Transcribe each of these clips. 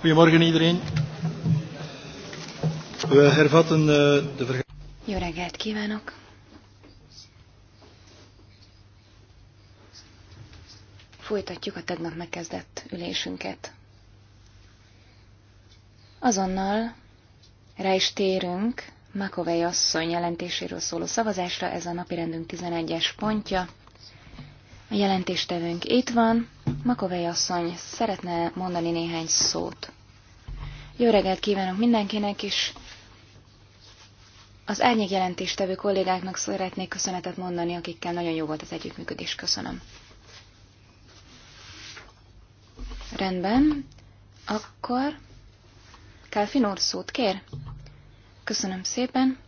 Goedemorgen iedereen. We hervatten eh, de vergadering. Jó reggelt kívánok! Folytatjuk a tegnap megkezdett ülésünket. Azonnal rá is térünk Makovei asszony jelentéséről szóló szavazásra, ez a napirendünk 11-es pontja. A jelentéstevőnk itt van. Makovei asszony szeretne mondani néhány szót. Jó reggelt kívánok mindenkinek, is. az árnyék jelentéstevő kollégáknak szeretnék köszönetet mondani, akikkel nagyon jó volt az együttműködés. Köszönöm. Rendben. Akkor Kálfin úr szót kér? Köszönöm szépen.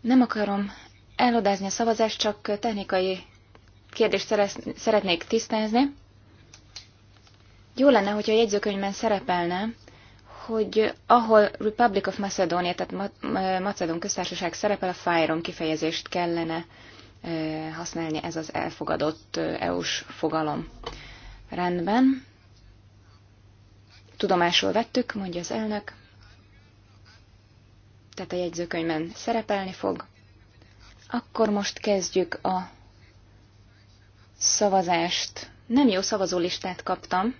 Nem akarom elodázni a szavazást, csak technikai kérdést szeretnék tisztázni. Jó lenne, hogyha a jegyzőkönyvben szerepelne, hogy ahol Republic of Macedonia, tehát Macedon köztársaság szerepel, a fájrom kifejezést kellene használni, ez az elfogadott EU-s fogalom. Rendben. Tudomásul vettük, mondja az elnök. Tehát a jegyzőkönyvben szerepelni fog. Akkor most kezdjük a szavazást. Nem jó szavazólistát kaptam.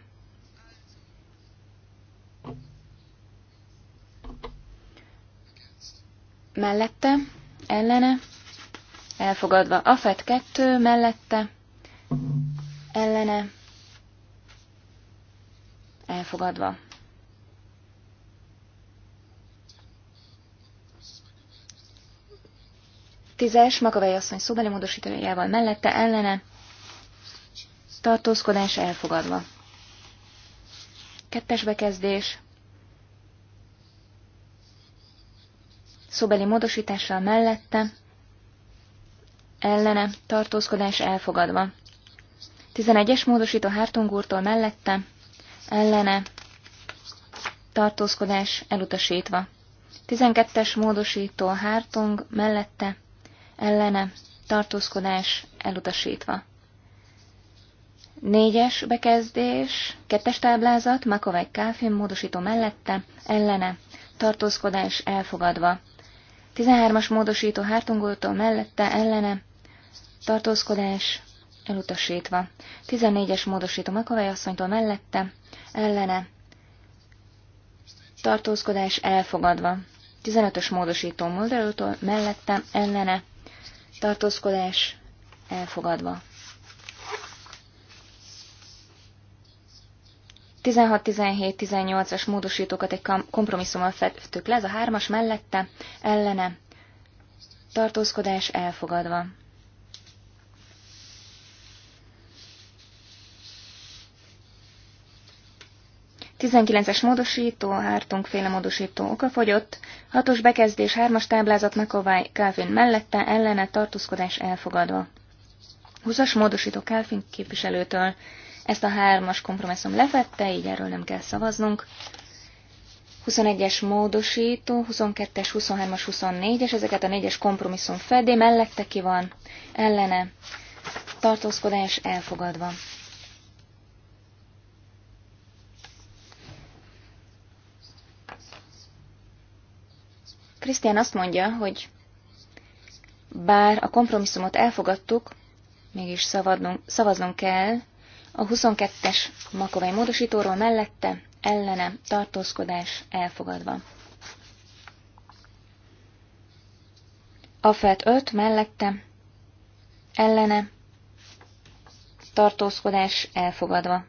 mellette, ellene, elfogadva. Afet 2 mellette, ellene, elfogadva. Tízes, Makavei asszony szóbeli módosítójával mellette, ellene, tartózkodás elfogadva. Kettes bekezdés, szóbeli módosítással mellette, ellene, tartózkodás elfogadva. 11-es módosító Hártung úrtól mellette, ellene, tartózkodás elutasítva. 12-es módosító Hártung mellette, ellene, tartózkodás elutasítva. 4-es bekezdés, 2-es táblázat, Makovej Káfin módosító mellette, ellene, tartózkodás elfogadva. 13-as módosító hártungoltól mellette ellene tartózkodás elutasítva. 14-es módosító Makavely asszonytól mellette ellene tartózkodás elfogadva. 15-ös módosító Mulderútól mellette ellene tartózkodás elfogadva. 16-17-18-as módosítókat egy kompromisszummal fettük le, ez a hármas mellette, ellene, tartózkodás elfogadva. Tizenkilences módosító, hártunk féle módosító okafogyott, hatos bekezdés, hármas táblázat McAvoy Calvin mellette, ellene tartózkodás elfogadva. 20 módosító Calvin képviselőtől ezt a hármas kompromisszum lefette, így erről nem kell szavaznunk. 21-es módosító, 22-es, 23-as, 24-es, ezeket a 4-es kompromisszum fedé, mellette ki van, ellene, tartózkodás elfogadva. Krisztián azt mondja, hogy bár a kompromisszumot elfogadtuk, mégis szavaznunk, szavaznunk kell a 22-es Makovej módosítóról mellette ellene tartózkodás elfogadva. A felt 5 mellette ellene tartózkodás elfogadva.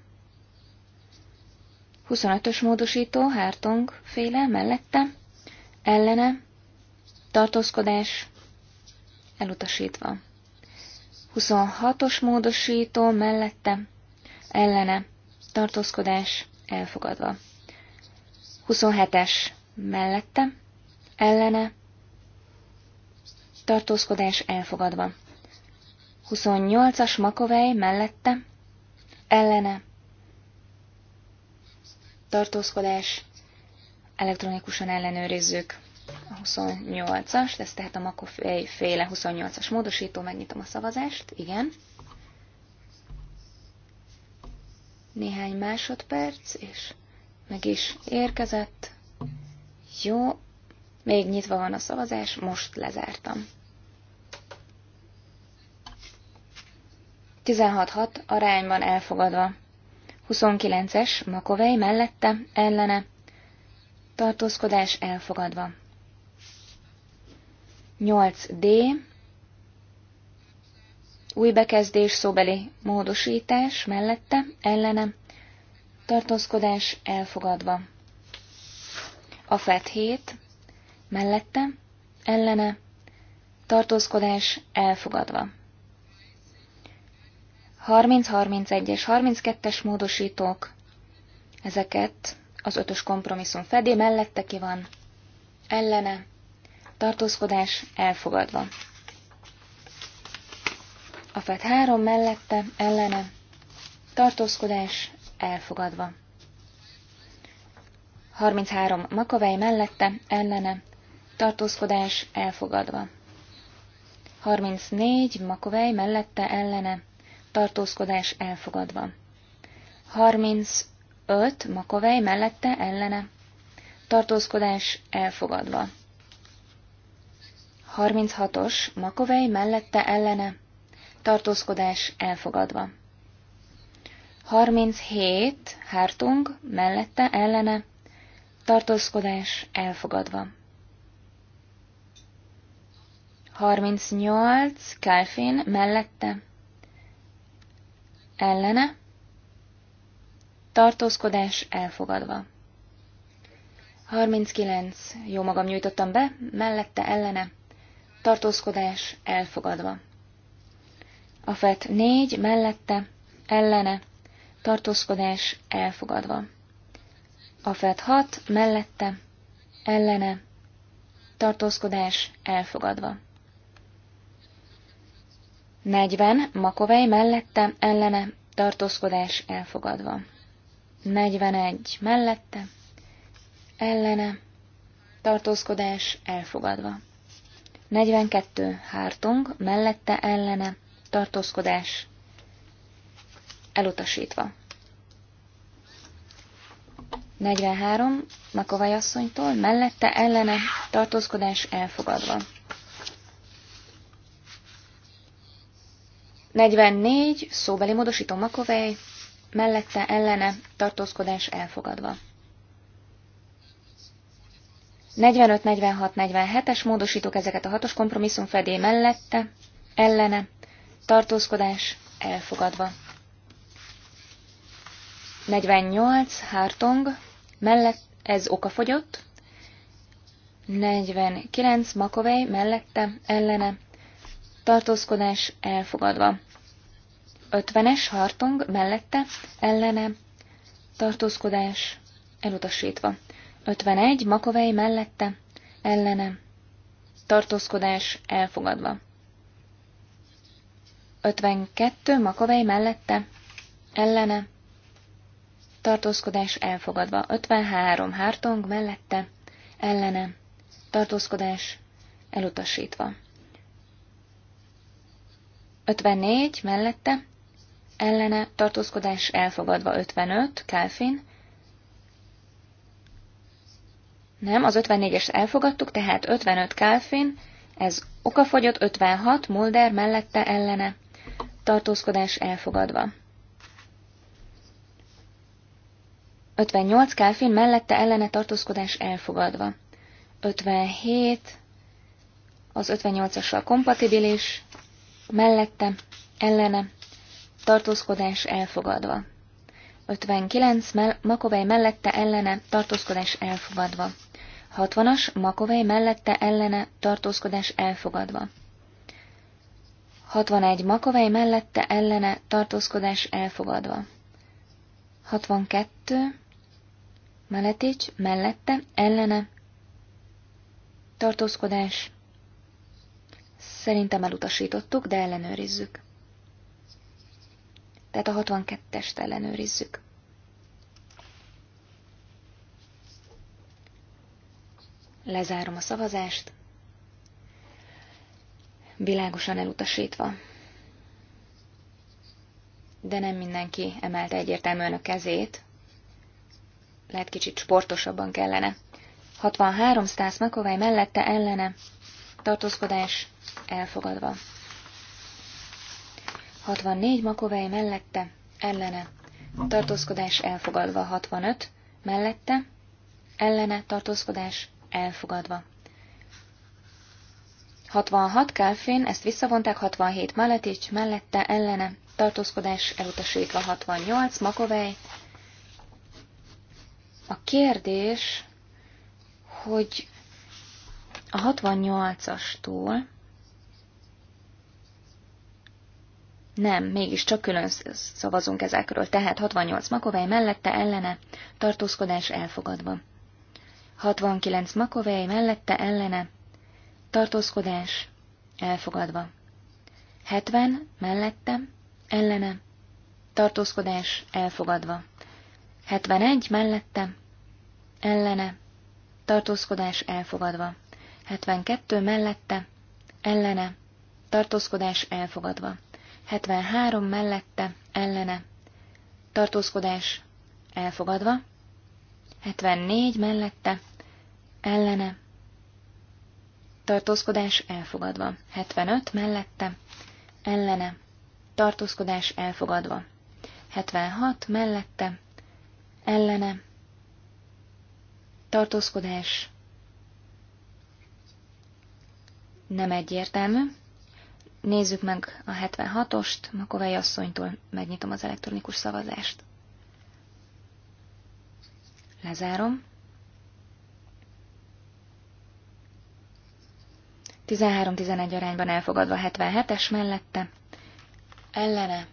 25-ös módosító Hártong féle mellette ellene tartózkodás elutasítva. 26-os módosító mellette ellene, tartózkodás elfogadva. 27-es mellette, ellene, tartózkodás elfogadva. 28-as Makovej mellette, ellene, tartózkodás, elektronikusan ellenőrizzük a 28-as, ez tehát a Makovej féle 28-as módosító, megnyitom a szavazást, igen. Néhány másodperc, és meg is érkezett. Jó, még nyitva van a szavazás, most lezártam. 16-6 arányban elfogadva. 29-es Makovej mellette, ellene. Tartózkodás elfogadva. 8D új bekezdés, szóbeli módosítás mellette, ellene, tartózkodás elfogadva. A fet hét mellette, ellene, tartózkodás elfogadva. 30-31-es, 32-es módosítók, ezeket az ötös kompromisszum fedé mellette ki van, ellene, tartózkodás elfogadva. A FED három mellette, ellene, tartózkodás elfogadva. 33 Makavej mellette, ellene, tartózkodás elfogadva. 34 Makovej mellette, ellene, tartózkodás elfogadva. 35 Makovej mellette, ellene, tartózkodás elfogadva. 36-os Makovej mellette, ellene, tartózkodás elfogadva. 37 Hartung mellette ellene tartózkodás elfogadva. 38 Kálfén mellette ellene tartózkodás elfogadva. 39 jó magam nyújtottam be mellette ellene tartózkodás elfogadva. A FET 4 mellette, ellene, tartózkodás elfogadva. A FET 6 mellette, ellene, tartózkodás elfogadva. 40. Makovej mellette, ellene, tartózkodás elfogadva. 41. Mellette, ellene, tartózkodás elfogadva. 42. Hártung, mellette, ellene, tartózkodás elutasítva. 43. Makovaj asszonytól, mellette ellene tartózkodás elfogadva. 44. Szóbeli módosító Makovej, mellette ellene tartózkodás elfogadva. 45, 46, 47-es módosítók ezeket a hatos kompromisszum fedé mellette, ellene tartózkodás elfogadva. 48, hártong mellett ez fogyott. 49, Makovej, mellette, ellene, tartózkodás elfogadva. 50-es, Hartung mellette, ellene, tartózkodás elutasítva. 51, Makovej, mellette, ellene, tartózkodás elfogadva. 52 Makovej mellette, ellene, tartózkodás elfogadva. 53 Hártong mellette, ellene, tartózkodás elutasítva. 54 mellette, ellene, tartózkodás elfogadva. 55 Kálfin, nem, az 54-est elfogadtuk, tehát 55 Kálfin, ez okafogyott 56 Mulder mellette ellene, tartózkodás elfogadva. 58 Kálfin mellette ellene tartózkodás elfogadva. 57 az 58-assal kompatibilis, mellette ellene tartózkodás elfogadva. 59 mell Makovej mellette ellene tartózkodás elfogadva. 60-as Makovej mellette ellene tartózkodás elfogadva. 61 Makovej mellette ellene tartózkodás elfogadva. 62 Meletics mellette ellene tartózkodás. Szerintem elutasítottuk, de ellenőrizzük. Tehát a 62-est ellenőrizzük. Lezárom a szavazást világosan elutasítva. De nem mindenki emelte egyértelműen a kezét. Lehet kicsit sportosabban kellene. 63 Stász Makovály mellette ellene. Tartózkodás elfogadva. 64 Makovály mellette ellene. Tartózkodás elfogadva. 65 mellette ellene. Tartózkodás elfogadva. 66 Kelfén, ezt visszavonták, 67 Maletics, mellette, ellene, tartózkodás elutasítva 68 Makovej. A kérdés, hogy a 68-astól nem, mégis csak külön szavazunk ezekről, tehát 68 Makovej mellette ellene, tartózkodás elfogadva. 69 Makovej mellette ellene, tartózkodás, elfogadva. 70 Mellettem. ellene, tartózkodás, elfogadva. 71 Mellettem. ellene, tartózkodás, elfogadva. 72 mellette, ellene, tartózkodás, elfogadva. 73 mellette, ellene, tartózkodás, elfogadva. 74 mellette, ellene, tartózkodás elfogadva. 75 mellette, ellene, tartózkodás elfogadva. 76 mellette, ellene, tartózkodás nem egyértelmű. Nézzük meg a 76-ost, Makovei asszonytól megnyitom az elektronikus szavazást. Lezárom. 13-11 arányban elfogadva 77-es mellette, ellene,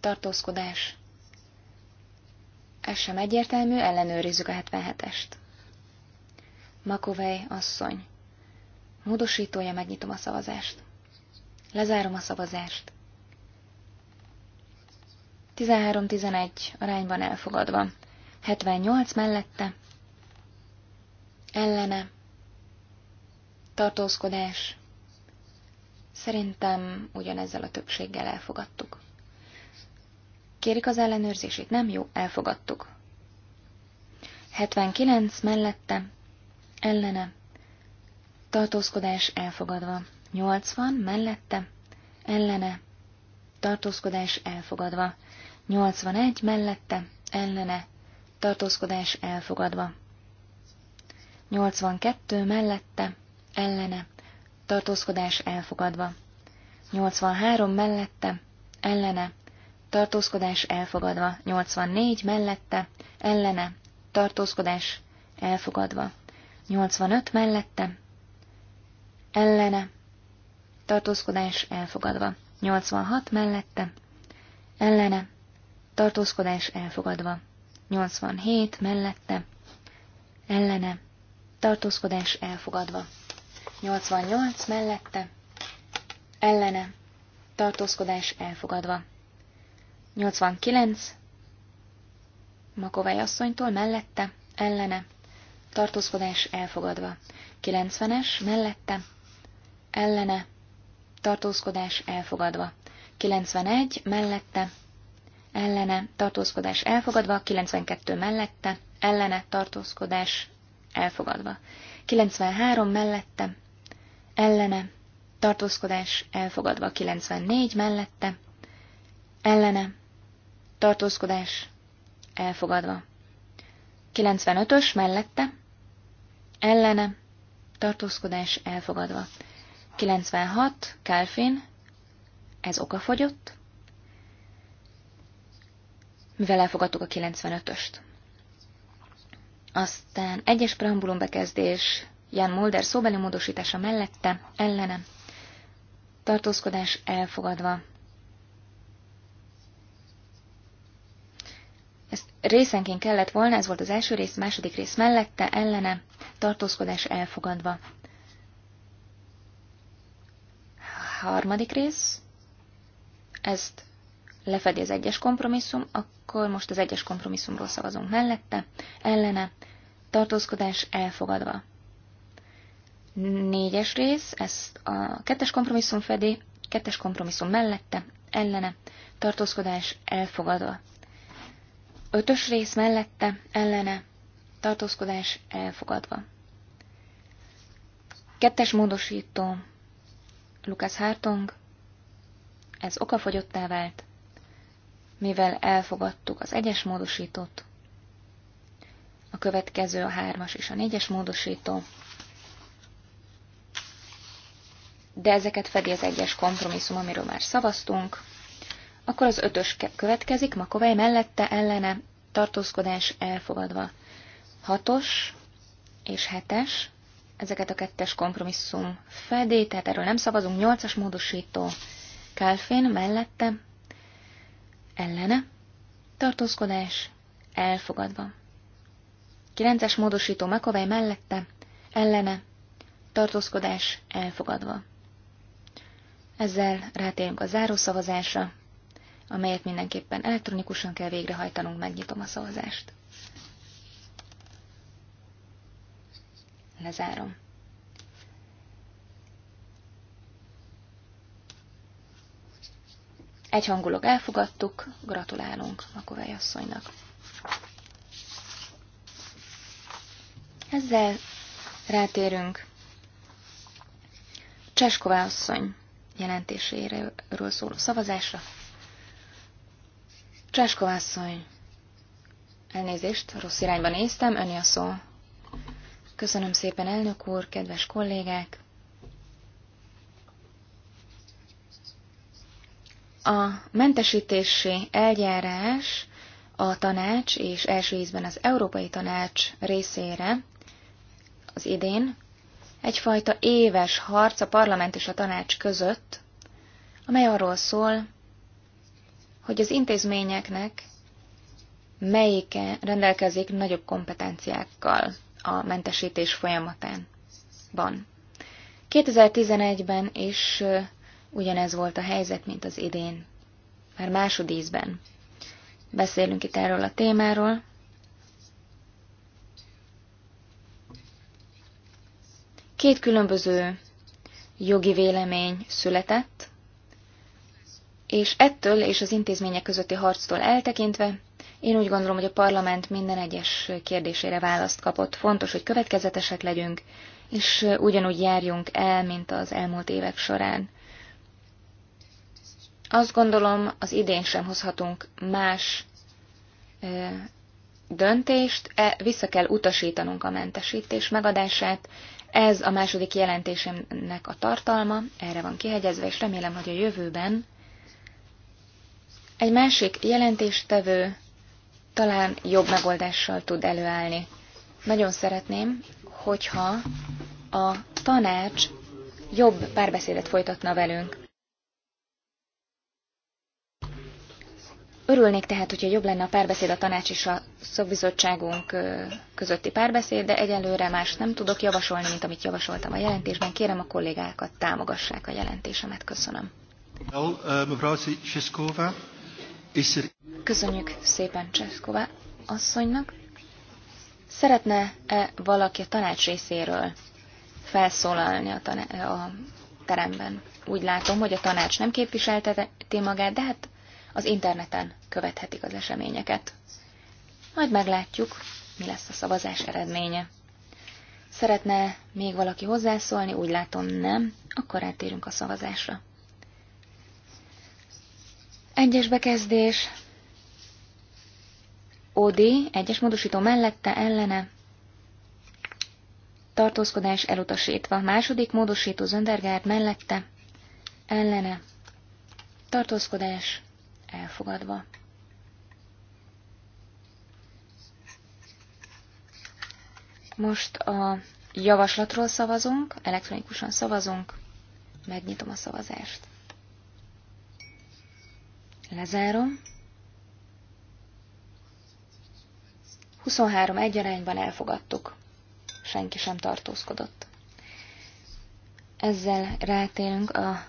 tartózkodás, ez sem egyértelmű, ellenőrizzük a 77-est. Makovej asszony. Módosítója, megnyitom a szavazást. Lezárom a szavazást. 13-11 arányban elfogadva. 78 mellette. Ellene tartózkodás. Szerintem ugyanezzel a többséggel elfogadtuk. Kérik az ellenőrzését, nem jó, elfogadtuk. 79 mellette, ellene, tartózkodás elfogadva. 80 mellette, ellene, tartózkodás elfogadva. 81 mellette, ellene, tartózkodás elfogadva. 82 mellette, ellene, tartózkodás elfogadva. 83 mellette, ellene, tartózkodás elfogadva. 84 mellette, ellene, tartózkodás elfogadva. 85 mellette, ellene, tartózkodás elfogadva. 86 mellette, ellene, tartózkodás elfogadva. 87 mellette, ellene, tartózkodás elfogadva. 88 mellette, ellene, tartózkodás elfogadva. 89 Makovej asszonytól mellette, ellene, tartózkodás elfogadva. 90-es mellette, ellene, tartózkodás elfogadva. 91 mellette, ellene, tartózkodás elfogadva, 92 mellette, ellene, tartózkodás elfogadva. 93 mellette, ellene, tartózkodás elfogadva 94 mellette, ellene, tartózkodás elfogadva. 95-ös mellette, ellene, tartózkodás elfogadva. 96, Kelfin. ez okafogyott, mivel elfogadtuk a 95-öst. Aztán egyes preambulum bekezdés, Jan Mulder szóbeli módosítása mellette, ellene. Tartózkodás elfogadva. Ezt részenként kellett volna, ez volt az első rész, második rész mellette, ellene, tartózkodás elfogadva. Harmadik rész, ezt lefedi az egyes kompromisszum, akkor most az egyes kompromisszumról szavazunk mellette, ellene, tartózkodás elfogadva. Négyes rész, ezt a kettes kompromisszum fedi, kettes kompromisszum mellette, ellene, tartózkodás elfogadva. Ötös rész mellette, ellene, tartózkodás elfogadva. Kettes módosító, Lukasz Hartong, ez okafogyottá vált, mivel elfogadtuk az egyes módosítót, a következő a hármas és a négyes módosító, de ezeket fedi az egyes kompromisszum, amiről már szavaztunk. Akkor az ötös következik, Makovej mellette ellene tartózkodás elfogadva. Hatos és hetes, ezeket a kettes kompromisszum fedi, tehát erről nem szavazunk. Nyolcas módosító Kálfén mellette ellene tartózkodás elfogadva. Kilences módosító Makovej mellette ellene tartózkodás elfogadva. Ezzel rátérünk a zárószavazásra, amelyet mindenképpen elektronikusan kell végrehajtanunk, megnyitom a szavazást. Lezárom. hangulok elfogadtuk, gratulálunk Makovely asszonynak. Ezzel rátérünk Cseskova asszony jelentéséről szóló szavazásra. Csáskó elnézést, rossz irányba néztem, öni a szó. Köszönöm szépen, elnök úr, kedves kollégák! A mentesítési eljárás a tanács és első ízben az Európai Tanács részére az idén egyfajta éves harc a parlament és a tanács között, amely arról szól, hogy az intézményeknek melyike rendelkezik nagyobb kompetenciákkal a mentesítés folyamatán. Van. 2011-ben is ugyanez volt a helyzet, mint az idén. Már másodízben beszélünk itt erről a témáról, Két különböző jogi vélemény született, és ettől és az intézmények közötti harctól eltekintve én úgy gondolom, hogy a parlament minden egyes kérdésére választ kapott. Fontos, hogy következetesek legyünk, és ugyanúgy járjunk el, mint az elmúlt évek során. Azt gondolom, az idén sem hozhatunk más döntést, e, vissza kell utasítanunk a mentesítés megadását, ez a második jelentésemnek a tartalma, erre van kihegyezve, és remélem, hogy a jövőben egy másik jelentéstevő talán jobb megoldással tud előállni. Nagyon szeretném, hogyha a tanács jobb párbeszédet folytatna velünk. Örülnék tehát, hogyha jobb lenne a párbeszéd a tanács és a szakbizottságunk közötti párbeszéd, de egyelőre más nem tudok javasolni, mint amit javasoltam a jelentésben. Kérem a kollégákat, támogassák a jelentésemet. Köszönöm. Um, Köszönjük szépen Cseszkova asszonynak. Szeretne-e valaki a tanács részéről felszólalni a, a teremben? Úgy látom, hogy a tanács nem képviselteti magát, de hát az interneten követhetik az eseményeket. Majd meglátjuk, mi lesz a szavazás eredménye. Szeretne még valaki hozzászólni? Úgy látom nem, akkor eltérünk a szavazásra. Egyes bekezdés. OD, egyes módosító mellette, ellene. Tartózkodás elutasítva. Második módosító Zöndergárd mellette, ellene. Tartózkodás elfogadva. Most a javaslatról szavazunk, elektronikusan szavazunk, megnyitom a szavazást. Lezárom. 23 egyarányban elfogadtuk. Senki sem tartózkodott. Ezzel rátérünk a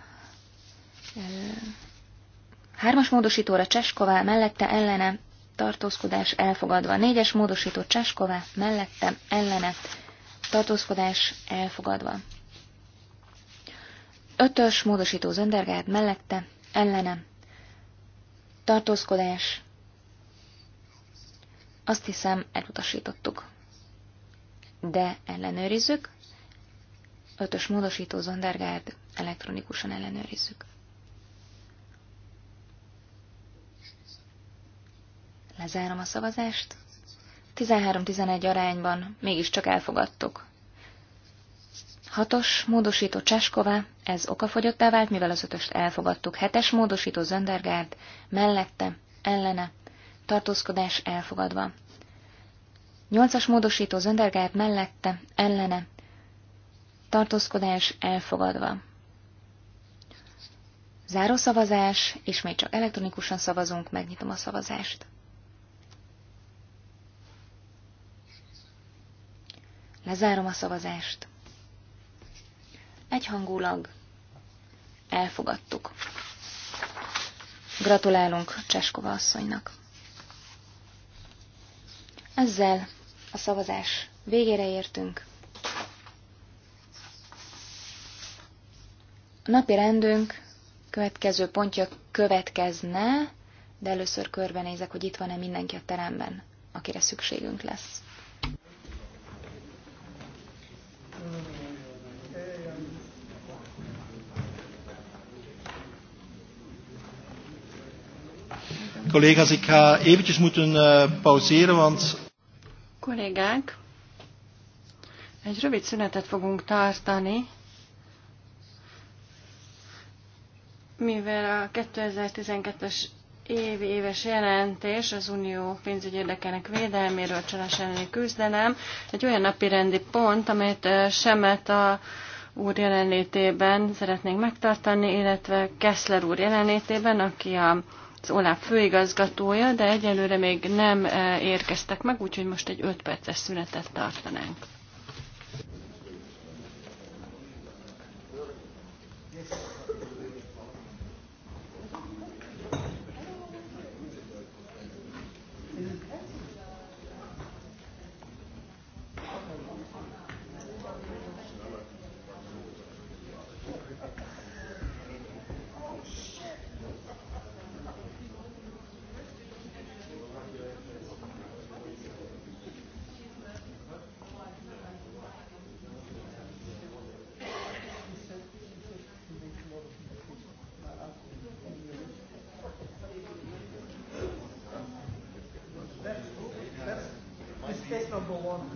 Hármas módosítóra Csesková, mellette ellene, tartózkodás elfogadva. Négyes módosító Csesková, mellette ellene, tartózkodás elfogadva. Ötös módosító Zöndergárd, mellette ellene, tartózkodás. Azt hiszem, elutasítottuk. De ellenőrizzük. Ötös módosító Zöndergárd elektronikusan ellenőrizzük. Lezárom a szavazást. 13-11 arányban mégiscsak elfogadtuk. Hatos módosító Cseskova, ez okafogyottá vált, mivel az ötöst elfogadtuk. Hetes módosító Zöndergárd, mellette, ellene, tartózkodás elfogadva. Nyolcas módosító Zöndergárd mellette, ellene, tartózkodás elfogadva. Zárószavazás, és még csak elektronikusan szavazunk, megnyitom a szavazást. Lezárom a szavazást. Egyhangulag elfogadtuk. Gratulálunk Cseskova asszonynak. Ezzel a szavazás végére értünk. A napi rendünk következő pontja következne, de először körbenézek, hogy itt van-e mindenki a teremben, akire szükségünk lesz. Collega's, ik ga eventjes moeten uh, pauzeren, want... Kollégák, een rövid szünetet fogunk tartani, mivel a 2012-es évi éves jelentés az unió pénzügyi érdekének védelméről, csalás elleni küzdelem, egy olyan napi rendi pont, amelyet eh, Semet a úr jelenlétében szeretnénk megtartani, illetve Kessler úr jelenlétében, aki a az OLAF főigazgatója, de egyelőre még nem eh, érkeztek meg, úgyhogy most egy 5 perces szünetet tartanánk. number one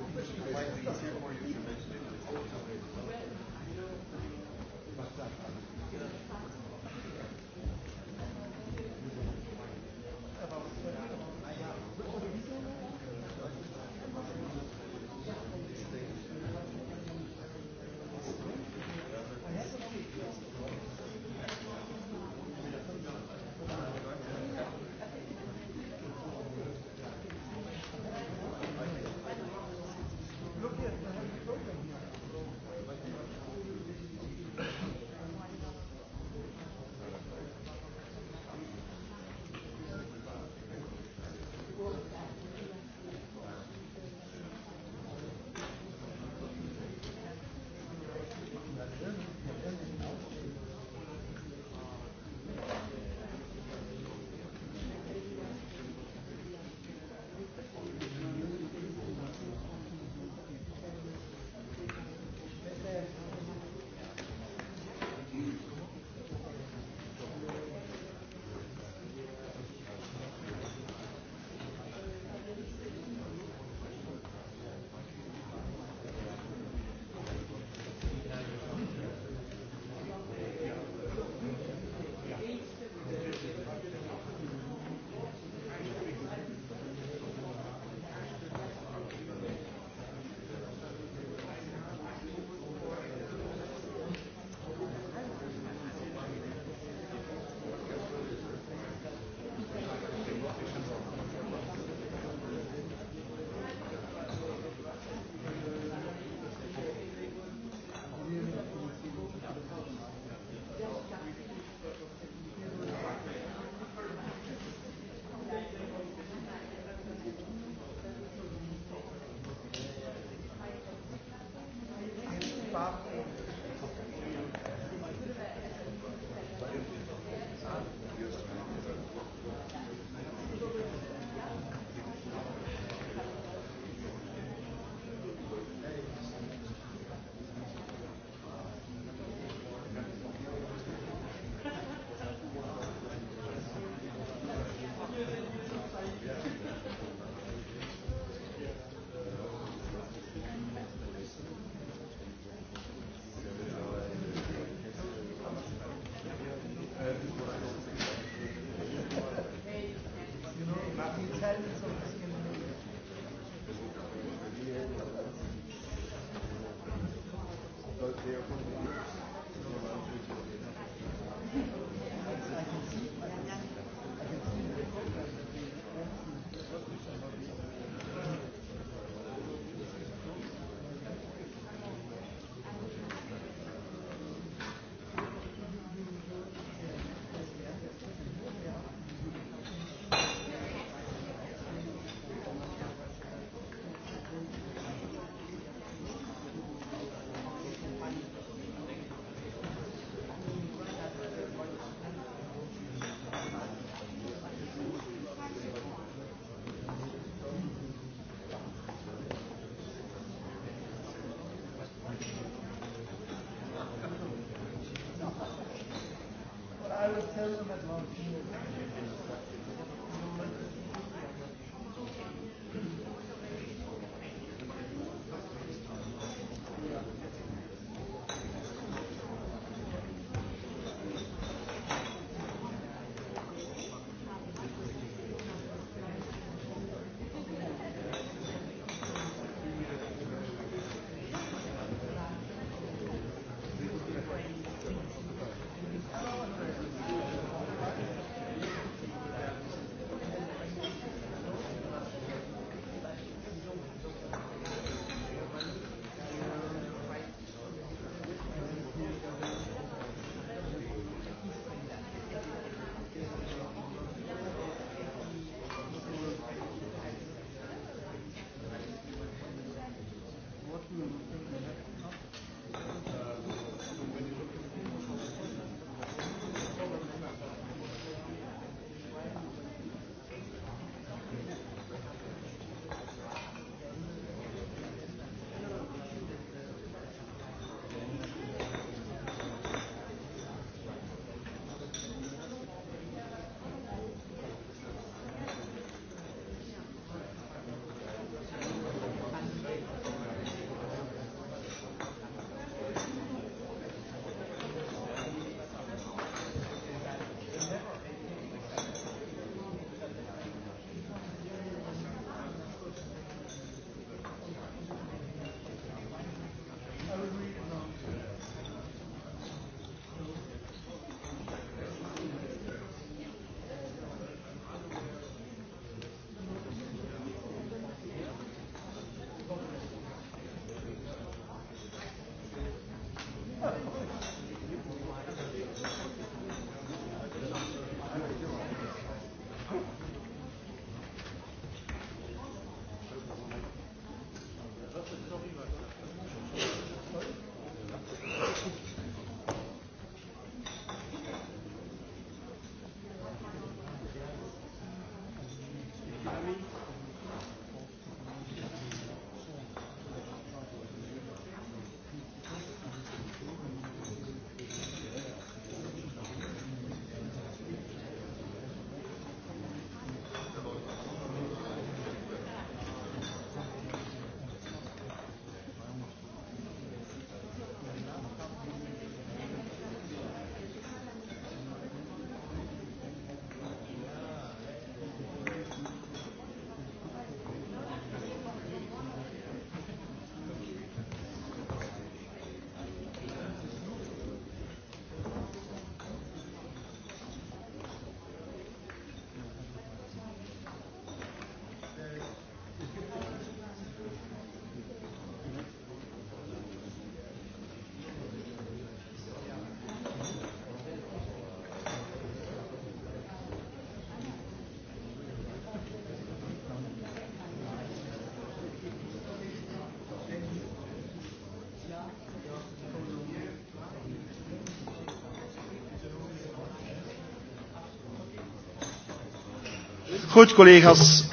Goed, collega's.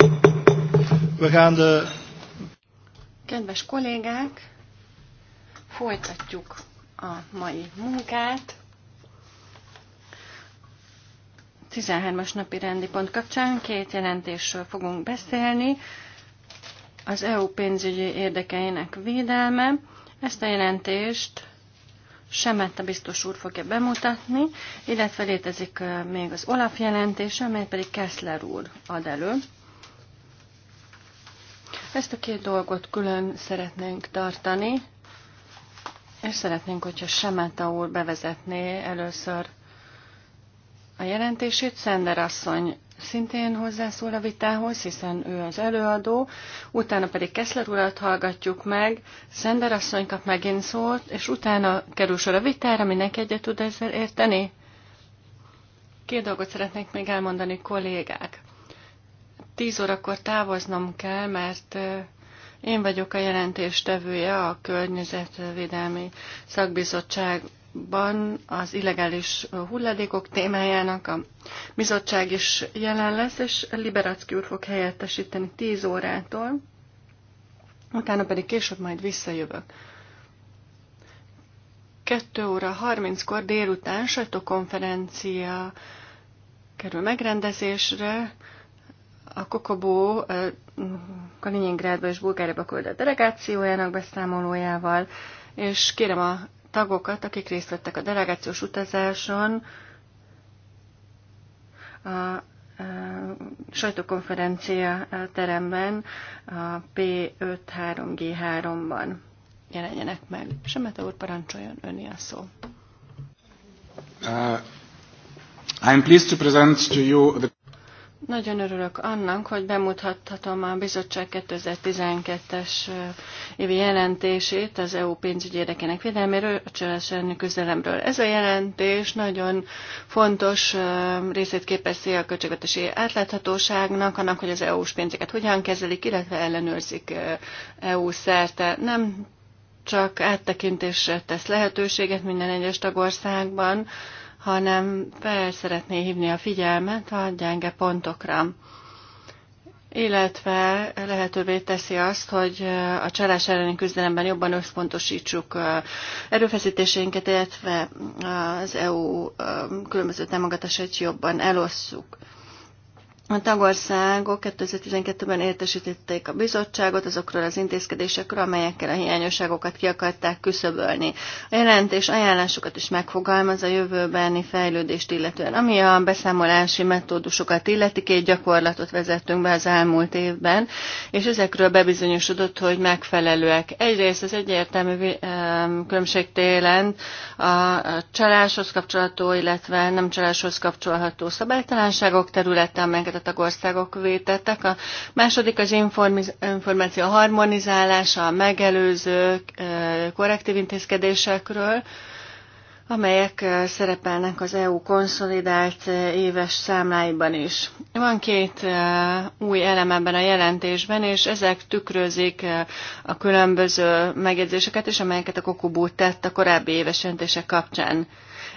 We gaan de... Kedves kollégák, folytatjuk a mai munkát. 13-as napi rendi pont kapcsán két jelentésről fogunk beszélni. Az EU pénzügyi érdekeinek védelme. Ezt a jelentést Semmet a biztos úr fogja bemutatni, illetve létezik még az Olaf jelentése, amelyet pedig Kessler úr ad elő. Ezt a két dolgot külön szeretnénk tartani, és szeretnénk, hogyha Semeta úr bevezetné először a jelentését. Szender asszony szintén hozzászól a vitához, hiszen ő az előadó, utána pedig Keszler urat hallgatjuk meg, Szender asszony kap megint szót, és utána kerül sor a vitára, mindenki egyet tud ezzel érteni. Két dolgot szeretnék még elmondani, kollégák. Tíz órakor távoznom kell, mert én vagyok a jelentéstevője a Környezetvédelmi Szakbizottság ban az illegális hulladékok témájának a bizottság is jelen lesz, és Liberacki úr fog helyettesíteni 10 órától, utána pedig később majd visszajövök. 2 óra 30-kor délután sajtókonferencia kerül megrendezésre, a Kokobó Kaliningrádba és Bulgáriába küldött delegációjának beszámolójával, és kérem a tagokat, akik részt vettek a delegációs utazáson, a sajtókonferencia teremben, a P53G3-ban jelenjenek meg. Semete úr, parancsoljon, önni a szó. Uh, I am pleased to present to you the nagyon örülök annak, hogy bemutathatom a bizottság 2012-es eh, évi jelentését az EU pénzügyi érdekének védelméről, a csalás közelemről. Ez a jelentés nagyon fontos eh, részét képezi a költségvetési átláthatóságnak, annak, hogy az EU-s pénzeket hogyan kezelik, illetve ellenőrzik EU eh, e szerte. Nem csak áttekintésre tesz lehetőséget minden egyes tagországban, hanem fel szeretné hívni a figyelmet a gyenge pontokra illetve lehetővé teszi azt, hogy a csalás elleni küzdelemben jobban összpontosítsuk erőfeszítéseinket, illetve az EU különböző támogatásait jobban elosszuk. A tagországok 2012-ben értesítették a bizottságot azokról az intézkedésekről, amelyekkel a hiányosságokat ki akarták küszöbölni. A jelentés ajánlásokat is megfogalmaz a jövőbeni fejlődést illetően. Ami a beszámolási metódusokat illeti, két gyakorlatot vezettünk be az elmúlt évben, és ezekről bebizonyosodott, hogy megfelelőek. Egyrészt az egyértelmű különbségtélen a csaláshoz kapcsolható, illetve nem csaláshoz kapcsolható szabálytalanságok területe, amelyeket a tagországok vétettek. A második az információ harmonizálása, a megelőző korrektív intézkedésekről, amelyek szerepelnek az EU konszolidált éves számláiban is. Van két új elem ebben a jelentésben, és ezek tükrözik a különböző megjegyzéseket is, amelyeket a Kokubú tett a korábbi éves jelentések kapcsán.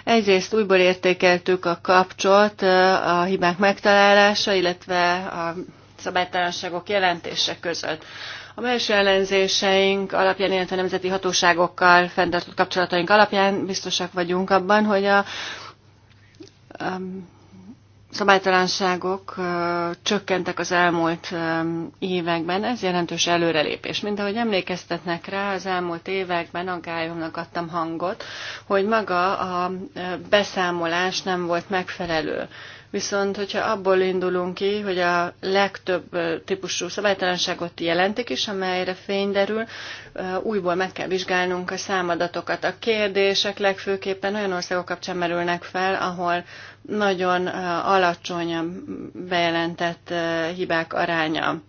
Egyrészt újból értékeltük a kapcsot, a hibák megtalálása, illetve a szabálytalanságok jelentése között. A belső ellenzéseink alapján, illetve nemzeti hatóságokkal fenntartott kapcsolataink alapján biztosak vagyunk abban, hogy a, a szabálytalanságok csökkentek az elmúlt években, ez jelentős előrelépés. Mint ahogy emlékeztetnek rá, az elmúlt években a gályomnak adtam hangot, hogy maga a beszámolás nem volt megfelelő. Viszont, hogyha abból indulunk ki, hogy a legtöbb típusú szabálytalanságot jelentik is, amelyre fény derül, újból meg kell vizsgálnunk a számadatokat. A kérdések legfőképpen olyan országok kapcsán merülnek fel, ahol nagyon alacsony a bejelentett hibák aránya.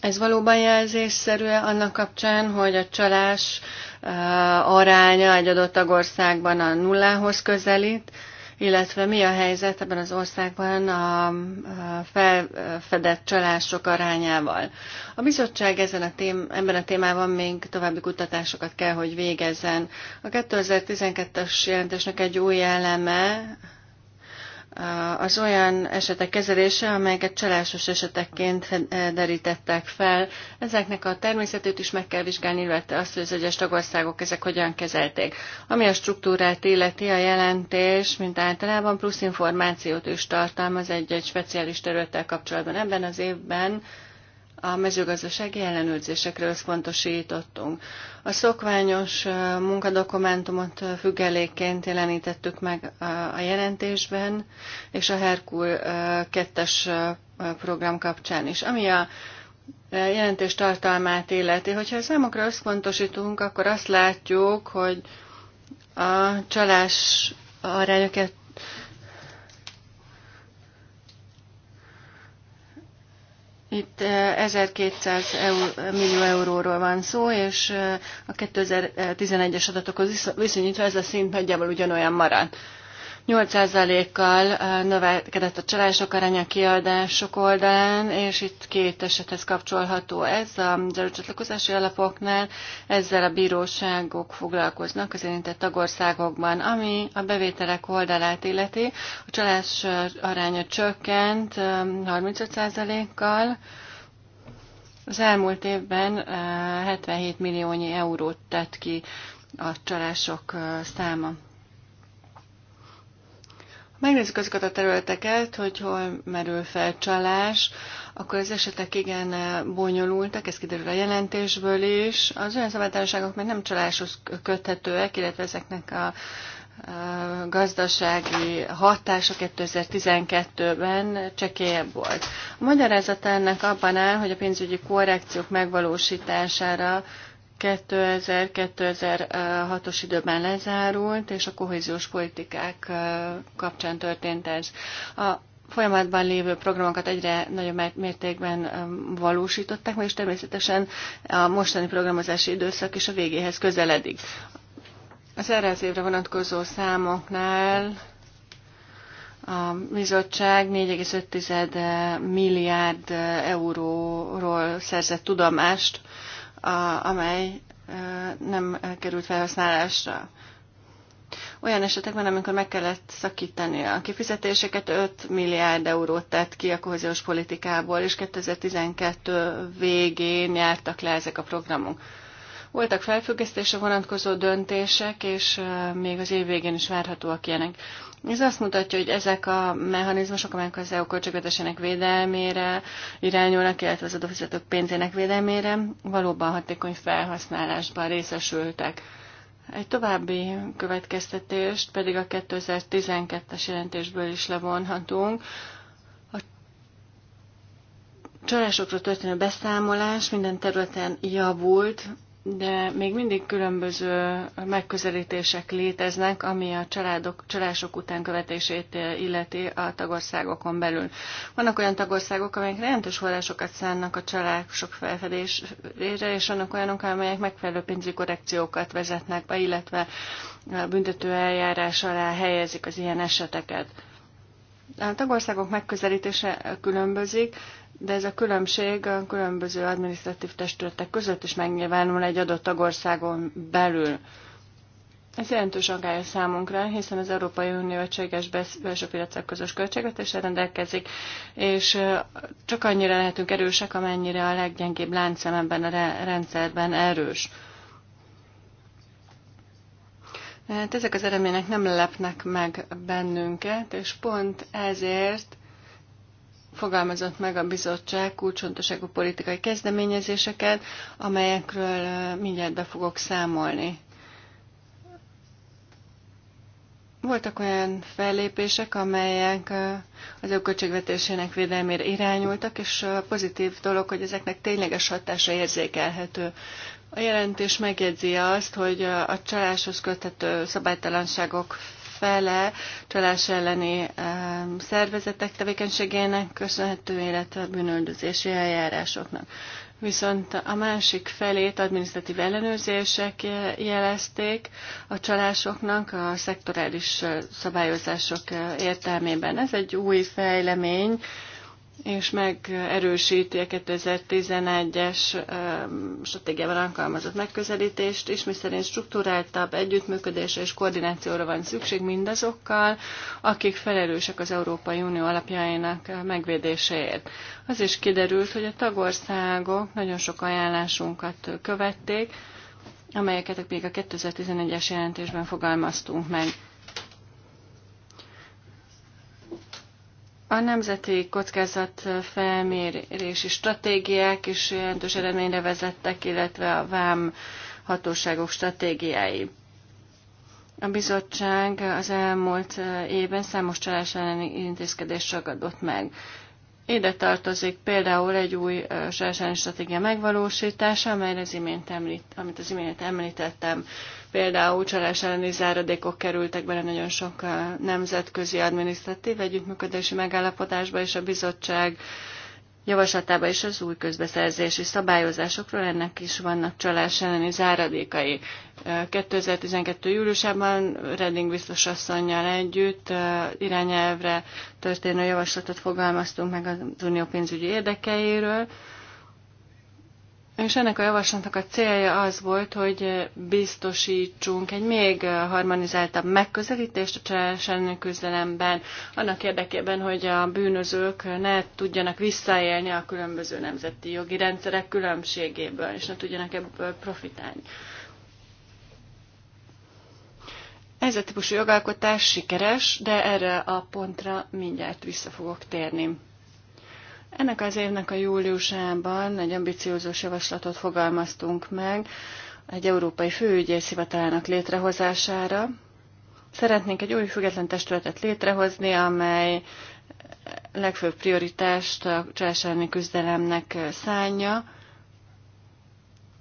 Ez valóban jelzésszerű -e annak kapcsán, hogy a csalás aránya egy adott tagországban a nullához közelít, illetve mi a helyzet ebben az országban a felfedett csalások arányával. A bizottság ezen a tém, ebben a témában még további kutatásokat kell, hogy végezzen. A 2012-es jelentésnek egy új eleme, az olyan esetek kezelése, amelyeket csalásos esetekként eh, derítettek fel. Ezeknek a természetét is meg kell vizsgálni, illetve azt, hogy az egyes tagországok ezek hogyan kezelték. Ami a struktúrát illeti, a jelentés, mint általában plusz információt is tartalmaz egy-egy speciális területtel kapcsolatban. Ebben az évben a mezőgazdasági ellenőrzésekre összpontosítottunk. A szokványos munkadokumentumot függelékként jelenítettük meg a jelentésben, és a Herkul 2-es program kapcsán is. Ami a jelentés tartalmát illeti, hogyha a számokra összpontosítunk, akkor azt látjuk, hogy a csalás arányokat Itt 1200 millió euróról van szó, és a 2011-es adatokhoz viszonyítva ez a szint nagyjából ugyanolyan marad. 8%-kal növekedett a csalások aránya kiadások oldalán, és itt két esethez kapcsolható ez a előcsatlakozási alapoknál, ezzel a bíróságok foglalkoznak az érintett tagországokban, ami a bevételek oldalát illeti. A csalás aránya csökkent 35%-kal, az elmúlt évben 77 milliónyi eurót tett ki a csalások száma megnézzük azokat a területeket, hogy hol merül fel csalás, akkor az esetek igen eh, bonyolultak, ez kiderül a jelentésből is. Az olyan szabálytalanságok, mert nem csaláshoz köthetőek, illetve ezeknek a gazdasági hatása 2012-ben csekélyebb volt. A magyarázat ennek abban áll, hogy a pénzügyi korrekciók megvalósítására 2000-2006-os időben lezárult, és a kohéziós politikák kapcsán történt ez. A folyamatban lévő programokat egyre nagyobb mértékben valósították meg, és természetesen a mostani programozási időszak is a végéhez közeledik. Az erre az évre vonatkozó számoknál a bizottság 4,5 milliárd euróról szerzett tudomást a, amely nem került felhasználásra. Olyan esetekben, amikor meg kellett szakítani a kifizetéseket, 5 milliárd eurót tett ki a kohéziós politikából, és 2012 végén jártak le ezek a programok. Voltak felfüggesztésre vonatkozó döntések, és még az év végén is várhatóak ilyenek. Ez azt mutatja, hogy ezek a mechanizmusok, amelyek az EU költségvetésének védelmére irányulnak, illetve az adófizetők pénzének védelmére, valóban hatékony felhasználásban részesültek. Egy további következtetést pedig a 2012-es jelentésből is levonhatunk. A csalásokról történő beszámolás minden területen javult, de még mindig különböző megközelítések léteznek, ami a családok, csalások után követését eh, illeti a tagországokon belül. Vannak olyan tagországok, amelyek jelentős forrásokat szánnak a csalások felfedésére, és vannak olyanok, amelyek megfelelő pénzügyi korrekciókat vezetnek be, illetve büntető eljárás alá helyezik az ilyen eseteket. A tagországok megközelítése különbözik, de ez a különbség a különböző adminisztratív testületek között is megnyilvánul egy adott tagországon belül. Ez jelentős aggály számunkra, hiszen az Európai Unió egységes belső piacok közös költségvetésre rendelkezik, és csak annyira lehetünk erősek, amennyire a leggyengébb láncem ebben a rendszerben erős. Hát ezek az eredmények nem lepnek meg bennünket, és pont ezért fogalmazott meg a bizottság kulcsontoságú politikai kezdeményezéseket, amelyekről mindjárt be fogok számolni. Voltak olyan fellépések, amelyek az ő költségvetésének védelmére irányultak, és pozitív dolog, hogy ezeknek tényleges hatása érzékelhető. A jelentés megjegyzi azt, hogy a csaláshoz köthető szabálytalanságok fele csalás elleni szervezetek tevékenységének köszönhető, illetve a bűnöldözési eljárásoknak. Viszont a másik felét adminisztratív ellenőrzések jelezték a csalásoknak a szektorális szabályozások értelmében. Ez egy új fejlemény, és megerősíti a 2011-es stratégiában alkalmazott megközelítést is, miszerint struktúráltabb együttműködésre és koordinációra van szükség mindazokkal, akik felelősek az Európai Unió alapjainak megvédéséért. Az is kiderült, hogy a tagországok nagyon sok ajánlásunkat követték, amelyeket még a 2011-es jelentésben fogalmaztunk meg. A nemzeti kockázat felmérési stratégiák is jelentős eredményre vezettek, illetve a vám hatóságok stratégiái. A bizottság az elmúlt évben számos csalás elleni intézkedést ragadott meg. Ide tartozik például egy új sársány stratégia megvalósítása, amely az imént említ, amit az imént említettem. Például csalás elleni záradékok kerültek bele nagyon sok nemzetközi adminisztratív együttműködési megállapodásba, és a bizottság uh, javaslatába is az új közbeszerzési szabályozásokról, ennek is vannak csalás elleni záradékai. 2012. júliusában Redding biztos asszonynal együtt irányelvre történő javaslatot fogalmaztunk meg az unió pénzügyi érdekeiről, és ennek a javaslatnak a célja az volt, hogy biztosítsunk egy még harmonizáltabb megközelítést a csalás elleni küzdelemben, annak érdekében, hogy a bűnözők ne tudjanak visszaélni a különböző nemzeti jogi rendszerek különbségéből, és ne tudjanak ebből profitálni. Ez a típusú jogalkotás sikeres, de erre a pontra mindjárt vissza fogok térni. Ennek az évnek a júliusában egy ambiciózus javaslatot fogalmaztunk meg egy európai főügyész hivatalának létrehozására. Szeretnénk egy új független testületet létrehozni, amely legfőbb prioritást a csásáni küzdelemnek szánja,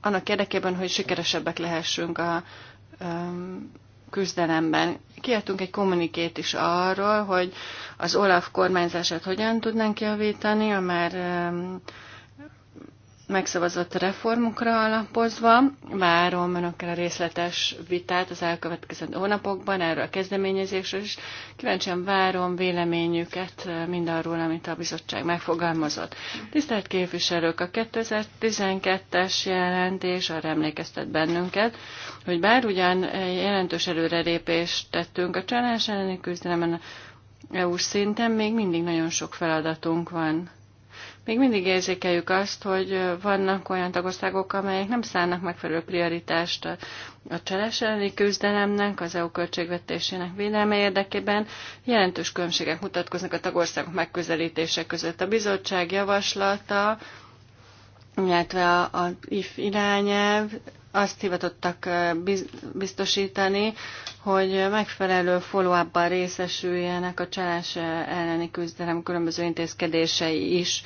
annak érdekében, hogy sikeresebbek lehessünk a küzdelemben kiadtunk egy kommunikét is arról, hogy az OLAF kormányzását hogyan tudnánk javítani, a már megszavazott reformokra alapozva. Várom önökkel a részletes vitát az elkövetkező hónapokban erről a kezdeményezésről, is. kíváncsian várom véleményüket mindarról, amit a bizottság megfogalmazott. Tisztelt képviselők, a 2012-es jelentés arra emlékeztet bennünket, hogy bár ugyan jelentős előrelépést tettünk a csalás elleni küzdelemen EU szinten, még mindig nagyon sok feladatunk van még mindig érzékeljük azt, hogy vannak olyan tagországok, amelyek nem szállnak megfelelő prioritást a csalás elleni küzdelemnek, az EU költségvetésének védelme érdekében. Jelentős különbségek mutatkoznak a tagországok megközelítése között. A bizottság javaslata, illetve a, a IF irányelv azt hivatottak biztosítani, hogy megfelelő follow részesüljenek a csalás elleni küzdelem különböző intézkedései is.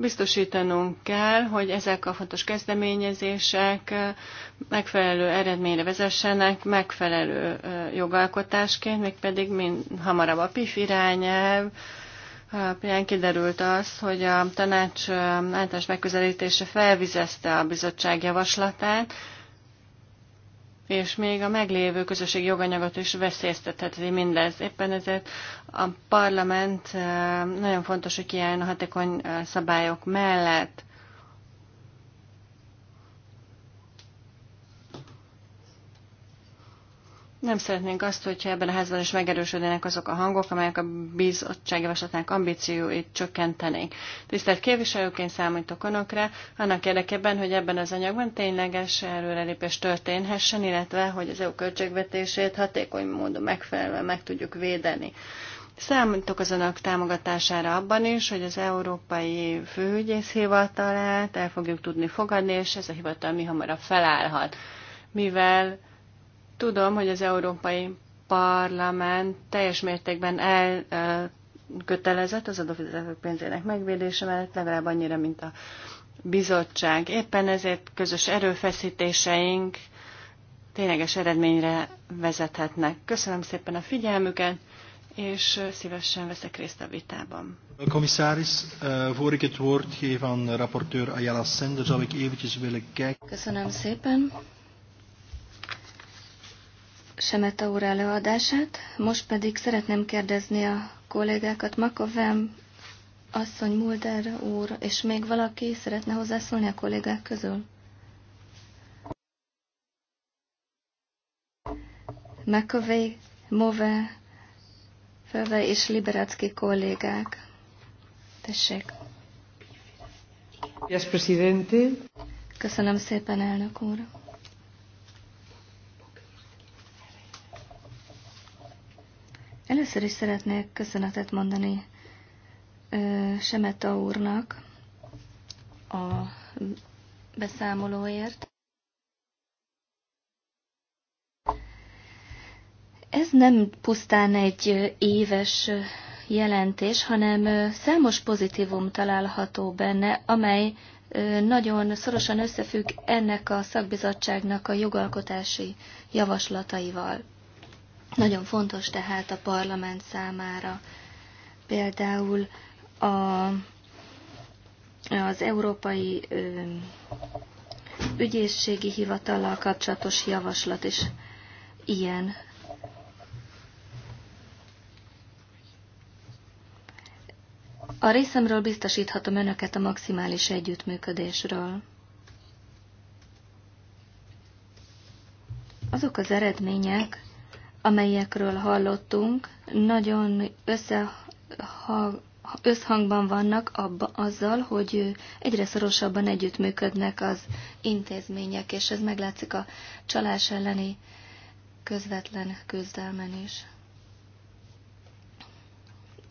Biztosítanunk kell, hogy ezek a fontos kezdeményezések megfelelő eredményre vezessenek, megfelelő jogalkotásként, mégpedig mind hamarabb a PIF irányelv, Ilyen kiderült az, hogy a tanács általános megközelítése felvizezte a bizottság javaslatát, és még a meglévő közösség joganyagot is veszélyeztetheti mindez. Éppen ezért a parlament eh, nagyon fontos, hogy kiálljon a hatékony eh, szabályok mellett. Nem szeretnénk azt, hogyha ebben a házban is megerősödnének azok a hangok, amelyek a bizottság javaslatnak ambícióit csökkentenék. Tisztelt képviselőként számítok önökre, annak érdekében, hogy ebben az anyagban tényleges előrelépés történhessen, illetve hogy az EU költségvetését hatékony módon megfelelően meg tudjuk védeni. Számítok az önök támogatására abban is, hogy az Európai Főügyész Hivatalát el fogjuk tudni fogadni, és ez a hivatal mi hamarabb felállhat, mivel Tudom, hogy az Európai Parlament teljes mértékben elkötelezett az adófizetők pénzének megvédése mellett, legalább annyira, mint a bizottság. Éppen ezért közös erőfeszítéseink tényleges eredményre vezethetnek. Köszönöm szépen a figyelmüket, és szívesen veszek részt a vitában. Commissaris, eh, voor ik het woord geef aan rapporteur Ayala Sender, zou ik eventjes willen kijken. Köszönöm szépen. Semeta úr előadását. Most pedig szeretném kérdezni a kollégákat. Makovem asszony, Mulder úr, és még valaki szeretne hozzászólni a kollégák közül? Makové, Move, Feve és Liberacki kollégák. Tessék. Köszönöm szépen, elnök úr. Először is szeretnék köszönetet mondani Semeta úrnak a beszámolóért. Ez nem pusztán egy éves jelentés, hanem számos pozitívum található benne, amely nagyon szorosan összefügg ennek a szakbizottságnak a jogalkotási javaslataival. Nagyon fontos tehát a parlament számára. Például a, az Európai ö, Ügyészségi Hivatallal kapcsolatos javaslat is ilyen. A részemről biztosíthatom önöket a maximális együttműködésről. Azok az eredmények, amelyekről hallottunk, nagyon összehang, összhangban vannak abba, azzal, hogy egyre szorosabban együttműködnek az intézmények, és ez meglátszik a csalás elleni közvetlen küzdelmen is.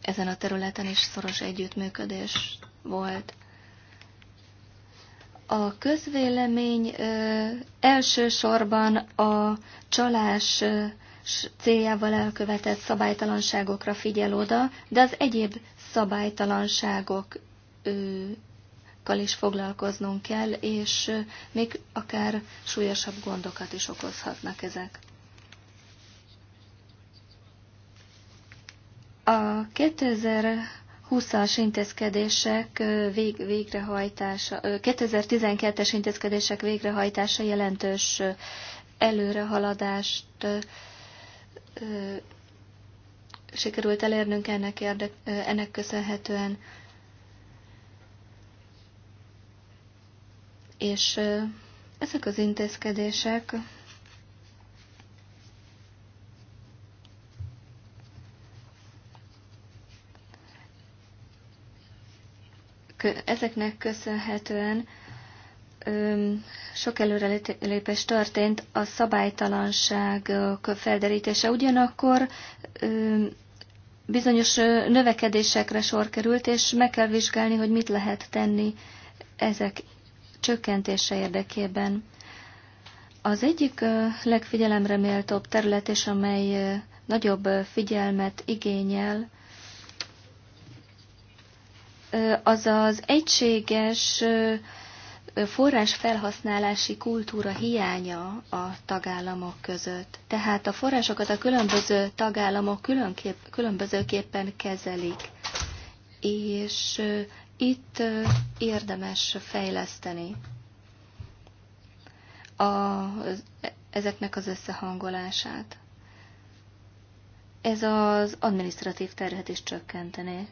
Ezen a területen is szoros együttműködés volt. A közvélemény ö, elsősorban a csalás céljával elkövetett szabálytalanságokra figyel oda, de az egyéb szabálytalanságokkal is foglalkoznunk kell, és még akár súlyosabb gondokat is okozhatnak ezek. A 2020-as intézkedések vég, végrehajtása, 2012-es intézkedések végrehajtása jelentős előrehaladást sikerült elérnünk ennek, érdek, ennek köszönhetően. És ezek az intézkedések ezeknek köszönhetően sok előrelépés történt a szabálytalanság felderítése. Ugyanakkor bizonyos növekedésekre sor került, és meg kell vizsgálni, hogy mit lehet tenni ezek csökkentése érdekében. Az egyik legfigyelemre méltóbb terület, és amely nagyobb figyelmet igényel, az az egységes forrás felhasználási kultúra hiánya a tagállamok között. Tehát a forrásokat a különböző tagállamok különkép, különbözőképpen kezelik, és itt érdemes fejleszteni a, ezeknek az összehangolását. Ez az administratív terhet is csökkentené.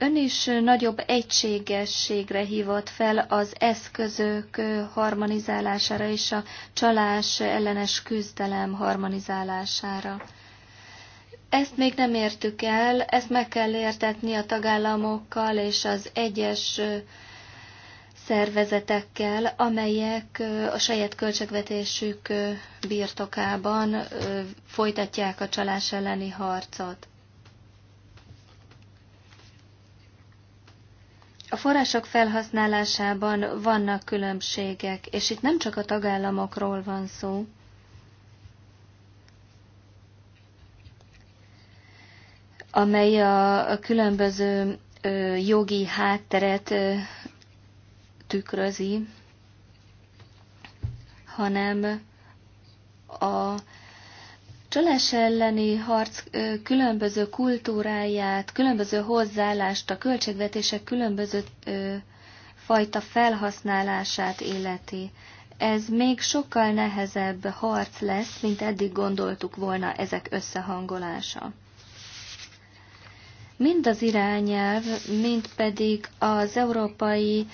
Ön is nagyobb egységességre hívott fel az eszközök harmonizálására és a csalás ellenes küzdelem harmonizálására. Ezt még nem értük el, ezt meg kell értetni a tagállamokkal és az egyes szervezetekkel, amelyek a saját költségvetésük birtokában folytatják a csalás elleni harcot. A források felhasználásában vannak különbségek, és itt nem csak a tagállamokról van szó. amely a különböző jogi hátteret tükrözi, hanem a csalás elleni harc különböző kultúráját, különböző hozzáállást, a költségvetések különböző fajta felhasználását illeti. Ez még sokkal nehezebb harc lesz, mint eddig gondoltuk volna ezek összehangolása. Mind az irányelv, mind pedig az Európai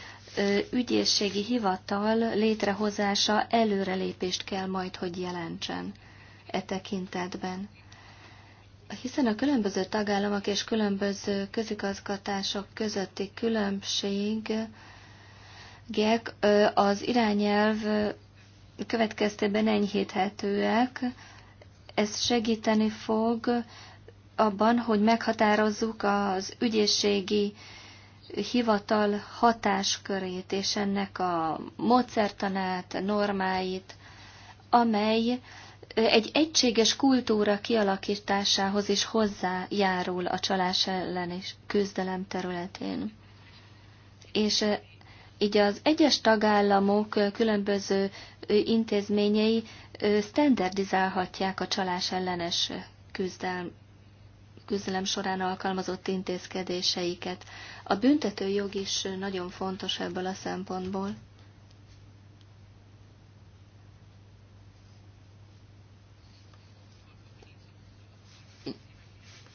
Ügyészségi Hivatal létrehozása előrelépést kell majd, hogy jelentsen e tekintetben. Hiszen a különböző tagállamok és különböző közigazgatások közötti különbségek az irányelv következtében enyhíthetőek. Ez segíteni fog abban, hogy meghatározzuk az ügyészségi hivatal hatáskörét és ennek a módszertanát, normáit, amely egy egységes kultúra kialakításához is hozzájárul a csalás és küzdelem területén. És eh, így az egyes tagállamok eh, különböző eh, intézményei standardizálhatják a csalás ellenes küzdelm, küzdelem során alkalmazott intézkedéseiket. A büntető jog is nagyon fontos ebből a szempontból.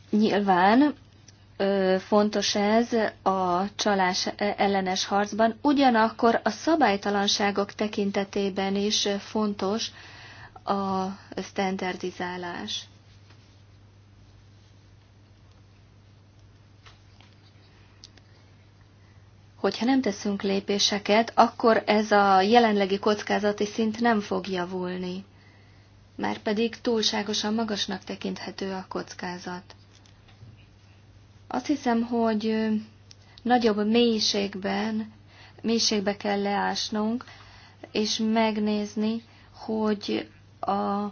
Nyilván fontos ez a csalás e, ellenes harcban, ugyanakkor a szabálytalanságok tekintetében is fontos a standardizálás. Hogyha nem teszünk lépéseket, akkor ez a jelenlegi kockázati szint nem fog javulni, mert pedig túlságosan magasnak tekinthető a kockázat. Azt hiszem, hogy nagyobb mélységben, mélységbe kell leásnunk, és megnézni, hogy a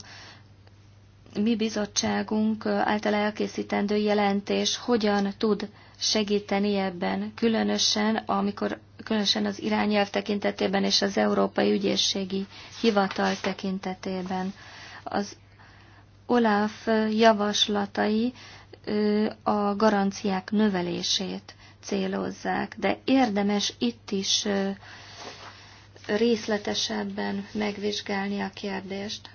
mi bizottságunk által elkészítendő jelentés hogyan tud segíteni ebben, különösen, amikor, különösen az irányelv tekintetében és az Európai Ügyészségi Hivatal tekintetében. Az Olaf javaslatai a garanciák növelését célozzák, de érdemes itt is részletesebben megvizsgálni a kérdést.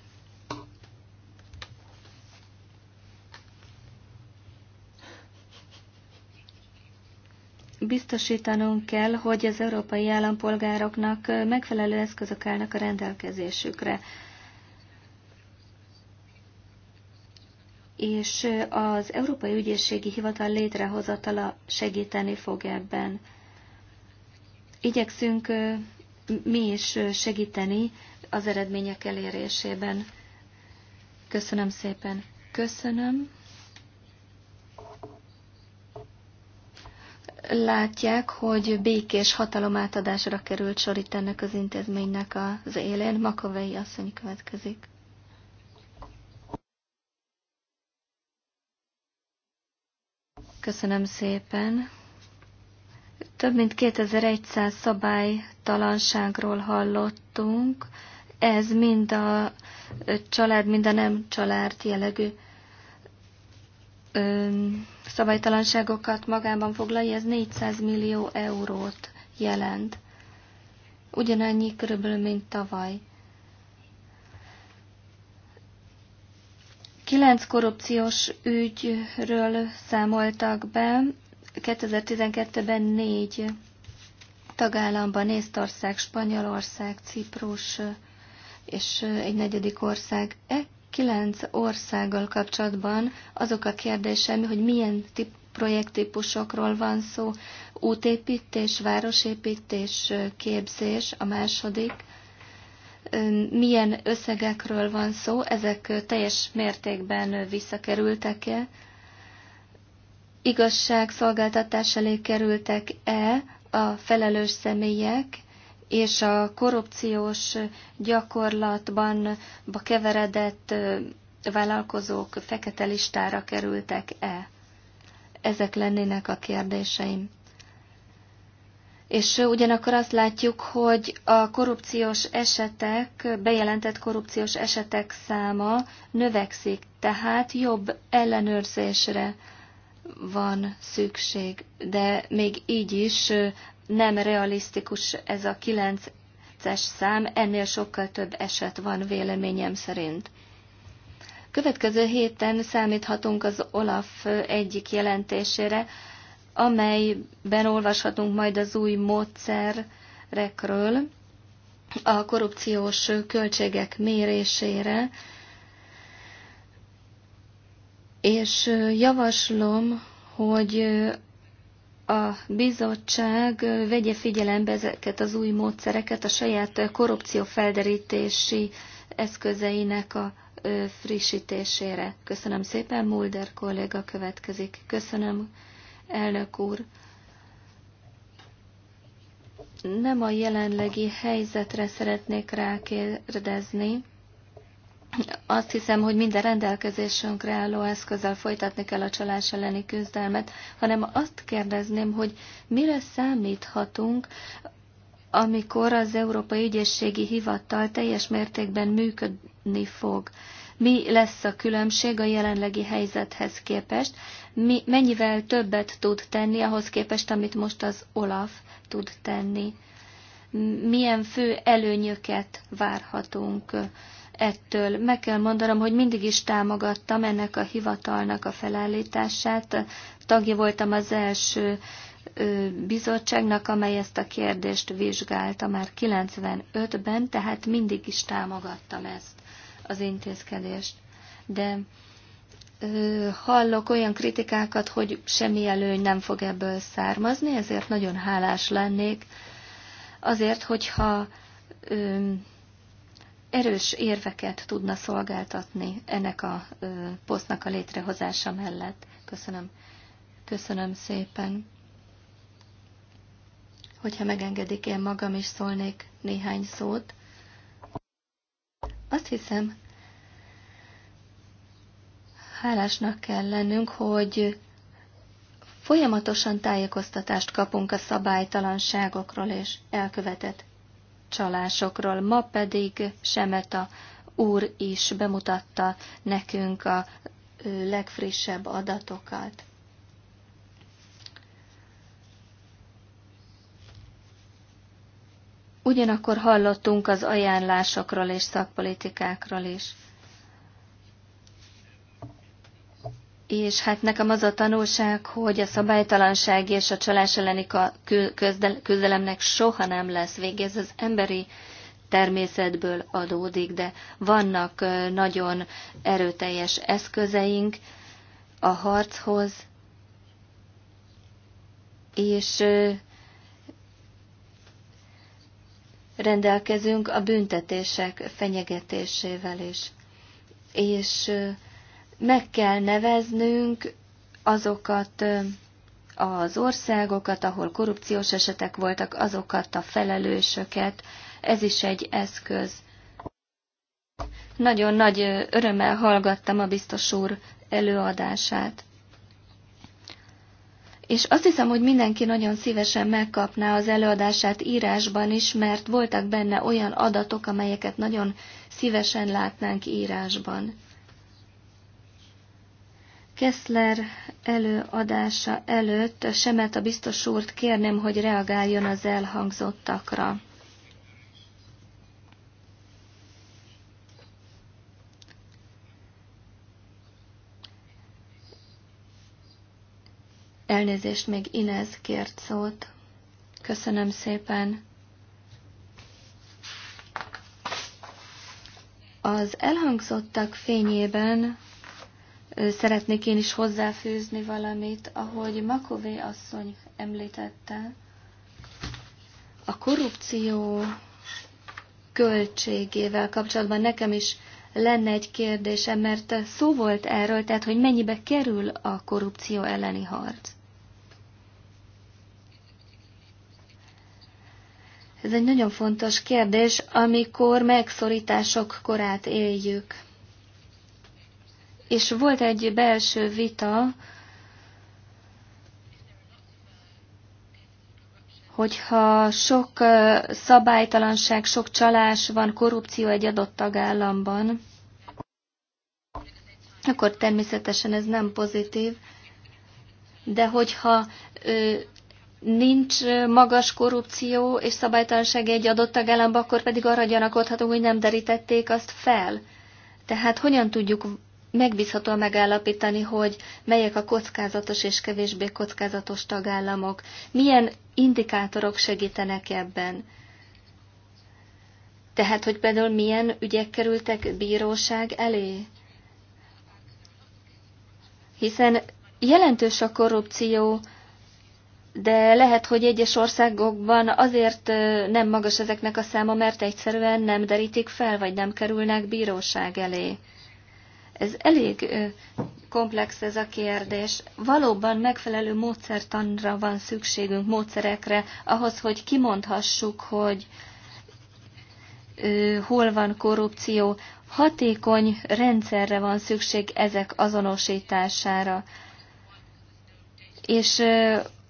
Biztosítanunk kell, hogy az európai állampolgároknak megfelelő eszközök állnak a rendelkezésükre és az Európai Ügyészségi Hivatal létrehozatala segíteni fog ebben. Igyekszünk mi is segíteni az eredmények elérésében. Köszönöm szépen. Köszönöm. Látják, hogy békés hatalomátadásra került sor itt ennek az intézménynek az élén. Makovei asszony következik. Köszönöm szépen. Több mint 2100 szabálytalanságról hallottunk. Ez mind a család, mind a nem család jellegű szabálytalanságokat magában foglalja, ez 400 millió eurót jelent. Ugyanannyi körülbelül, mint tavaly. Kilenc korrupciós ügyről számoltak be, 2012-ben négy tagállamban, Észtország, Spanyolország, Ciprus és egy negyedik ország. E kilenc országgal kapcsolatban azok a kérdésem, hogy milyen tip, projekttípusokról van szó, útépítés, városépítés, képzés a második, milyen összegekről van szó, ezek teljes mértékben visszakerültek-e, igazságszolgáltatás elé kerültek-e a felelős személyek, és a korrupciós gyakorlatban keveredett vállalkozók fekete listára kerültek-e? Ezek lennének a kérdéseim és ugyanakkor azt látjuk, hogy a korrupciós esetek, bejelentett korrupciós esetek száma növekszik, tehát jobb ellenőrzésre van szükség, de még így is nem realisztikus ez a 9-es szám, ennél sokkal több eset van véleményem szerint. Következő héten számíthatunk az OLAF egyik jelentésére, amelyben olvashatunk majd az új módszerekről a korrupciós költségek mérésére, és javaslom, hogy a bizottság vegye figyelembe ezeket az új módszereket a saját korrupciófelderítési eszközeinek a frissítésére. Köszönöm szépen, Mulder kolléga következik. Köszönöm, elnök úr. Nem a jelenlegi helyzetre szeretnék rákérdezni. Azt hiszem, hogy minden rendelkezésünkre álló eszközzel folytatni kell a csalás elleni küzdelmet, hanem azt kérdezném, hogy mire számíthatunk, amikor az Európai Ügyészségi Hivatal teljes mértékben működni fog mi lesz a különbség a jelenlegi helyzethez képest, mi, mennyivel többet tud tenni ahhoz képest, amit most az Olaf tud tenni. Milyen fő előnyöket várhatunk ettől. Meg kell mondanom, hogy mindig is támogattam ennek a hivatalnak a felállítását. Tagja voltam az első bizottságnak, amely ezt a kérdést vizsgálta már 95-ben, tehát mindig is támogattam ezt az intézkedést. De hallok olyan kritikákat, hogy semmi előny nem fog ebből származni, ezért nagyon hálás lennék azért, hogyha erős érveket tudna szolgáltatni ennek a posztnak a létrehozása mellett. Köszönöm. Köszönöm szépen. Hogyha megengedik, én magam is szólnék néhány szót. Azt hiszem, hálásnak kell lennünk, hogy folyamatosan tájékoztatást kapunk a szabálytalanságokról és elkövetett csalásokról. Ma pedig Semeta úr is bemutatta nekünk a legfrissebb adatokat. Ugyanakkor hallottunk az ajánlásokról és szakpolitikákról is. És hát nekem az a tanulság, hogy a szabálytalanság és a csalás elleni küzdelemnek soha nem lesz vége. Ez az emberi természetből adódik, de vannak nagyon erőteljes eszközeink a harchoz, és rendelkezünk a büntetések fenyegetésével is. És meg kell neveznünk azokat az országokat, ahol korrupciós esetek voltak, azokat a felelősöket. Ez is egy eszköz. Nagyon nagy örömmel hallgattam a biztos úr előadását. És azt hiszem, hogy mindenki nagyon szívesen megkapná az előadását írásban is, mert voltak benne olyan adatok, amelyeket nagyon szívesen látnánk írásban. Kessler előadása előtt Semet a biztos úrt kérném, hogy reagáljon az elhangzottakra. Elnézést, még Inez kért szót. Köszönöm szépen. Az elhangzottak fényében szeretnék én is hozzáfűzni valamit, ahogy Makové asszony említette. A korrupció költségével kapcsolatban nekem is lenne egy kérdése, mert szó volt erről, tehát hogy mennyibe kerül a korrupció elleni harc. Ez egy nagyon fontos kérdés, amikor megszorítások korát éljük. És volt egy belső vita hogyha sok szabálytalanság, sok csalás van, korrupció egy adott tagállamban, akkor természetesen ez nem pozitív. De hogyha ö, nincs magas korrupció és szabálytalanság egy adott tagállamban, akkor pedig arra gyanakodhatunk, hogy nem derítették azt fel. Tehát hogyan tudjuk megbízhatóan megállapítani, hogy melyek a kockázatos és kevésbé kockázatos tagállamok, milyen indikátorok segítenek ebben. Tehát, hogy például milyen ügyek kerültek bíróság elé? Hiszen jelentős a korrupció, de lehet, hogy egyes országokban azért nem magas ezeknek a száma, mert egyszerűen nem derítik fel, vagy nem kerülnek bíróság elé. Ez elég komplex ez a kérdés. Valóban megfelelő módszertanra van szükségünk, módszerekre, ahhoz, hogy kimondhassuk, hogy hol van korrupció. Hatékony rendszerre van szükség ezek azonosítására. És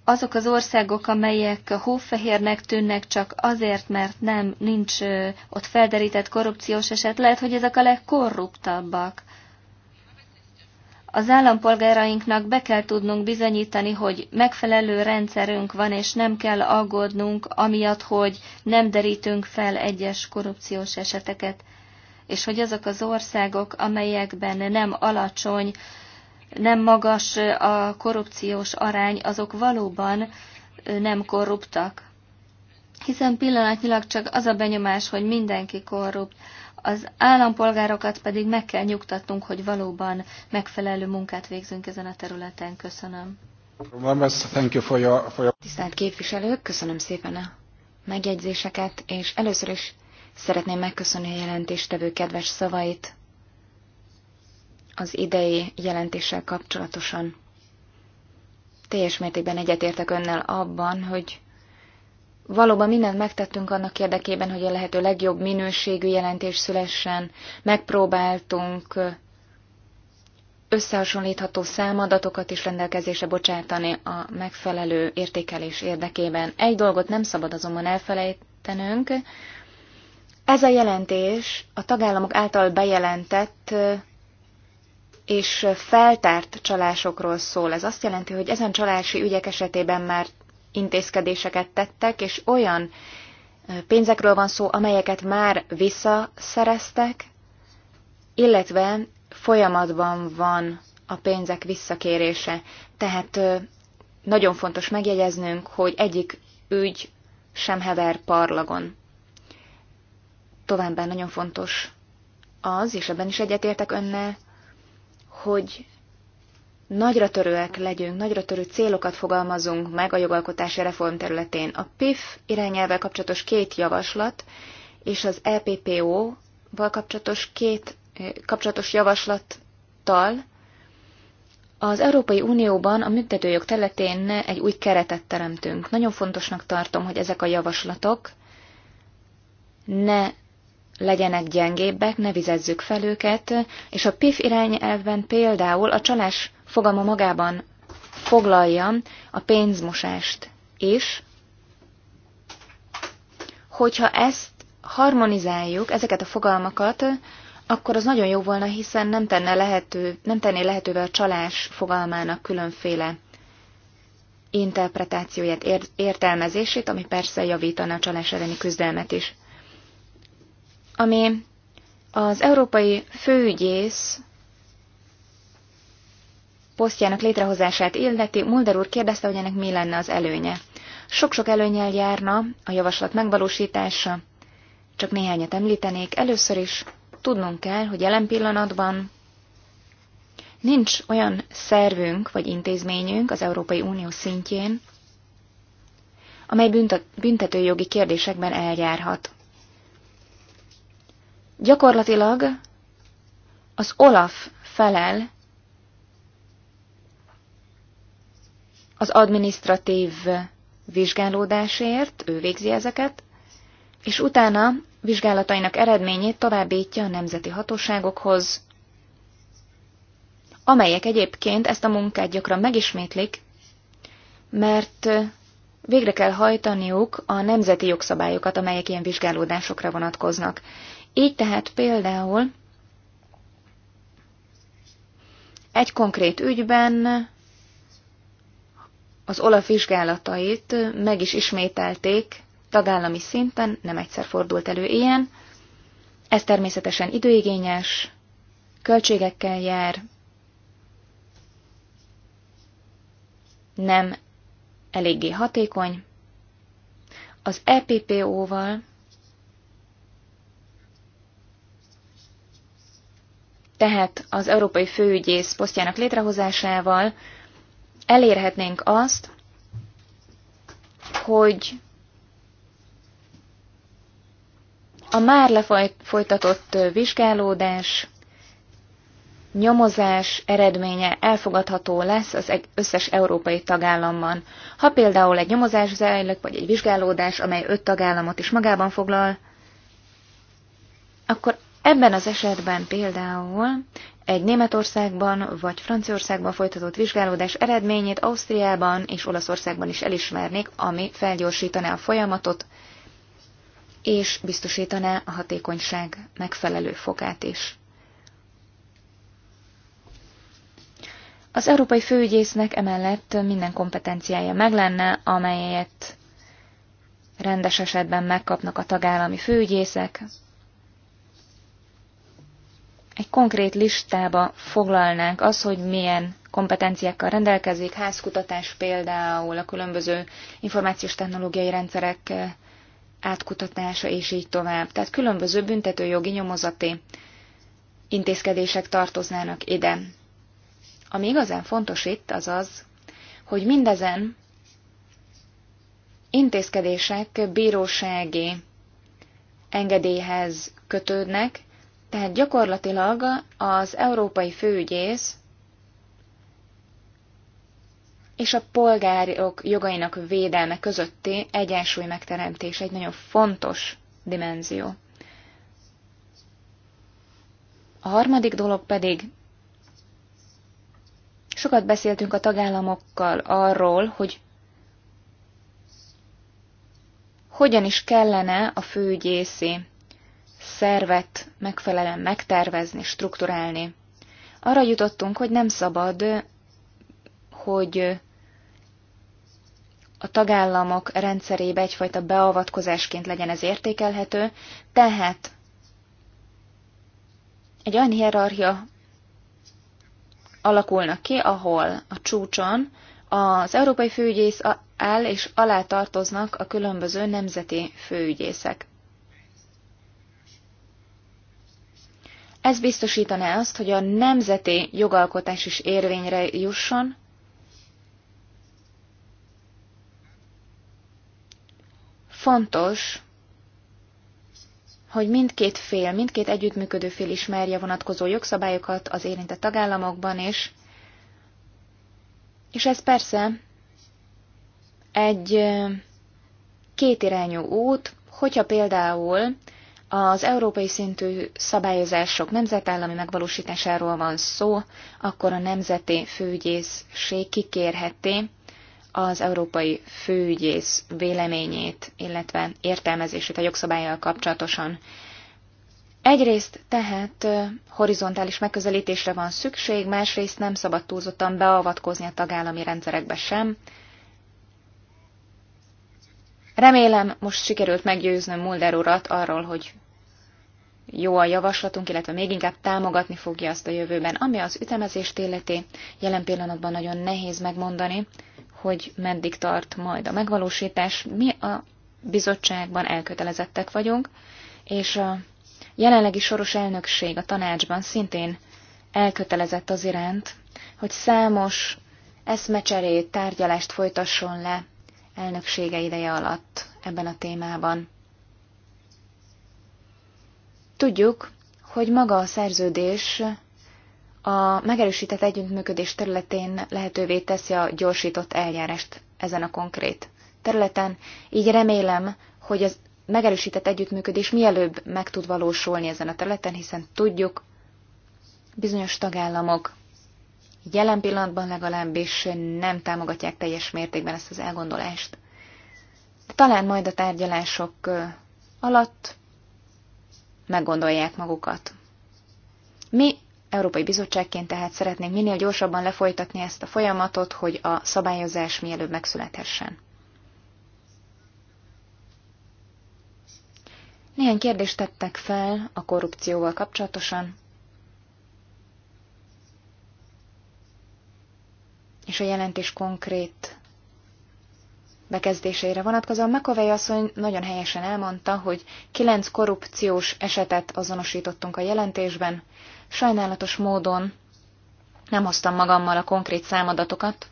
azok az országok, amelyek hófehérnek tűnnek csak azért, mert nem nincs ott felderített korrupciós eset, lehet, hogy ezek a legkorruptabbak. Az állampolgárainknak be kell tudnunk bizonyítani, hogy megfelelő rendszerünk van, és nem kell aggódnunk, amiatt, hogy nem derítünk fel egyes korrupciós eseteket, és hogy azok az országok, amelyekben nem alacsony, nem magas a korrupciós arány, azok valóban nem korruptak. Hiszen pillanatnyilag csak az a benyomás, hogy mindenki korrupt az állampolgárokat pedig meg kell nyugtatnunk, hogy valóban megfelelő munkát végzünk ezen a területen. Köszönöm. Tisztelt képviselők, köszönöm szépen a megjegyzéseket, és először is szeretném megköszönni a jelentéstevő kedves szavait az idei jelentéssel kapcsolatosan. Teljes mértékben egyetértek önnel abban, hogy Valóban mindent megtettünk annak érdekében, hogy a lehető legjobb minőségű jelentés szülessen. Megpróbáltunk összehasonlítható számadatokat is rendelkezésre bocsátani a megfelelő értékelés érdekében. Egy dolgot nem szabad azonban elfelejtenünk. Ez a jelentés a tagállamok által bejelentett és feltárt csalásokról szól. Ez azt jelenti, hogy ezen csalási ügyek esetében már intézkedéseket tettek, és olyan pénzekről van szó, amelyeket már visszaszereztek, illetve folyamatban van a pénzek visszakérése. Tehát nagyon fontos megjegyeznünk, hogy egyik ügy sem hever parlagon. Továbbá nagyon fontos az, és ebben is egyetértek önnel, hogy nagyra törőek legyünk, nagyra törő célokat fogalmazunk meg a jogalkotási reform területén. A PIF irányelvvel kapcsolatos két javaslat és az EPPO-val kapcsolatos két eh, kapcsolatos javaslattal az Európai Unióban a működőjog területén egy új keretet teremtünk. Nagyon fontosnak tartom, hogy ezek a javaslatok ne legyenek gyengébbek, ne vizezzük fel őket, és a PIF irányelvben például a csalás fogalma magában foglalja a pénzmosást is, hogyha ezt harmonizáljuk, ezeket a fogalmakat, akkor az nagyon jó volna, hiszen nem, tenne lehető, nem tenné lehetővé a csalás fogalmának különféle interpretációját, értelmezését, ami persze javítana a csalás elleni küzdelmet is. Ami az európai főügyész posztjának létrehozását illeti, Mulder úr kérdezte, hogy ennek mi lenne az előnye. Sok-sok előnyel járna a javaslat megvalósítása, csak néhányat említenék. Először is tudnunk kell, hogy jelen pillanatban nincs olyan szervünk vagy intézményünk az Európai Unió szintjén, amely büntetőjogi kérdésekben eljárhat. Gyakorlatilag az OLAF felel az administratív vizsgálódásért, ő végzi ezeket, és utána vizsgálatainak eredményét továbbítja a nemzeti hatóságokhoz, amelyek egyébként ezt a munkát gyakran megismétlik, mert végre kell hajtaniuk a nemzeti jogszabályokat, amelyek ilyen vizsgálódásokra vonatkoznak. Így tehát például egy konkrét ügyben az OLAF vizsgálatait meg is ismételték tagállami szinten, nem egyszer fordult elő ilyen. Ez természetesen időigényes, költségekkel jár, nem eléggé hatékony. Az EPPO-val tehát az Európai Főügyész posztjának létrehozásával elérhetnénk azt, hogy a már lefolytatott vizsgálódás, nyomozás eredménye elfogadható lesz az összes európai tagállamban. Ha például egy nyomozás zajlik, vagy egy vizsgálódás, amely öt tagállamot is magában foglal, akkor Ebben az esetben például egy Németországban vagy Franciaországban folytatott vizsgálódás eredményét Ausztriában és Olaszországban is elismernék, ami felgyorsítaná a folyamatot, és biztosítaná a hatékonyság megfelelő fokát is. Az európai főügyésznek emellett minden kompetenciája meg lenne, amelyet rendes esetben megkapnak a tagállami főügyészek, egy konkrét listába foglalnánk az, hogy milyen kompetenciákkal rendelkezik, házkutatás például, a különböző információs technológiai rendszerek eh, átkutatása, és így tovább. Tehát különböző büntetőjogi nyomozati intézkedések tartoznának ide. Ami igazán fontos itt, az az, hogy mindezen intézkedések bírósági engedélyhez kötődnek, tehát gyakorlatilag az európai főügyész és a polgárok jogainak védelme közötti egyensúly megteremtés egy nagyon fontos dimenzió. A harmadik dolog pedig, sokat beszéltünk a tagállamokkal arról, hogy hogyan is kellene a főügyészi szervet megfelelően megtervezni, strukturálni. Arra jutottunk, hogy nem szabad, hogy a tagállamok rendszerébe egyfajta beavatkozásként legyen ez értékelhető, tehát egy olyan hierarchia alakulnak ki, ahol a csúcson az európai főügyész áll, és alá tartoznak a különböző nemzeti főügyészek. Ez biztosítaná azt, hogy a nemzeti jogalkotás is érvényre jusson, Fontos, hogy mindkét fél, mindkét együttműködő fél ismerje vonatkozó jogszabályokat az érintett tagállamokban is, és ez persze egy kétirányú út, hogyha például az európai szintű szabályozások nemzetállami megvalósításáról van szó, akkor a nemzeti főügyészség kikérheti az európai főügyész véleményét, illetve értelmezését a jogszabályjal kapcsolatosan. Egyrészt tehát horizontális megközelítésre van szükség, másrészt nem szabad túlzottan beavatkozni a tagállami rendszerekbe sem. Remélem, most sikerült meggyőznöm Mulder urat arról, hogy jó a javaslatunk, illetve még inkább támogatni fogja azt a jövőben. Ami az ütemezést illeti, jelen pillanatban nagyon nehéz megmondani, hogy meddig tart majd a megvalósítás. Mi a bizottságban elkötelezettek vagyunk, és a jelenlegi soros elnökség a tanácsban szintén elkötelezett az iránt, hogy számos eszmecserét, tárgyalást folytasson le elnöksége ideje alatt ebben a témában. Tudjuk, hogy maga a szerződés a megerősített együttműködés területén lehetővé teszi a gyorsított eljárást ezen a konkrét területen, így remélem, hogy az megerősített együttműködés mielőbb meg tud valósulni ezen a területen, hiszen tudjuk, bizonyos tagállamok jelen pillanatban legalábbis nem támogatják teljes mértékben ezt az elgondolást. De talán majd a tárgyalások alatt meggondolják magukat. Mi Európai Bizottságként tehát szeretnénk minél gyorsabban lefolytatni ezt a folyamatot, hogy a szabályozás mielőbb megszülethessen. Néhány kérdést tettek fel a korrupcióval kapcsolatosan, és a jelentés konkrét bekezdésére vonatkozóan Makovei asszony nagyon helyesen elmondta, hogy kilenc korrupciós esetet azonosítottunk a jelentésben. Sajnálatos módon nem hoztam magammal a konkrét számadatokat.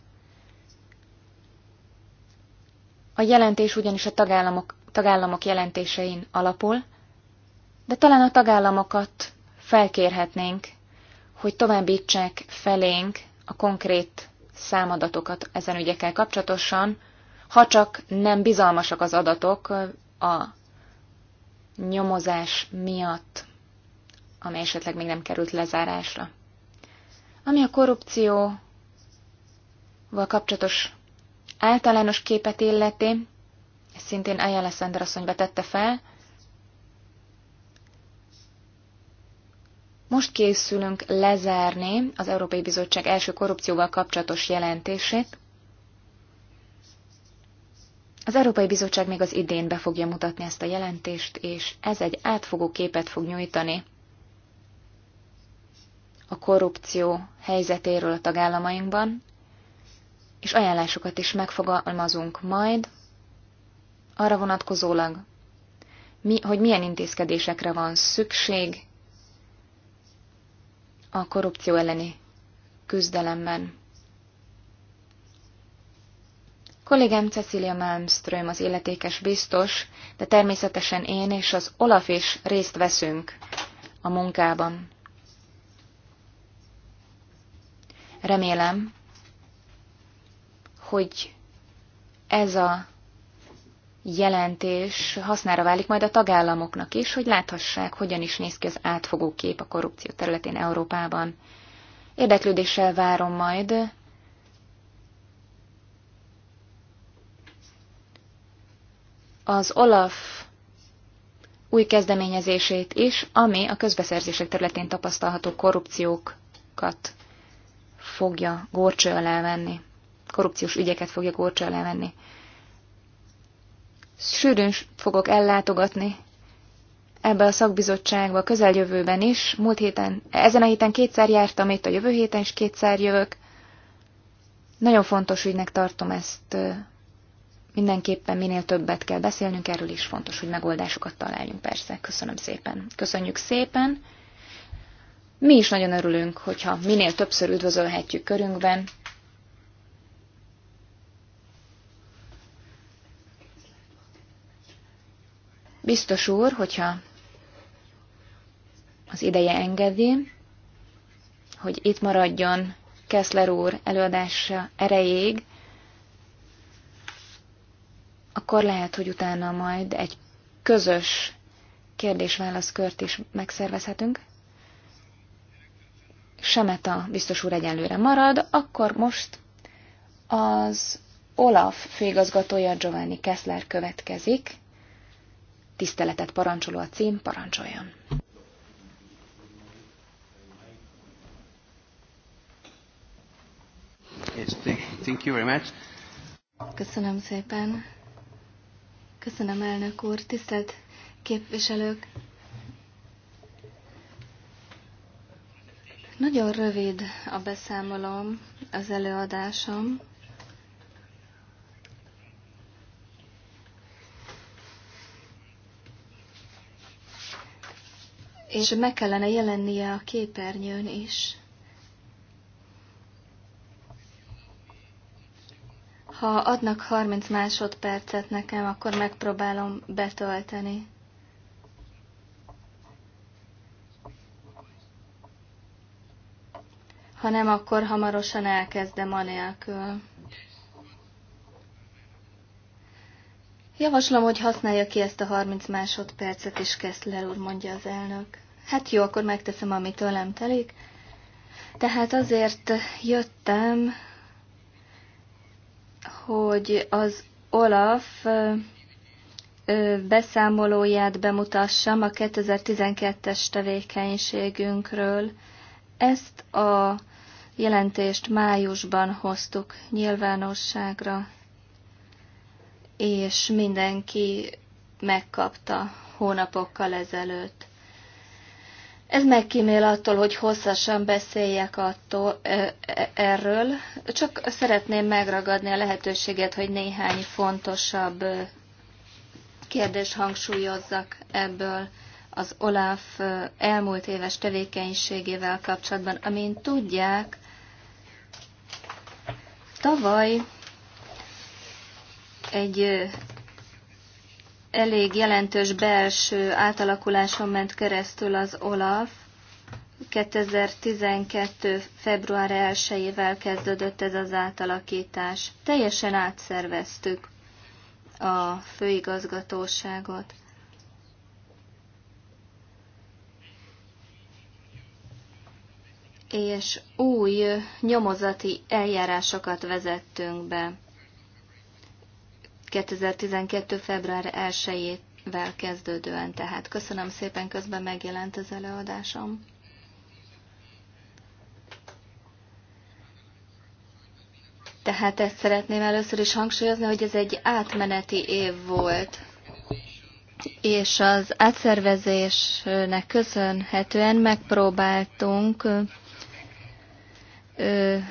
A jelentés ugyanis a tagállamok, tagállamok jelentésein alapul, de talán a tagállamokat felkérhetnénk, hogy továbbítsák felénk a konkrét számadatokat ezen ügyekkel kapcsolatosan, ha csak nem bizalmasak az adatok a nyomozás miatt, amely esetleg még nem került lezárásra. Ami a korrupcióval kapcsolatos általános képet illeti, ezt szintén Ayala Sander asszony vetette fel, Most készülünk lezárni az Európai Bizottság első korrupcióval kapcsolatos jelentését. Az Európai Bizottság még az idén be fogja mutatni ezt a jelentést, és ez egy átfogó képet fog nyújtani a korrupció helyzetéről a tagállamainkban, és ajánlásokat is megfogalmazunk majd, arra vonatkozólag, mi, hogy milyen intézkedésekre van szükség a korrupció elleni küzdelemben. Kollégám Cecilia Malmström az illetékes biztos, de természetesen én és az Olaf is részt veszünk a munkában. Remélem, hogy ez a jelentés hasznára válik majd a tagállamoknak is, hogy láthassák, hogyan is néz ki az átfogó kép a korrupció területén Európában. Érdeklődéssel várom majd az OLAF új kezdeményezését is, ami a közbeszerzések területén tapasztalható korrupciókat fogja górcső alá venni. Korrupciós ügyeket fogja górcső alá venni. Sűrűn fogok ellátogatni ebbe a szakbizottságba a közeljövőben is. Múlt héten, ezen a héten kétszer jártam, itt a jövő héten is kétszer jövök. Nagyon fontos ügynek tartom ezt mindenképpen minél többet kell beszélnünk erről, is fontos, hogy megoldásokat találjunk persze. Köszönöm szépen. Köszönjük szépen. Mi is nagyon örülünk, hogyha minél többször üdvözölhetjük körünkben. Biztos úr, hogyha az ideje engedi, hogy itt maradjon Keszler úr előadása erejéig, akkor lehet, hogy utána majd egy közös kérdés-válasz kört is megszervezhetünk. Semeta biztos úr egyenlőre marad, akkor most az Olaf főigazgatója Giovanni Kessler következik. Tiszteletet parancsoló a cím, parancsoljon! Yes, thank you very much. Köszönöm szépen. Köszönöm, elnök úr. Tisztelt képviselők! Nagyon rövid a beszámolom, az előadásom. És meg kellene jelennie a képernyőn is. Ha adnak 30 másodpercet nekem, akkor megpróbálom betölteni. Ha nem, akkor hamarosan elkezdem anélkül. Javaslom, hogy használja ki ezt a 30 másodpercet, és Kessler úr, mondja az elnök. Hát jó, akkor megteszem, amit tőlem telik. Tehát azért jöttem, hogy az Olaf beszámolóját bemutassam a 2012-es tevékenységünkről. Ezt a jelentést májusban hoztuk nyilvánosságra, és mindenki megkapta hónapokkal ezelőtt. Ez megkímél attól, hogy hosszasan beszéljek attól, e, e, erről, csak szeretném megragadni a lehetőséget, hogy néhány fontosabb e, kérdés hangsúlyozzak ebből az OLAF elmúlt éves tevékenységével kapcsolatban. Amint tudják, tavaly egy elég jelentős belső átalakuláson ment keresztül az OLAF. 2012. február 1-ével kezdődött ez az átalakítás. Teljesen átszerveztük a főigazgatóságot. és új nyomozati eljárásokat vezettünk be. 2012. február 1-ével kezdődően. Tehát köszönöm szépen, közben megjelent az előadásom. Tehát ezt szeretném először is hangsúlyozni, hogy ez egy átmeneti év volt, és az átszervezésnek köszönhetően megpróbáltunk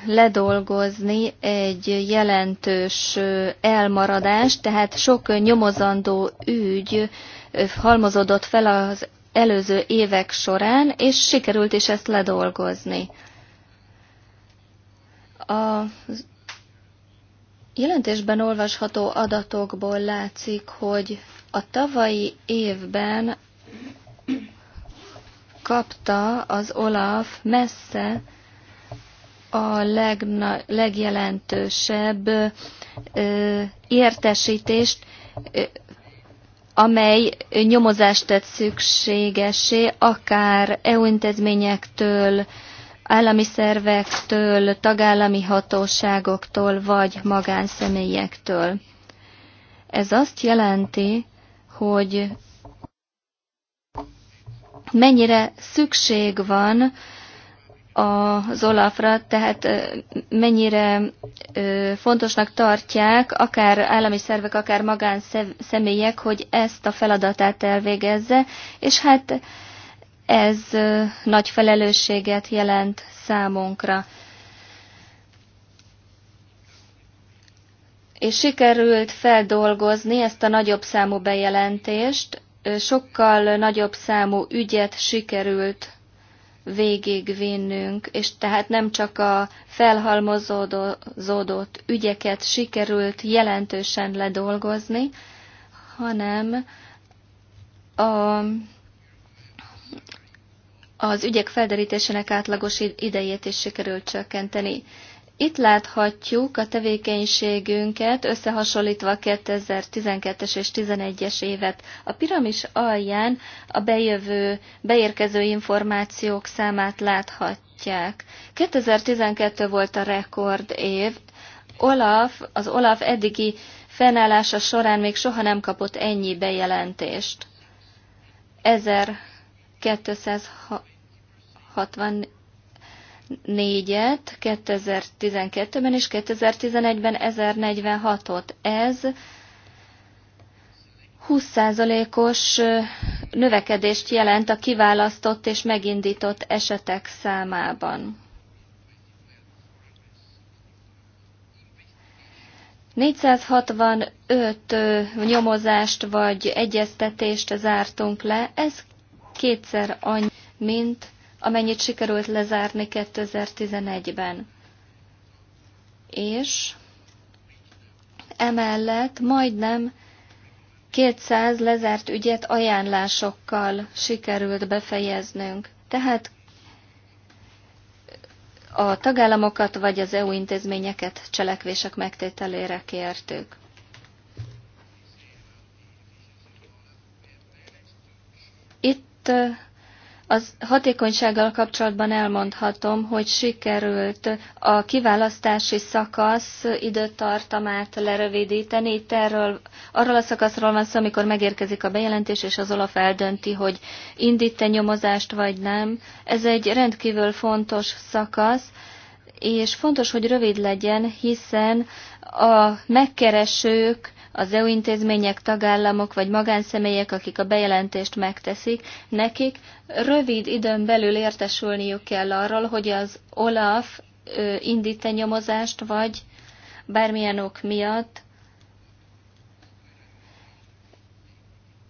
ledolgozni egy jelentős elmaradást, tehát sok nyomozandó ügy halmozódott fel az előző évek során, és sikerült is ezt ledolgozni. A jelentésben olvasható adatokból látszik, hogy a tavalyi évben kapta az Olaf messze a legna, legjelentősebb ö, értesítést, ö, amely nyomozást tett szükségesé, akár EU intézményektől, állami szervektől, tagállami hatóságoktól, vagy magánszemélyektől. Ez azt jelenti, hogy mennyire szükség van az Olafra, tehát mennyire fontosnak tartják akár állami szervek, akár magánszemélyek, hogy ezt a feladatát elvégezze, és hát ez nagy felelősséget jelent számunkra. És sikerült feldolgozni ezt a nagyobb számú bejelentést, sokkal nagyobb számú ügyet sikerült végigvinnünk, és tehát nem csak a felhalmozódott ügyeket sikerült jelentősen ledolgozni, hanem a, az ügyek felderítésének átlagos idejét is sikerült csökkenteni. Itt láthatjuk a tevékenységünket összehasonlítva 2012-es és 2011-es évet. A piramis alján a bejövő, beérkező információk számát láthatják. 2012 volt a rekord év. Olaf, az Olaf eddigi fennállása során még soha nem kapott ennyi bejelentést. 1260 négyet 2012-ben és 2011-ben 1046-ot. Ez 20%-os növekedést jelent a kiválasztott és megindított esetek számában. 465 nyomozást vagy egyeztetést zártunk le, ez kétszer annyi, mint amennyit sikerült lezárni 2011-ben. És emellett majdnem 200 lezárt ügyet ajánlásokkal sikerült befejeznünk. Tehát a tagállamokat vagy az EU intézményeket cselekvések megtételére kértük. Itt az hatékonysággal kapcsolatban elmondhatom, hogy sikerült a kiválasztási szakasz időtartamát lerövidíteni. Itt erről, arról a szakaszról van szó, amikor megérkezik a bejelentés, és az Olaf eldönti, hogy indít-e nyomozást vagy nem. Ez egy rendkívül fontos szakasz, és fontos, hogy rövid legyen, hiszen a megkeresők az EU intézmények, tagállamok vagy magánszemélyek, akik a bejelentést megteszik, nekik rövid időn belül értesülniük kell arról, hogy az OLAF indít -e nyomozást, vagy bármilyen ok miatt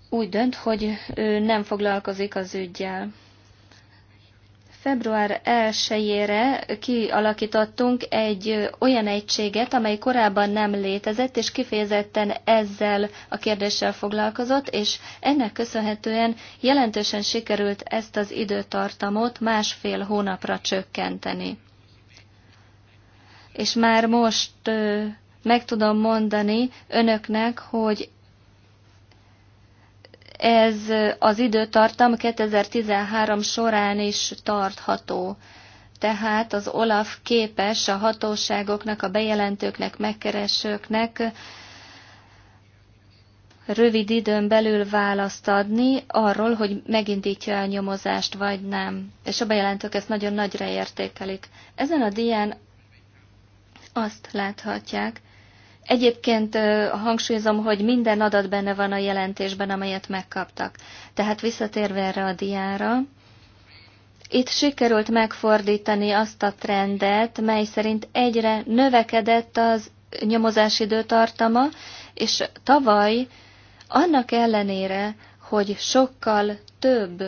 úgy dönt, hogy ő nem foglalkozik az ügyjel. Február 1-ére kialakítottunk egy olyan egységet, amely korábban nem létezett, és kifejezetten ezzel a kérdéssel foglalkozott, és ennek köszönhetően jelentősen sikerült ezt az időtartamot másfél hónapra csökkenteni. És már most meg tudom mondani önöknek, hogy ez az időtartam 2013 során is tartható. Tehát az OLAF képes a hatóságoknak, a bejelentőknek, megkeresőknek rövid időn belül választ adni arról, hogy megindítja a nyomozást, vagy nem. És a bejelentők ezt nagyon nagyra értékelik. Ezen a dián azt láthatják, Egyébként hangsúlyozom, hogy minden adat benne van a jelentésben, amelyet megkaptak. Tehát visszatérve erre a diára, itt sikerült megfordítani azt a trendet, mely szerint egyre növekedett az nyomozás időtartama, és tavaly annak ellenére, hogy sokkal több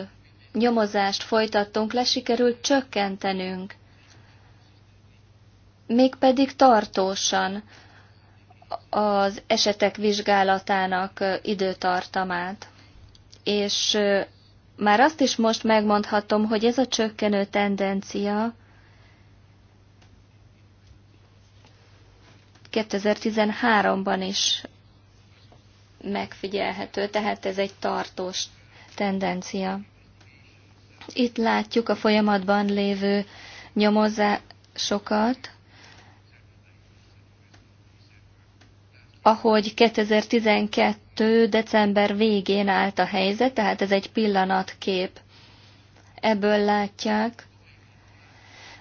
nyomozást folytattunk le, sikerült csökkentenünk. Mégpedig tartósan az esetek vizsgálatának időtartamát. És már azt is most megmondhatom, hogy ez a csökkenő tendencia 2013-ban is megfigyelhető, tehát ez egy tartós tendencia. Itt látjuk a folyamatban lévő nyomozásokat, ahogy 2012. december végén állt a helyzet, tehát ez egy pillanatkép. Ebből látják,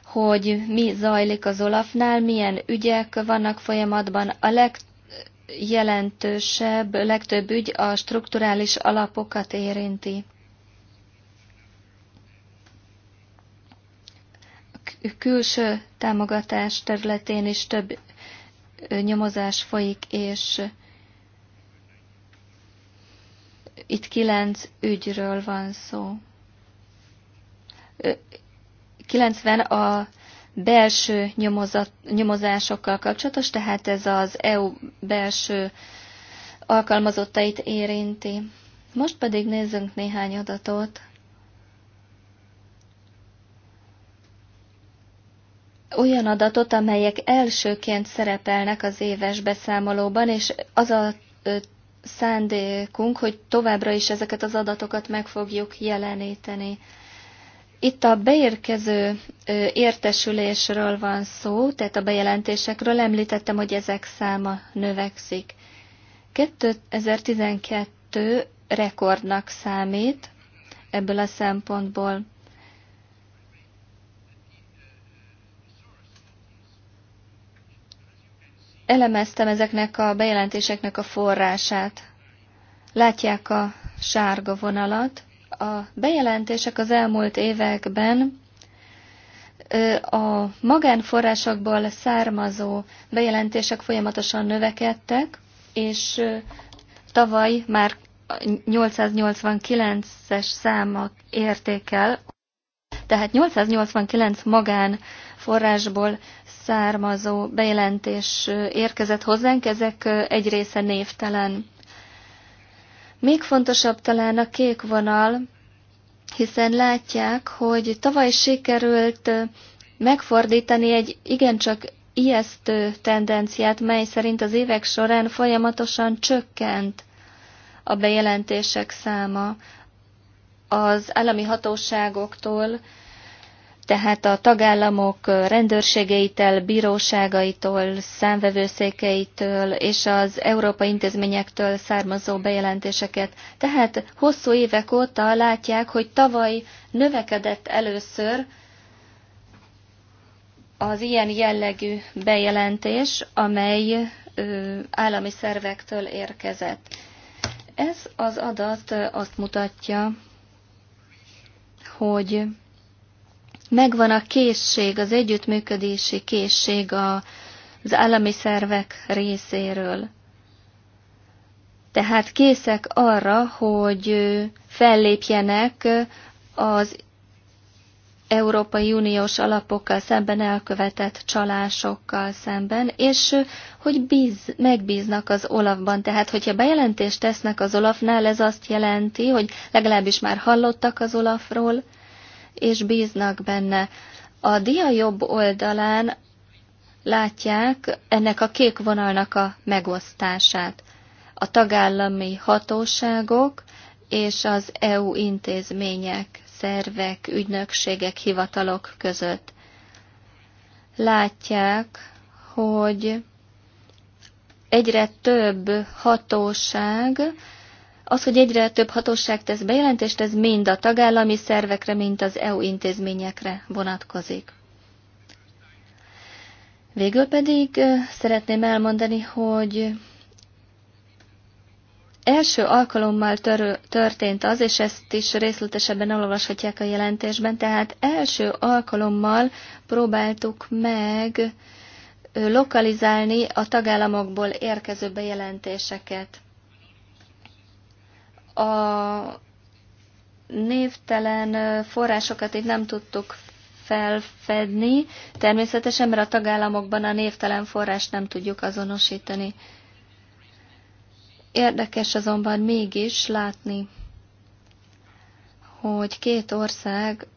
hogy mi zajlik az Olafnál, milyen ügyek vannak folyamatban. A legjelentősebb, legtöbb ügy a strukturális alapokat érinti. A külső támogatás területén is több nyomozás folyik, és itt kilenc ügyről van szó. 90 a belső nyomozat, nyomozásokkal kapcsolatos, tehát ez az EU belső alkalmazottait érinti. Most pedig nézzünk néhány adatot. olyan adatot, amelyek elsőként szerepelnek az éves beszámolóban, és az a szándékunk, hogy továbbra is ezeket az adatokat meg fogjuk jeleníteni. Itt a beérkező értesülésről van szó, tehát a bejelentésekről említettem, hogy ezek száma növekszik. 2012 rekordnak számít ebből a szempontból. elemeztem ezeknek a bejelentéseknek a forrását. Látják a sárga vonalat. A bejelentések az elmúlt években a magánforrásokból származó bejelentések folyamatosan növekedtek, és tavaly már 889-es számok értékel, tehát 889 magánforrásból származó bejelentés érkezett hozzánk, ezek egy része névtelen. Még fontosabb talán a kék vonal, hiszen látják, hogy tavaly sikerült megfordítani egy igencsak ijesztő tendenciát, mely szerint az évek során folyamatosan csökkent a bejelentések száma az állami hatóságoktól tehát a tagállamok rendőrségeitől, bíróságaitól, számvevőszékeitől és az európai intézményektől származó bejelentéseket. Tehát hosszú évek óta látják, hogy tavaly növekedett először az ilyen jellegű bejelentés, amely állami szervektől érkezett. Ez az adat azt mutatja, hogy megvan a készség, az együttműködési készség a, az állami szervek részéről. Tehát készek arra, hogy fellépjenek az Európai Uniós alapokkal szemben elkövetett csalásokkal szemben, és hogy bíz, megbíznak az Olafban. Tehát, hogyha bejelentést tesznek az Olafnál, ez azt jelenti, hogy legalábbis már hallottak az Olafról, és bíznak benne. A dia jobb oldalán látják ennek a kék vonalnak a megosztását. A tagállami hatóságok és az EU intézmények, szervek, ügynökségek, hivatalok között. Látják, hogy egyre több hatóság az, hogy egyre több hatóság tesz bejelentést, ez mind a tagállami szervekre, mind az EU intézményekre vonatkozik. Végül pedig szeretném elmondani, hogy első alkalommal tör, történt az, és ezt is részletesebben olvashatják a jelentésben, tehát első alkalommal próbáltuk meg lokalizálni a tagállamokból érkező bejelentéseket. A névtelen forrásokat itt nem tudtuk felfedni, természetesen, mert a tagállamokban a névtelen forrást nem tudjuk azonosítani. Érdekes azonban mégis látni, hogy két ország,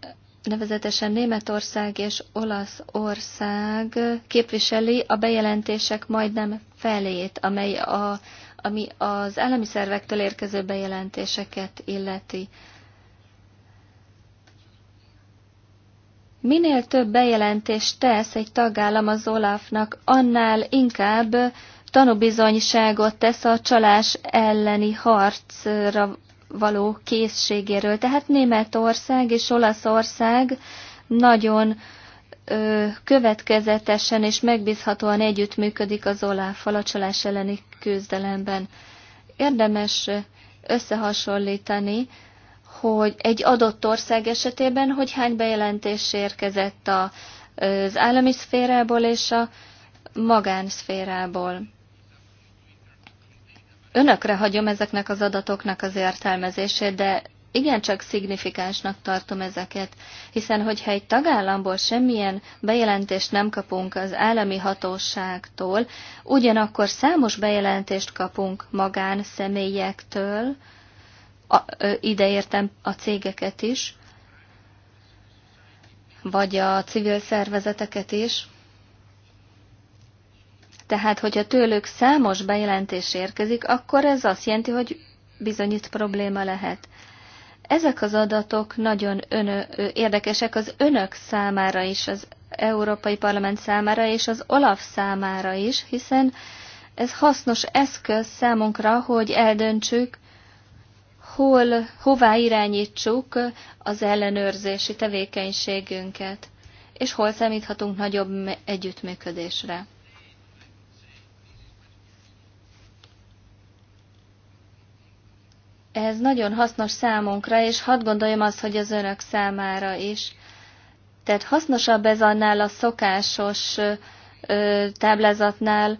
nevezetesen Németország és Olaszország képviseli a bejelentések majdnem felét, amely a ami az elemi szervektől érkező bejelentéseket illeti. Minél több bejelentést tesz egy tagállam az Olafnak, annál inkább tanúbizonyságot tesz a csalás elleni harcra való készségéről. Tehát Németország és Olaszország nagyon következetesen és megbízhatóan együttműködik az OLAF-val a csalás elleni küzdelemben. Érdemes összehasonlítani, hogy egy adott ország esetében, hogy hány bejelentés érkezett a, az állami szférából és a magánszférából. Önökre hagyom ezeknek az adatoknak az értelmezését, de igencsak szignifikánsnak tartom ezeket, hiszen hogyha egy tagállamból semmilyen bejelentést nem kapunk az állami hatóságtól, ugyanakkor számos bejelentést kapunk személyektől, a, ideértem a cégeket is, vagy a civil szervezeteket is. Tehát, hogyha tőlük számos bejelentés érkezik, akkor ez azt jelenti, hogy bizonyít probléma lehet. Ezek az adatok nagyon önö, érdekesek az önök számára is, az Európai Parlament számára és az OLAF számára is, hiszen ez hasznos eszköz számunkra, hogy eldöntsük, hol, hová irányítsuk az ellenőrzési tevékenységünket, és hol számíthatunk nagyobb együttműködésre. Ez nagyon hasznos számunkra, és hadd gondoljam azt, hogy az önök számára is. Tehát hasznosabb ez annál a szokásos ö, táblázatnál,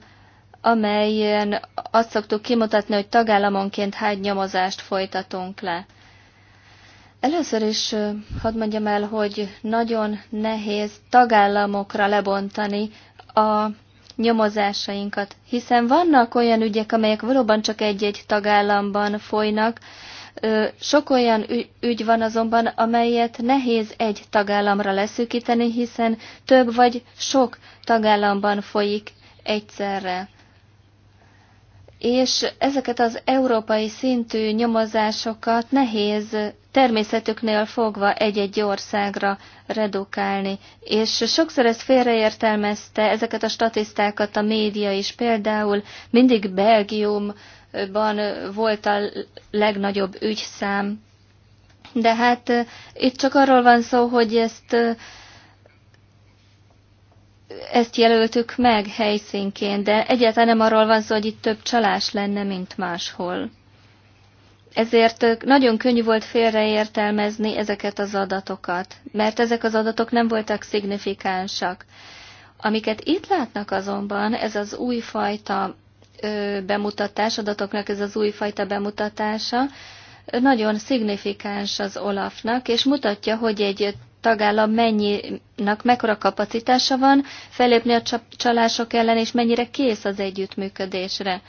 amelyen azt szoktuk kimutatni, hogy tagállamonként hány nyomozást folytatunk le. Először is hadd mondjam el, hogy nagyon nehéz tagállamokra lebontani a nyomozásainkat, hiszen vannak olyan ügyek, amelyek valóban csak egy-egy tagállamban folynak, sok olyan ügy van azonban, amelyet nehéz egy tagállamra leszűkíteni, hiszen több vagy sok tagállamban folyik egyszerre. És ezeket az európai szintű nyomozásokat nehéz természetüknél fogva egy-egy országra redukálni. És sokszor ez félreértelmezte ezeket a statisztákat a média is. Például mindig Belgiumban volt a legnagyobb ügyszám. De hát eh, itt csak arról van szó, hogy ezt eh, ezt jelöltük meg helyszínként, de egyáltalán nem arról van szó, hogy itt több csalás lenne, mint máshol. Ezért nagyon könnyű volt félreértelmezni ezeket az adatokat, mert ezek az adatok nem voltak szignifikánsak. Amiket itt látnak azonban, ez az újfajta bemutatás, adatoknak ez az újfajta bemutatása, nagyon szignifikáns az Olafnak, és mutatja, hogy egy tagállam mennyinak mekkora kapacitása van felépni a csalások ellen, és mennyire kész az együttműködésre.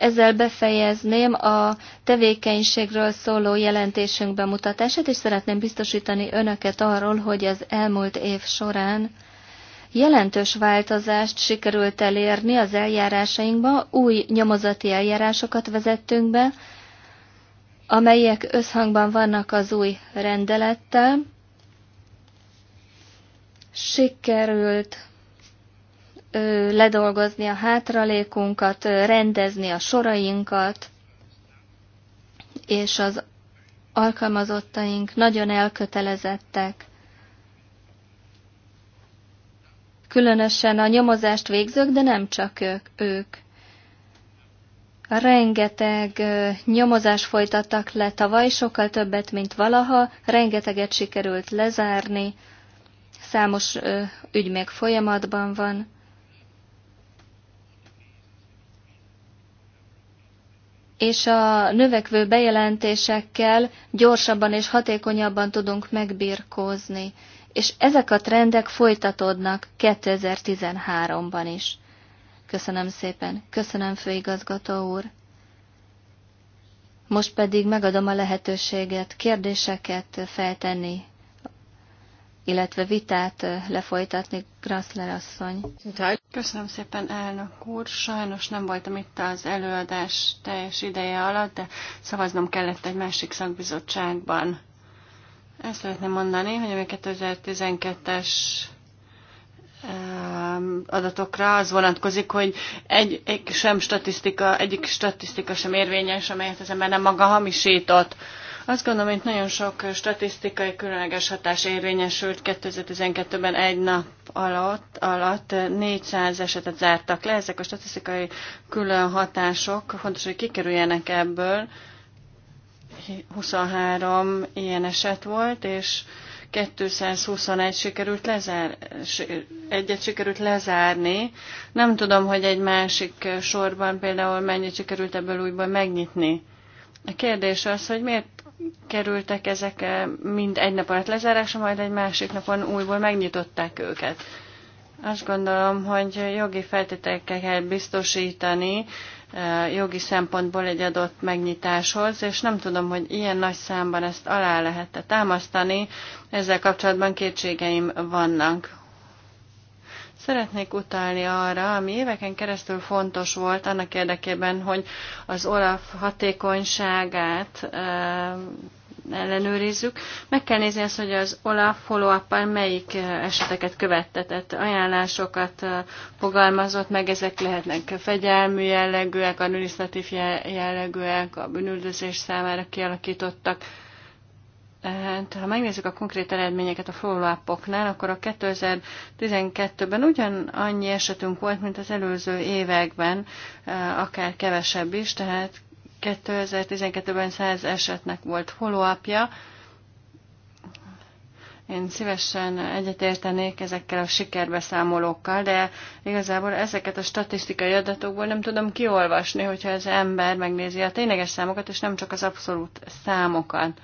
Ezzel befejezném a tevékenységről szóló jelentésünk bemutatását, és szeretném biztosítani önöket arról, hogy az elmúlt év során jelentős változást sikerült elérni az eljárásainkba, új nyomozati eljárásokat vezettünk be, amelyek összhangban vannak az új rendelettel. Sikerült ledolgozni a hátralékunkat, rendezni a sorainkat, és az alkalmazottaink nagyon elkötelezettek. Különösen a nyomozást végzők, de nem csak ők. ők. Rengeteg nyomozás folytattak le tavaly, sokkal többet, mint valaha, rengeteget sikerült lezárni, számos ügy még folyamatban van. és a növekvő bejelentésekkel gyorsabban és hatékonyabban tudunk megbirkózni. És ezek a trendek folytatódnak 2013-ban is. Köszönöm szépen. Köszönöm, főigazgató úr. Most pedig megadom a lehetőséget kérdéseket feltenni illetve vitát lefolytatni, Grassler asszony. Köszönöm szépen, elnök úr. Sajnos nem voltam itt az előadás teljes ideje alatt, de szavaznom kellett egy másik szakbizottságban. Ezt szeretném mondani, hogy a 2012-es adatokra az vonatkozik, hogy egy, egy sem statisztika, egyik statisztika sem érvényes, amelyet az ember nem maga hamisított. Azt gondolom, hogy nagyon sok statisztikai különleges hatás érvényesült 2012-ben egy nap alatt, alatt 400 esetet zártak le. Ezek a statisztikai külön hatások, fontos, hogy kikerüljenek ebből. 23 ilyen eset volt, és 221 sikerült lezár, egyet sikerült lezárni. Nem tudom, hogy egy másik sorban például mennyit sikerült ebből újból megnyitni. A kérdés az, hogy miért kerültek ezek eh, mind egy nap alatt lezárásra, majd egy másik napon újból megnyitották őket. Azt gondolom, hogy jogi feltételekkel kell biztosítani eh, jogi szempontból egy adott megnyitáshoz, és nem tudom, hogy ilyen nagy számban ezt alá lehet -e támasztani. Ezzel kapcsolatban kétségeim vannak. Szeretnék utalni arra, ami éveken keresztül fontos volt annak érdekében, hogy az OLAF hatékonyságát eh, ellenőrizzük. Meg kell nézni azt, hogy az OLAF follow melyik eh, eseteket követtetett, ajánlásokat eh, fogalmazott meg, ezek lehetnek fegyelmű jellegűek, administratív jellegűek, a bűnüldözés számára kialakítottak Hát, ha megnézzük a konkrét eredményeket a follow akkor a 2012-ben ugyan annyi esetünk volt, mint az előző években, eh, akár kevesebb is, tehát 2012-ben 100 esetnek volt follow -ja. Én szívesen egyetértenék ezekkel a sikerbeszámolókkal, de igazából ezeket a statisztikai adatokból nem tudom kiolvasni, hogyha az ember megnézi a tényleges számokat, és nem csak az abszolút számokat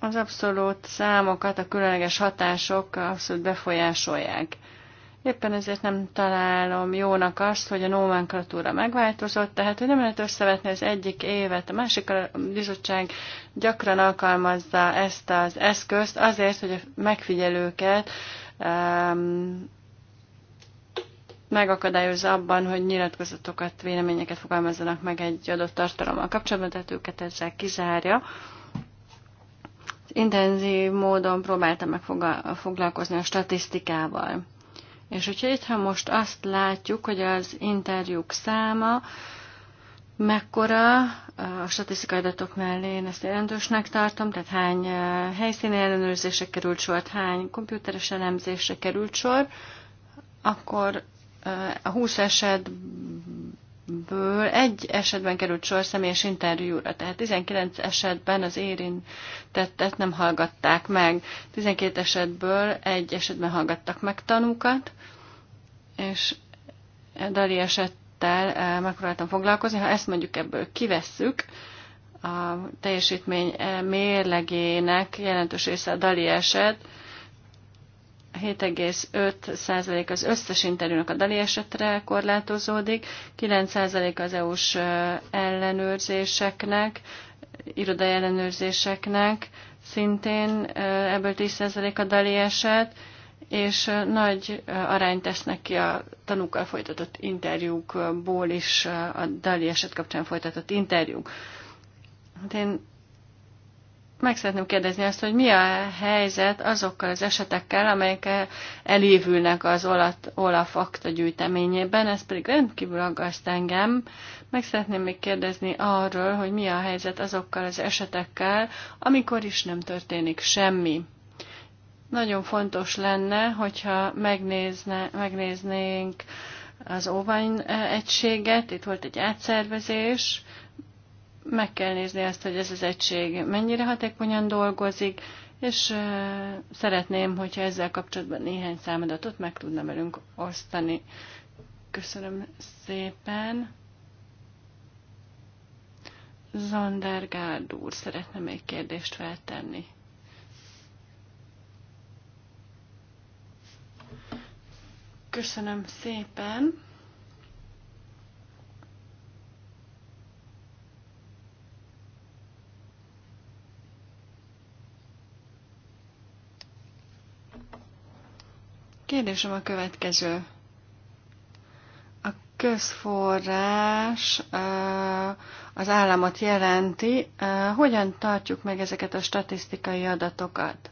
az abszolút számokat a különleges hatások abszolút befolyásolják. Éppen ezért nem találom jónak azt, hogy a nomenklatúra megváltozott, tehát hogy nem lehet összevetni az egyik évet, a másik a bizottság gyakran alkalmazza ezt az eszközt azért, hogy a megfigyelőket um, megakadályozza abban, hogy nyilatkozatokat, véleményeket fogalmazzanak meg egy adott tartalommal kapcsolatban, tehát őket ezzel kizárja intenzív módon próbáltam meg foglalkozni a statisztikával. És hogyha itt, ha most azt látjuk, hogy az interjúk száma mekkora, a statisztikai adatok mellé én ezt jelentősnek tartom, tehát hány eh, helyszíni ellenőrzésre került sor, hány komputeres elemzésre került sor, akkor eh, a 20 eset ből egy esetben került sor személyes interjúra, tehát 19 esetben az érintettet nem hallgatták meg. 12 esetből egy esetben hallgattak meg tanúkat, és Dali esettel eh, megpróbáltam foglalkozni. Ha ezt mondjuk ebből kivesszük, a teljesítmény eh, mérlegének jelentős része a Dali eset, 7,5% az összes interjúnak a Dali esetre korlátozódik, 9% az EU-s ellenőrzéseknek, irodai ellenőrzéseknek, szintén ebből 10% a Dali eset, és nagy arányt tesznek ki a tanúkkal folytatott interjúkból is, a Dali eset kapcsán folytatott interjúk. Hát én meg szeretném kérdezni azt, hogy mi a helyzet azokkal az esetekkel, amelyek elévülnek az Olaf akta gyűjteményében, ez pedig rendkívül aggaszt engem. Meg szeretném még kérdezni arról, hogy mi a helyzet azokkal az esetekkel, amikor is nem történik semmi. Nagyon fontos lenne, hogyha megnézne, megnéznénk az óvány egységet, itt volt egy átszervezés, meg kell nézni azt, hogy ez az egység mennyire hatékonyan dolgozik, és szeretném, hogyha ezzel kapcsolatban néhány számadatot meg tudna velünk osztani. Köszönöm szépen. Zandergárd úr szeretne még kérdést feltenni. Köszönöm szépen. Kérdésem a következő. A közforrás az államot jelenti. Hogyan tartjuk meg ezeket a statisztikai adatokat?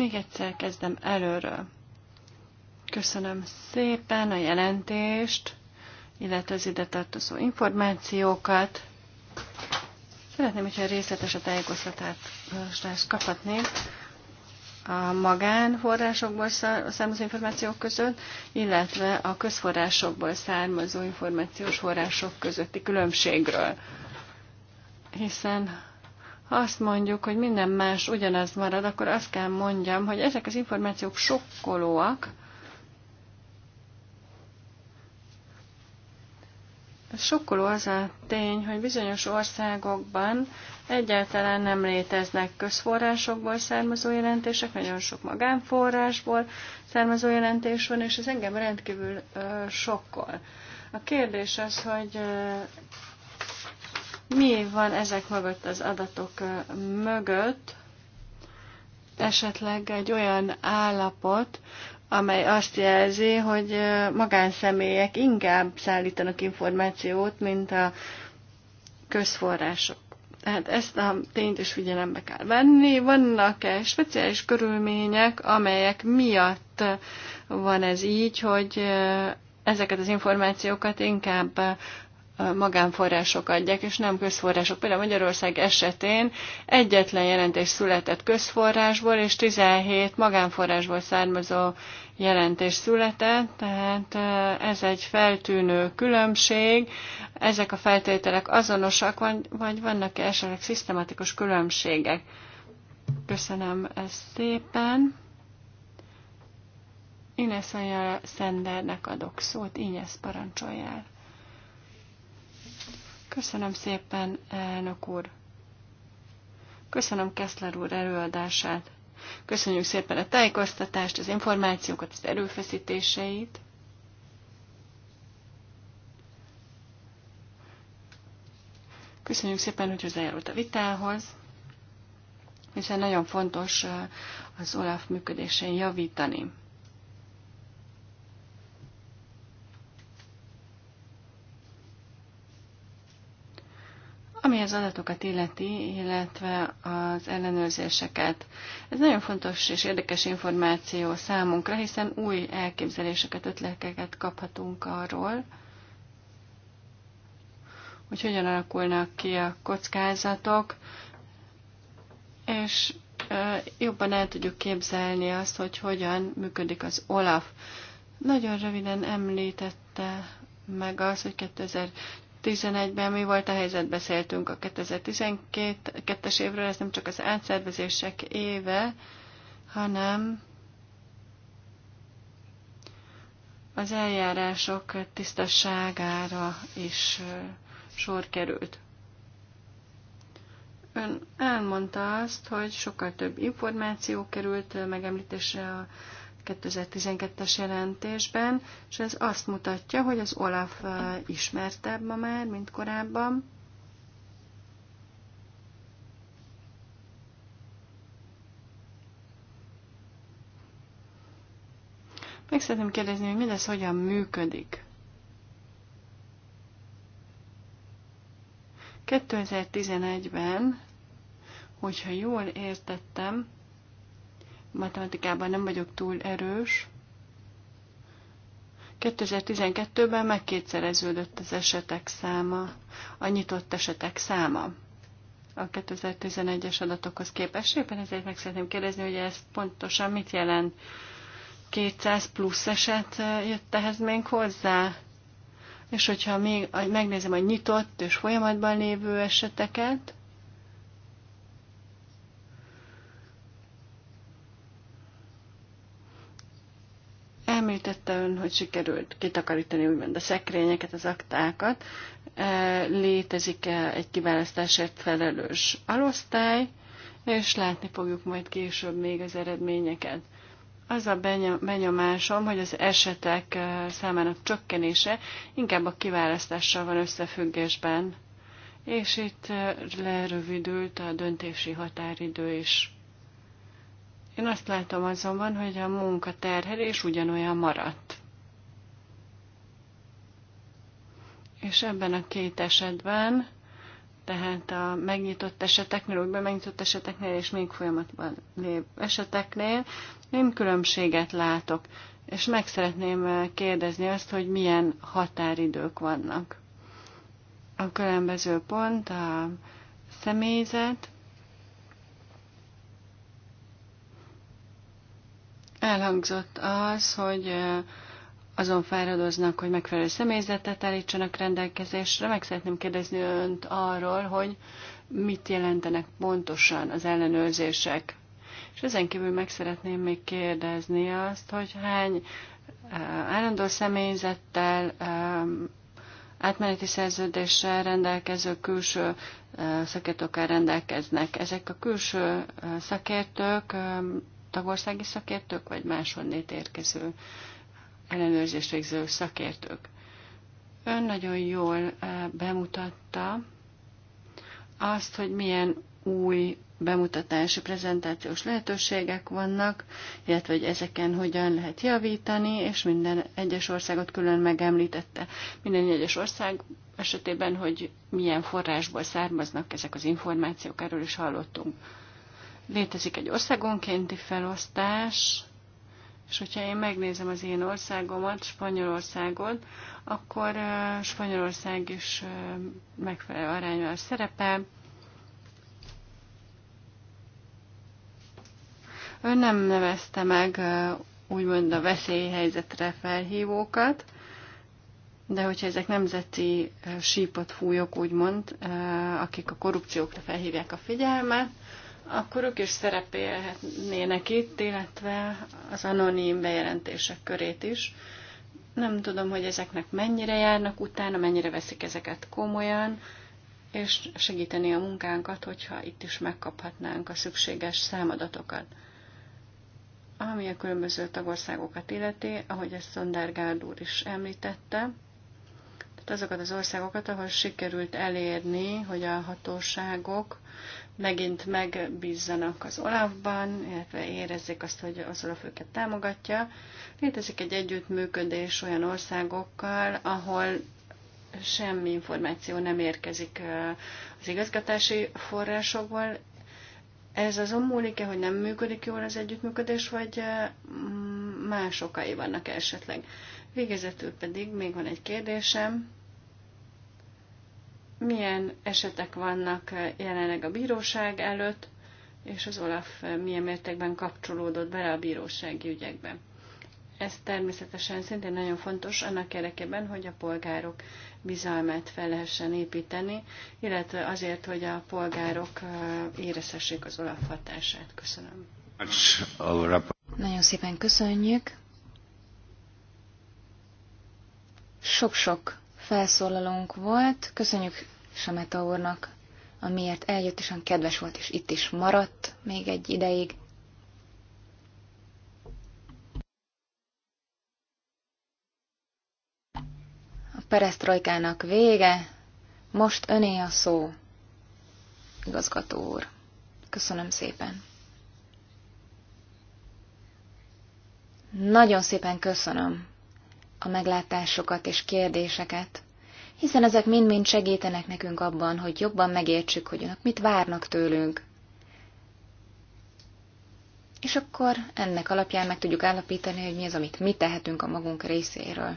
Még egyszer kezdem előről. Köszönöm szépen a jelentést, illetve az ide tartozó információkat. Szeretném, hogyha részletes a tájékoztatást kaphatnék a magánforrásokból származó információk között, illetve a közforrásokból származó információs források közötti különbségről. Hiszen ha azt mondjuk, hogy minden más ugyanaz marad, akkor azt kell mondjam, hogy ezek az információk sokkolóak, Sokkoló az a tény, hogy bizonyos országokban egyáltalán nem léteznek közforrásokból származó jelentések, nagyon sok magánforrásból származó jelentés van, és ez engem rendkívül uh, sokkol. A kérdés az, hogy mi van ezek mögött, az adatok mögött, esetleg egy olyan állapot, amely azt jelzi, hogy magánszemélyek inkább szállítanak információt, mint a közforrások. Tehát ezt a tényt is figyelembe kell venni. Vannak-e speciális körülmények, amelyek miatt van ez így, hogy ezeket az információkat inkább magánforrások adják, és nem közforrások. Például Magyarország esetén egyetlen jelentés született közforrásból, és 17 magánforrásból származó jelentés született, tehát ez egy feltűnő különbség. Ezek a feltételek azonosak, vagy vannak -e esetleg szisztematikus különbségek? Köszönöm szépen. Ines Anya Szendernek adok szót, így ezt parancsoljál. Köszönöm szépen, elnök úr. Köszönöm Keszler úr előadását. Köszönjük szépen a tájékoztatást, az információkat, az erőfeszítéseit. Köszönjük szépen, hogy hozzájárult a vitához, hiszen nagyon fontos eh, az OLAF működésén javítani. az adatokat illeti, illetve az ellenőrzéseket. Ez nagyon fontos és érdekes információ számunkra, hiszen új elképzeléseket, ötleteket kaphatunk arról, hogy hogyan alakulnak ki a kockázatok, és jobban el tudjuk képzelni azt, hogy hogyan működik az OLAF. Nagyon röviden említette meg az, hogy 2011-ben mi volt a helyzet, beszéltünk a 2012-es évről, ez nem csak az átszervezések éve, hanem az eljárások tisztasságára is sor került. Ön elmondta azt, hogy sokkal több információ került megemlítésre a 2012-es jelentésben, és ez azt mutatja, hogy az Olaf ismertebb ma már, mint korábban. Meg szeretném kérdezni, hogy mindez hogyan működik. 2011-ben, hogyha jól értettem, matematikában nem vagyok túl erős. 2012-ben megkétszereződött az esetek száma, a nyitott esetek száma a 2011-es adatokhoz képest. Éppen ezért meg szeretném kérdezni, hogy ez pontosan mit jelent. 200 plusz eset eh, jött ehhez még hozzá? És hogyha még megnézem a nyitott és folyamatban lévő eseteket, Említette ön, hogy sikerült kitakarítani úgymond a szekrényeket, az aktákat. E, Létezik-e egy kiválasztásért felelős alosztály, és látni fogjuk majd később még az eredményeket. Az a benyomásom, hogy az esetek e, számának csökkenése inkább a kiválasztással van összefüggésben, és itt e, lerövidült a döntési határidő is. Én azt látom azonban, hogy a munkaterhelés ugyanolyan maradt. És ebben a két esetben, tehát a megnyitott eseteknél, úgy megnyitott eseteknél és még folyamatban lévő eseteknél, én különbséget látok. És meg szeretném eh, kérdezni azt, hogy milyen határidők vannak. A különböző pont, a személyzet, Elhangzott az, hogy azon fáradoznak, hogy megfelelő személyzetet állítsanak rendelkezésre. Meg szeretném kérdezni önt arról, hogy mit jelentenek pontosan az ellenőrzések. És ezen kívül meg szeretném még kérdezni azt, hogy hány állandó személyzettel, átmeneti szerződéssel rendelkező külső szakértőkkel rendelkeznek. Ezek a külső szakértők tagországi szakértők, vagy másonnét érkező ellenőrzést végző szakértők. Ön nagyon jól eh, bemutatta azt, hogy milyen új bemutatási, prezentációs lehetőségek vannak, illetve hogy ezeken hogyan lehet javítani, és minden egyes országot külön megemlítette. Minden egyes ország esetében, hogy milyen forrásból származnak ezek az információk, erről is hallottunk. Létezik egy országonkénti felosztás, és hogyha én megnézem az én országomat, Spanyolországot, akkor Spanyolország is megfelelő arányban szerepel. Ő nem nevezte meg úgymond a veszélyhelyzetre felhívókat, de hogyha ezek nemzeti sípot fújok, úgymond, akik a korrupciókra felhívják a figyelmet, akkor ők is szerepelhetnének itt, illetve az anonim bejelentések körét is. Nem tudom, hogy ezeknek mennyire járnak utána, mennyire veszik ezeket komolyan, és segíteni a munkánkat, hogyha itt is megkaphatnánk a szükséges számadatokat. Ami a különböző tagországokat illeti, ahogy ezt Szondárgárd úr is említette, tehát azokat az országokat, ahol sikerült elérni, hogy a hatóságok megint megbízzanak az Olafban, illetve érezzék azt, hogy az Olaf őket támogatja. Létezik egy együttműködés olyan országokkal, ahol semmi információ nem érkezik az igazgatási forrásokból. Ez azon múlik-e, hogy nem működik jól az együttműködés, vagy más okai vannak esetleg. Végezetül pedig még van egy kérdésem milyen esetek vannak eh, jelenleg a bíróság előtt, és az Olaf eh, milyen mértékben kapcsolódott bele a bírósági ügyekbe. Ez természetesen szintén nagyon fontos annak érdekében, hogy a polgárok bizalmát fel lehessen építeni, illetve azért, hogy a polgárok eh, érezhessék az Olaf hatását. Köszönöm. Nagyon szépen köszönjük. Sok-sok felszólalónk volt. Köszönjük Sameta úrnak, amiért eljött, és kedves volt, és itt is maradt még egy ideig. A peresztrojkának vége, most öné a szó, igazgató úr. Köszönöm szépen. Nagyon szépen köszönöm a meglátásokat és kérdéseket, hiszen ezek mind-mind segítenek nekünk abban, hogy jobban megértsük, hogy önök mit várnak tőlünk. És akkor ennek alapján meg tudjuk állapítani, hogy mi az, amit mi tehetünk a magunk részéről.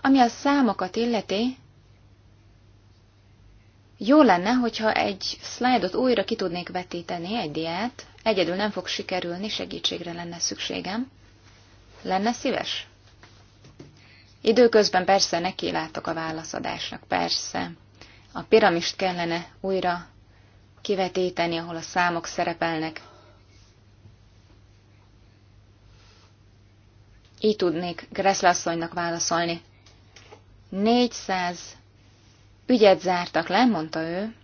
Ami a számokat illeti, jó lenne, hogyha egy szlájdot újra ki tudnék vetíteni, egy diát, egyedül nem fog sikerülni, segítségre lenne szükségem. Lenne szíves? Időközben persze neki látok a válaszadásnak, persze. A piramist kellene újra kivetíteni, ahol a számok szerepelnek. Így tudnék Gressle válaszolni. 400 ügyet zártak le, mondta ő,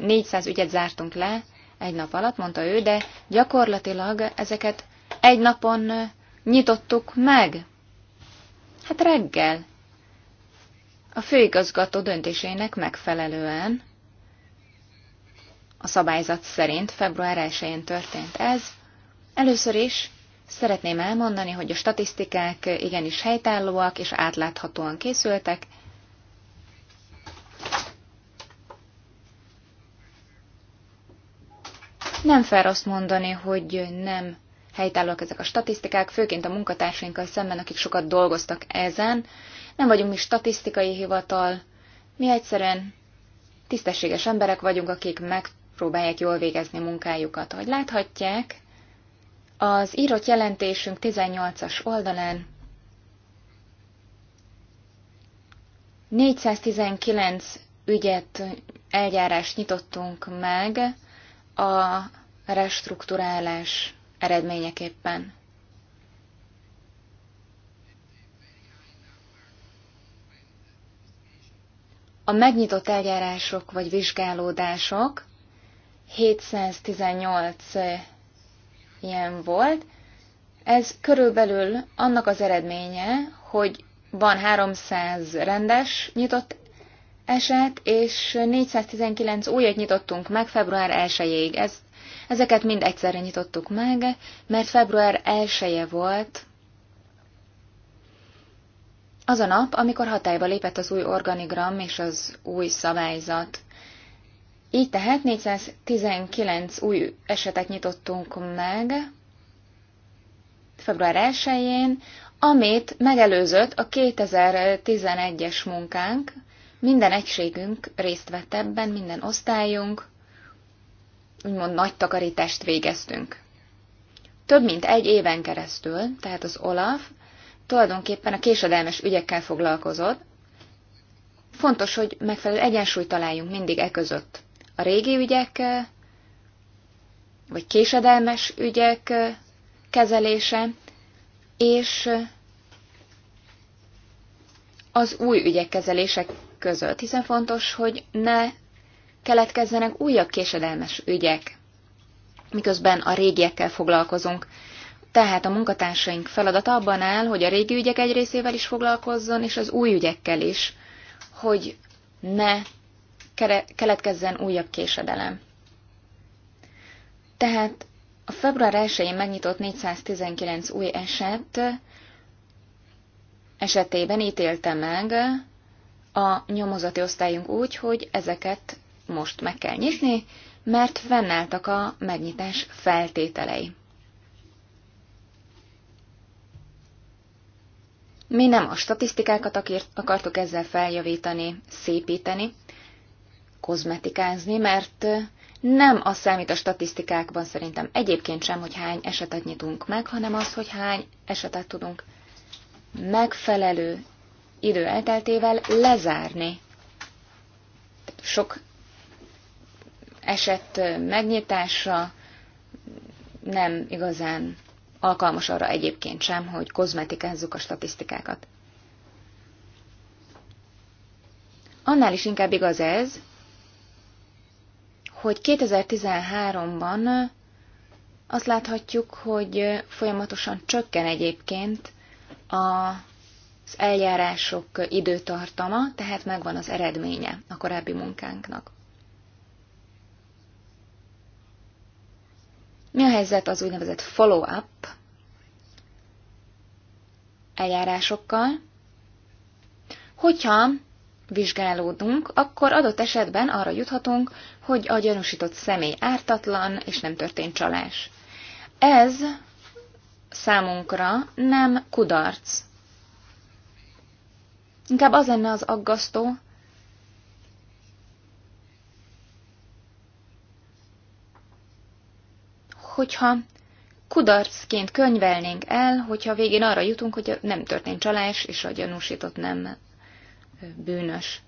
400 ügyet zártunk le egy nap alatt, mondta ő, de gyakorlatilag ezeket egy napon nyitottuk meg. Hát reggel. A főigazgató döntésének megfelelően a szabályzat szerint február 1-én történt ez. Először is szeretném elmondani, hogy a statisztikák igenis helytállóak és átláthatóan készültek, Nem fel azt mondani, hogy nem helytállóak ezek a statisztikák, főként a munkatársainkkal szemben, akik sokat dolgoztak ezen. Nem vagyunk mi statisztikai hivatal, mi egyszerűen tisztességes emberek vagyunk, akik megpróbálják jól végezni a munkájukat. Ahogy láthatják, az írott jelentésünk 18-as oldalán 419 ügyet, eljárást nyitottunk meg a restrukturálás eredményeképpen. A megnyitott eljárások vagy vizsgálódások 718 ilyen volt. Ez körülbelül annak az eredménye, hogy van 300 rendes nyitott eset, és 419 újat nyitottunk meg február 1-ig. Ez Ezeket mind egyszerre nyitottuk meg, mert február 1 volt az a nap, amikor hatályba lépett az új organigram és az új szabályzat. Így tehát 419 új esetet nyitottunk meg február 1-én, amit megelőzött a 2011-es munkánk. Minden egységünk részt vett ebben, minden osztályunk, úgymond nagy takarítást végeztünk. Több mint egy éven keresztül, tehát az Olaf tulajdonképpen a késedelmes ügyekkel foglalkozott. Fontos, hogy megfelelő egyensúlyt találjunk mindig e között. A régi ügyek, vagy késedelmes ügyek kezelése, és az új ügyek kezelése között, hiszen fontos, hogy ne keletkezzenek újabb késedelmes ügyek, miközben a régiekkel foglalkozunk. Tehát a munkatársaink feladata abban áll, hogy a régi ügyek egy részével is foglalkozzon, és az új ügyekkel is, hogy ne keletkezzen újabb késedelem. Tehát a február 1-én megnyitott 419 új eset esetében ítélte meg a nyomozati osztályunk úgy, hogy ezeket most meg kell nyitni, mert fennálltak a megnyitás feltételei. Mi nem a statisztikákat akartuk ezzel feljavítani, szépíteni, kozmetikázni, mert nem az számít a statisztikákban szerintem egyébként sem, hogy hány esetet nyitunk meg, hanem az, hogy hány esetet tudunk megfelelő idő elteltével lezárni. Sok eset megnyitása nem igazán alkalmas arra egyébként sem, hogy kozmetikázzuk a statisztikákat. Annál is inkább igaz ez, hogy 2013-ban azt láthatjuk, hogy folyamatosan csökken egyébként az eljárások időtartama, tehát megvan az eredménye a korábbi munkánknak. Mi a helyzet az úgynevezett follow-up eljárásokkal? Hogyha vizsgálódunk, akkor adott esetben arra juthatunk, hogy a gyanúsított személy ártatlan és nem történt csalás. Ez számunkra nem kudarc. Inkább az lenne az aggasztó, hogyha kudarcként könyvelnénk el, hogyha végén arra jutunk, hogy nem történt csalás, és a gyanúsított nem bűnös.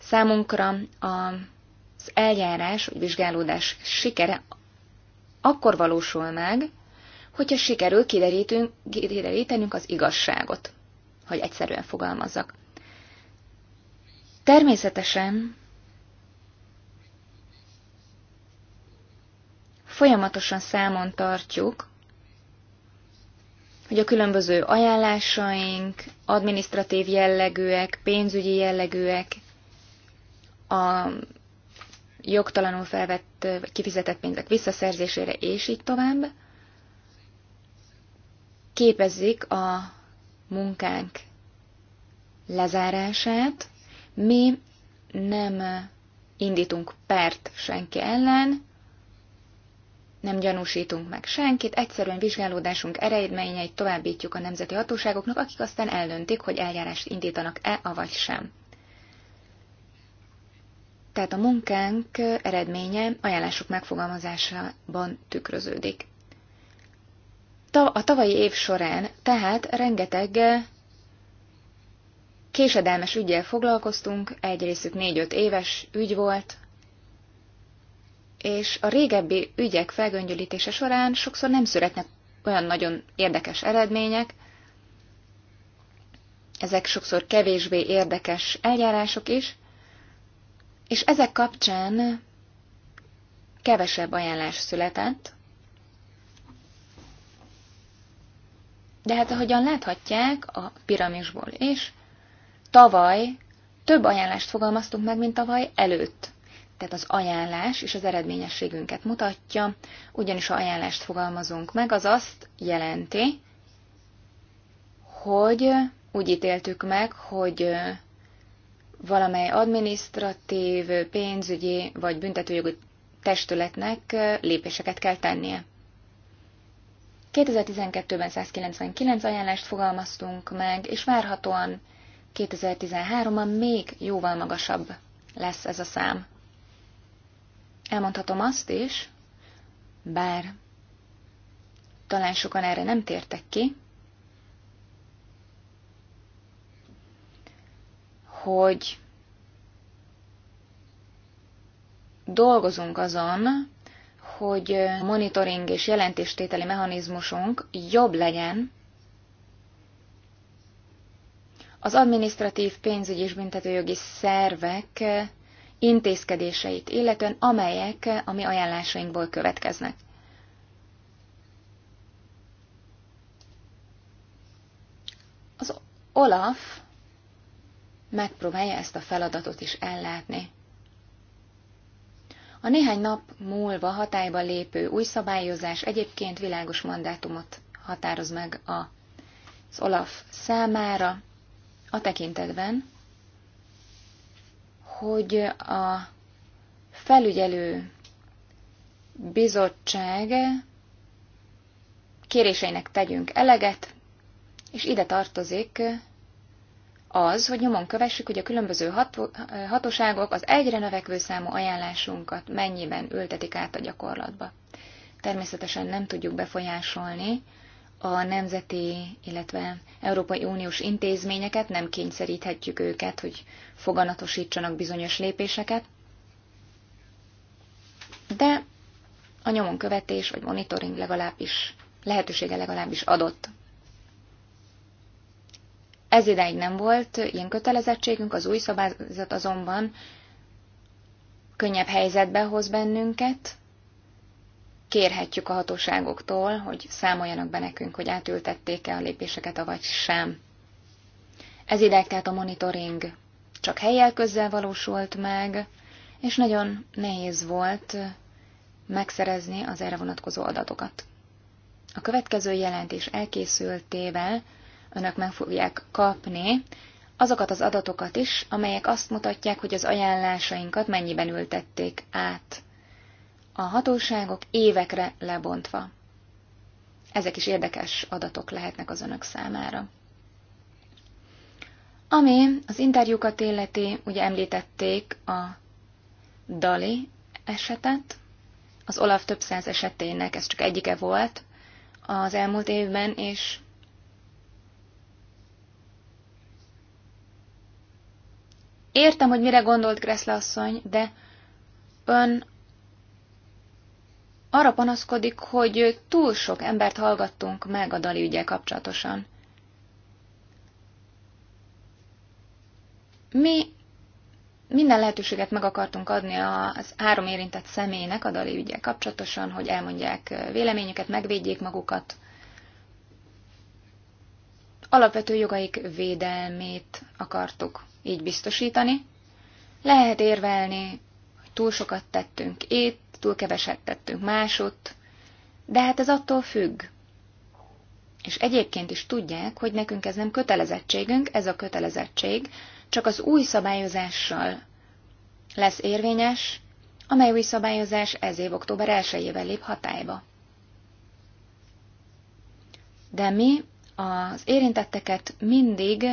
Számunkra az eljárás, vagy vizsgálódás sikere akkor valósul meg, hogyha sikerül kiderítünk, kiderítenünk az igazságot, hogy egyszerűen fogalmazzak. Természetesen folyamatosan számon tartjuk, hogy a különböző ajánlásaink, administratív jellegűek, pénzügyi jellegűek, a jogtalanul felvett, kifizetett pénzek visszaszerzésére, és így tovább, képezik a munkánk lezárását. Mi nem indítunk pert senki ellen, nem gyanúsítunk meg senkit, egyszerűen vizsgálódásunk eredményeit továbbítjuk a nemzeti hatóságoknak, akik aztán eldöntik, hogy eljárást indítanak-e, avagy sem. Tehát a munkánk eredménye ajánlások megfogalmazásában tükröződik. A tavalyi év során tehát rengeteg késedelmes ügyel foglalkoztunk, egy 4-5 éves ügy volt, és a régebbi ügyek felgöngyölítése során sokszor nem születnek olyan nagyon érdekes eredmények, ezek sokszor kevésbé érdekes eljárások is, és ezek kapcsán kevesebb ajánlás született, de hát ahogyan láthatják a piramisból is, tavaly több ajánlást fogalmaztunk meg, mint tavaly előtt tehát az ajánlás és az eredményességünket mutatja, ugyanis a ajánlást fogalmazunk meg, az azt jelenti, hogy úgy ítéltük meg, hogy valamely adminisztratív, pénzügyi vagy büntetőjogi testületnek lépéseket kell tennie. 2012-ben 199 ajánlást fogalmaztunk meg, és várhatóan 2013-ban még jóval magasabb lesz ez a szám. Elmondhatom azt is, bár talán sokan erre nem tértek ki, hogy dolgozunk azon, hogy monitoring és jelentéstételi mechanizmusunk jobb legyen, az administratív pénzügyi és büntetőjogi szervek intézkedéseit illetően, amelyek a mi ajánlásainkból következnek. Az Olaf megpróbálja ezt a feladatot is ellátni. A néhány nap múlva hatályba lépő új szabályozás egyébként világos mandátumot határoz meg az Olaf számára, a tekintetben, hogy a felügyelő bizottság kéréseinek tegyünk eleget, és ide tartozik az, hogy nyomon kövessük, hogy a különböző hatóságok az egyre növekvő számú ajánlásunkat mennyiben ültetik át a gyakorlatba. Természetesen nem tudjuk befolyásolni a nemzeti, illetve Európai Uniós intézményeket, nem kényszeríthetjük őket, hogy foganatosítsanak bizonyos lépéseket, de a nyomon követés vagy monitoring legalábbis, lehetősége legalábbis adott. Ez ideig nem volt ilyen kötelezettségünk, az új szabályzat azonban könnyebb helyzetbe hoz bennünket, kérhetjük a hatóságoktól, hogy számoljanak be nekünk, hogy átültették-e a lépéseket, avagy sem. Ez ideg, tehát a monitoring csak helyjel közzel valósult meg, és nagyon nehéz volt megszerezni az erre vonatkozó adatokat. A következő jelentés elkészültével önök meg fogják kapni azokat az adatokat is, amelyek azt mutatják, hogy az ajánlásainkat mennyiben ültették át a hatóságok évekre lebontva. Ezek is érdekes adatok lehetnek az önök számára. Ami az interjúkat illeti, ugye említették a Dali esetet, az Olaf több száz esetének ez csak egyike volt az elmúlt évben, és értem, hogy mire gondolt Kreszle asszony, de ön arra panaszkodik, hogy túl sok embert hallgattunk meg a Dali ügyel kapcsolatosan. Mi minden lehetőséget meg akartunk adni az három érintett személynek a Dali ügyel kapcsolatosan, hogy elmondják véleményüket, megvédjék magukat, alapvető jogaik védelmét akartuk így biztosítani. Lehet érvelni, hogy túl sokat tettünk itt, túl keveset tettünk másot, de hát ez attól függ. És egyébként is tudják, hogy nekünk ez nem kötelezettségünk, ez a kötelezettség csak az új szabályozással lesz érvényes, amely új szabályozás ez év október 1 lép hatályba. De mi az érintetteket mindig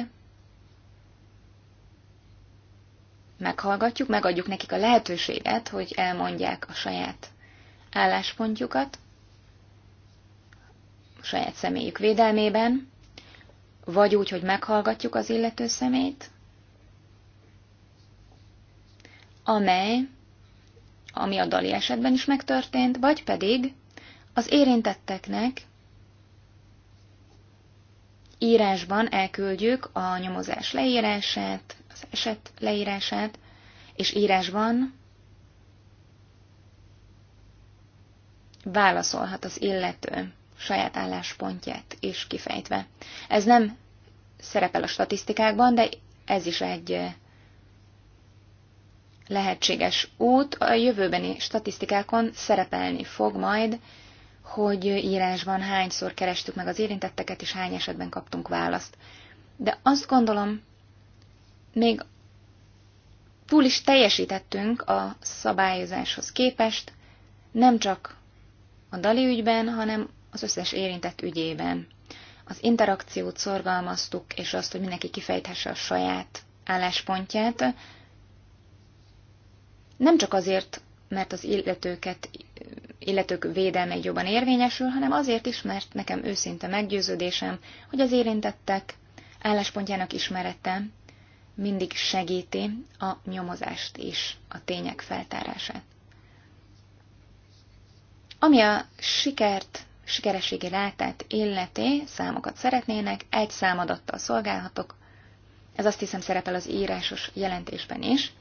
meghallgatjuk, megadjuk nekik a lehetőséget, hogy elmondják a saját álláspontjukat, a saját személyük védelmében, vagy úgy, hogy meghallgatjuk az illető szemét, amely, ami a Dali esetben is megtörtént, vagy pedig az érintetteknek írásban elküldjük a nyomozás leírását, az eset leírását, és írásban válaszolhat az illető saját álláspontját is kifejtve. Ez nem szerepel a statisztikákban, de ez is egy lehetséges út. A jövőbeni statisztikákon szerepelni fog majd hogy írásban hányszor kerestük meg az érintetteket, és hány esetben kaptunk választ. De azt gondolom, még túl is teljesítettünk a szabályozáshoz képest, nem csak a Dali ügyben, hanem az összes érintett ügyében. Az interakciót szorgalmaztuk, és azt, hogy mindenki kifejthesse a saját álláspontját, nem csak azért, mert az illetőket illetők védelme jobban érvényesül, hanem azért is, mert nekem őszinte meggyőződésem, hogy az érintettek álláspontjának ismerete mindig segíti a nyomozást is, a tények feltárását. Ami a sikert, sikerességi látát illeti, számokat szeretnének, egy számadattal szolgálhatok, ez azt hiszem szerepel az írásos jelentésben is,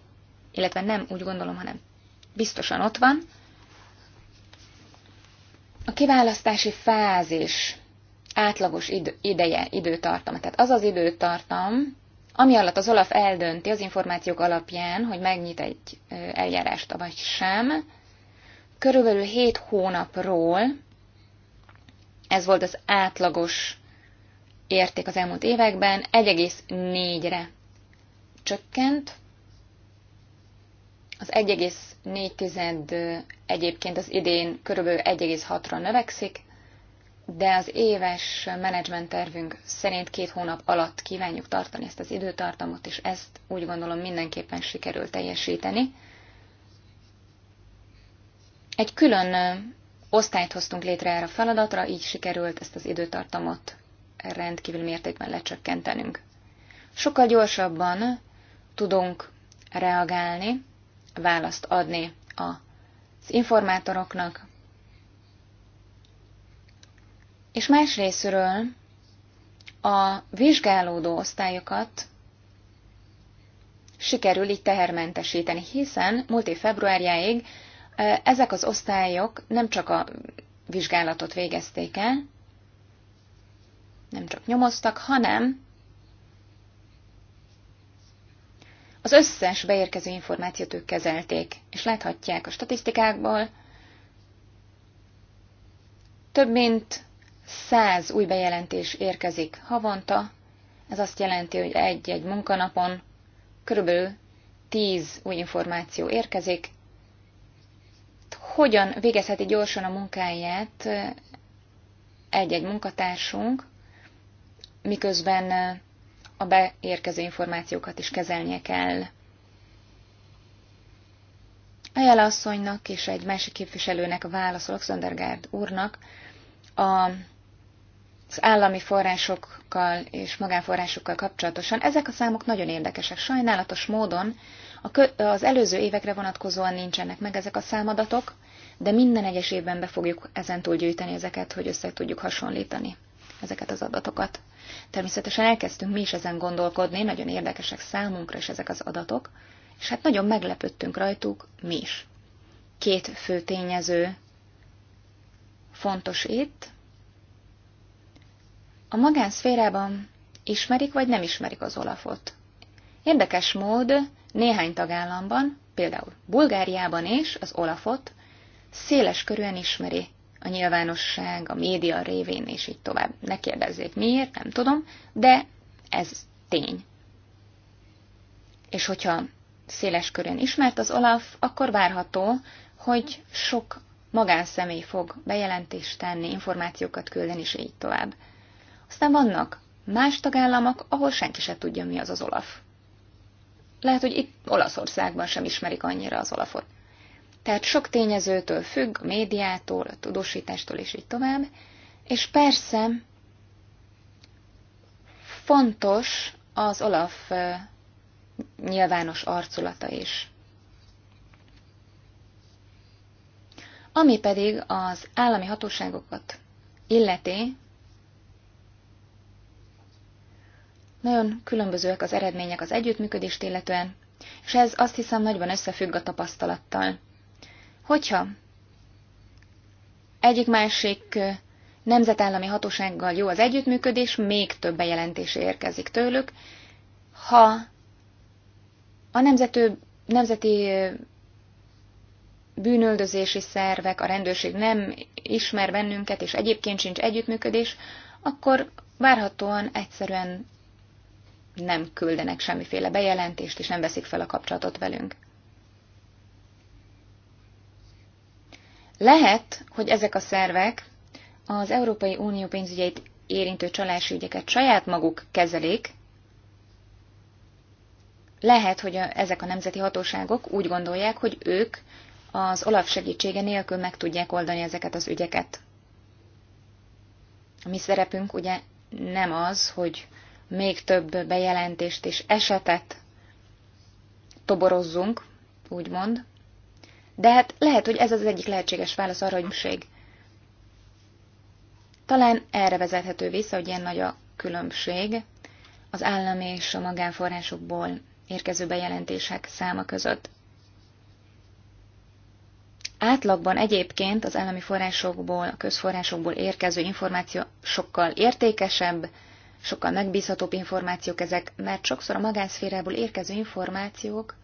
illetve nem úgy gondolom, hanem biztosan ott van, a kiválasztási fázis átlagos id- ideje, időtartama. Tehát az az időtartam, ami alatt az Olaf eldönti az információk alapján, hogy megnyit egy eljárást vagy sem, körülbelül 7 hónapról, ez volt az átlagos érték az elmúlt években, 1,4-re csökkent, az 1,4 egyébként az idén körülbelül 1,6-ra növekszik, de az éves menedzsment tervünk szerint két hónap alatt kívánjuk tartani ezt az időtartamot, és ezt úgy gondolom mindenképpen sikerül teljesíteni. Egy külön osztályt hoztunk létre erre a feladatra, így sikerült ezt az időtartamot rendkívül mértékben lecsökkentenünk. Sokkal gyorsabban tudunk reagálni, választ adni az informátoroknak. És más részről a vizsgálódó osztályokat sikerül így tehermentesíteni, hiszen múlt év februárjáig ezek az osztályok nem csak a vizsgálatot végezték el, nem csak nyomoztak, hanem Az összes beérkező információt ők kezelték, és láthatják a statisztikákból, több mint száz új bejelentés érkezik havonta, ez azt jelenti, hogy egy-egy munkanapon körülbelül tíz új információ érkezik. Hogyan végezheti gyorsan a munkáját egy-egy munkatársunk, miközben a beérkező információkat is kezelnie kell. A jelasszonynak és egy másik képviselőnek válaszolok, Szöndergárd úrnak, a, az állami forrásokkal és magánforrásokkal kapcsolatosan. Ezek a számok nagyon érdekesek. Sajnálatos módon a kö, az előző évekre vonatkozóan nincsenek meg ezek a számadatok, de minden egyes évben be fogjuk ezentúl gyűjteni ezeket, hogy össze tudjuk hasonlítani ezeket az adatokat. Természetesen elkezdtünk mi is ezen gondolkodni, nagyon érdekesek számunkra is ezek az adatok, és hát nagyon meglepődtünk rajtuk mi is. Két fő tényező fontos itt. A magánszférában ismerik vagy nem ismerik az Olafot. Érdekes mód néhány tagállamban, például Bulgáriában is az Olafot széles körűen ismeri a nyilvánosság, a média révén, és így tovább. Ne kérdezzék miért, nem tudom, de ez tény. És hogyha széles körön ismert az Olaf, akkor várható, hogy sok magánszemély fog bejelentést tenni, információkat küldeni, és így tovább. Aztán vannak más tagállamok, ahol senki se tudja, mi az az Olaf. Lehet, hogy itt Olaszországban sem ismerik annyira az Olafot. Tehát sok tényezőtől függ, a médiától, a tudósítástól és így tovább. És persze fontos az Olaf nyilvános arculata is. Ami pedig az állami hatóságokat illeti, nagyon különbözőek az eredmények az együttműködést illetően, és ez azt hiszem nagyban összefügg a tapasztalattal. Hogyha egyik másik nemzetállami hatósággal jó az együttműködés, még több bejelentés érkezik tőlük. Ha a nemzető, nemzeti bűnöldözési szervek, a rendőrség nem ismer bennünket, és egyébként sincs együttműködés, akkor várhatóan egyszerűen nem küldenek semmiféle bejelentést, és nem veszik fel a kapcsolatot velünk. Lehet, hogy ezek a szervek az Európai Unió pénzügyeit érintő csalási ügyeket saját maguk kezelik, lehet, hogy a, ezek a nemzeti hatóságok úgy gondolják, hogy ők az Olaf segítsége nélkül meg tudják oldani ezeket az ügyeket. A mi szerepünk ugye nem az, hogy még több bejelentést és esetet toborozzunk, úgymond, de hát lehet, hogy ez az egyik lehetséges válasz arra, hogy különbség. Talán erre vezethető vissza, hogy ilyen nagy a különbség az állam és a magánforrásokból érkező bejelentések száma között. Átlagban egyébként az állami forrásokból, a közforrásokból érkező információ sokkal értékesebb, sokkal megbízhatóbb információk ezek, mert sokszor a magánszférából érkező információk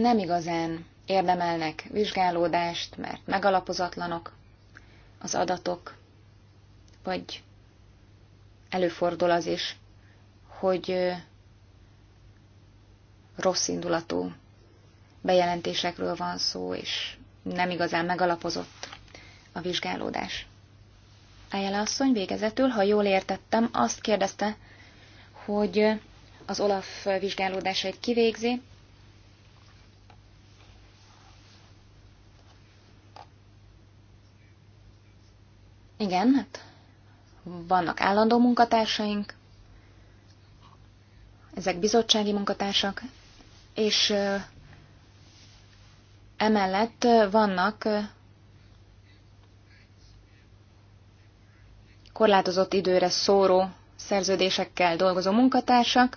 nem igazán érdemelnek vizsgálódást, mert megalapozatlanok az adatok, vagy előfordul az is, hogy rossz indulatú bejelentésekről van szó, és nem igazán megalapozott a vizsgálódás. Ájjele asszony végezetül, ha jól értettem, azt kérdezte, hogy az Olaf vizsgálódásait kivégzi, Igen, hát vannak állandó munkatársaink, ezek bizottsági munkatársak, és emellett vannak korlátozott időre szóró szerződésekkel dolgozó munkatársak.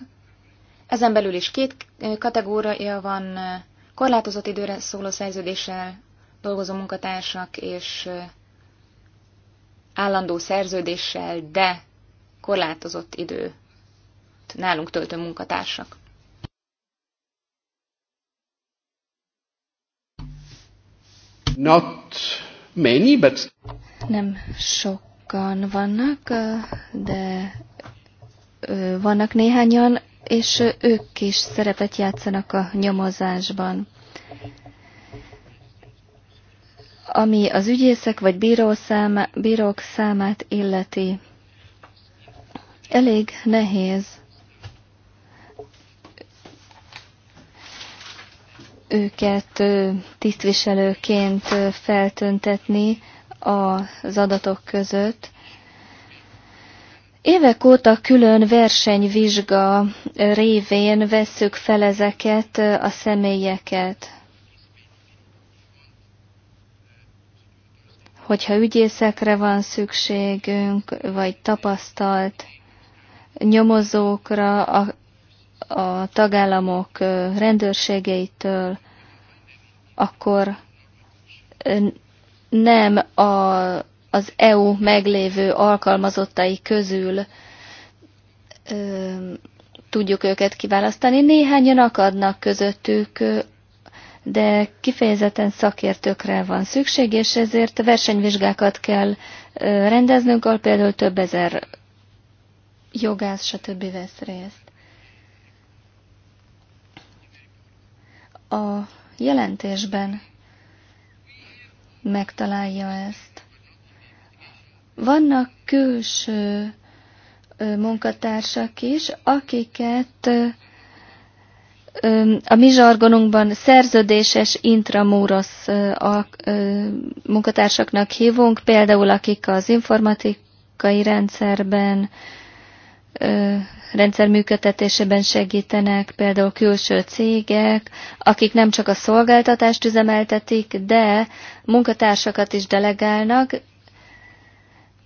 Ezen belül is két kategória van, korlátozott időre szóló szerződéssel dolgozó munkatársak és állandó szerződéssel, de korlátozott idő nálunk töltő munkatársak. Not many, but... Nem sokan vannak, de vannak néhányan, és ők is szerepet játszanak a nyomozásban. Ami az ügyészek vagy bíró száma, bírók számát illeti, elég nehéz őket tisztviselőként feltöntetni az adatok között. Évek óta külön versenyvizsga révén vesszük fel ezeket a személyeket. hogyha ügyészekre van szükségünk, vagy tapasztalt nyomozókra a, a tagállamok rendőrségeitől, akkor nem a, az EU meglévő alkalmazottai közül ö, tudjuk őket kiválasztani. Néhányan akadnak közöttük de kifejezetten szakértőkre van szükség, és ezért versenyvizsgákat kell rendeznünk, ahol például több ezer jogász, stb. vesz részt. A jelentésben megtalálja ezt. Vannak külső munkatársak is, akiket a mi zsargonunkban szerződéses intramúrosz a munkatársaknak hívunk, például akik az informatikai rendszerben, rendszer működtetésében segítenek, például külső cégek, akik nem csak a szolgáltatást üzemeltetik, de munkatársakat is delegálnak,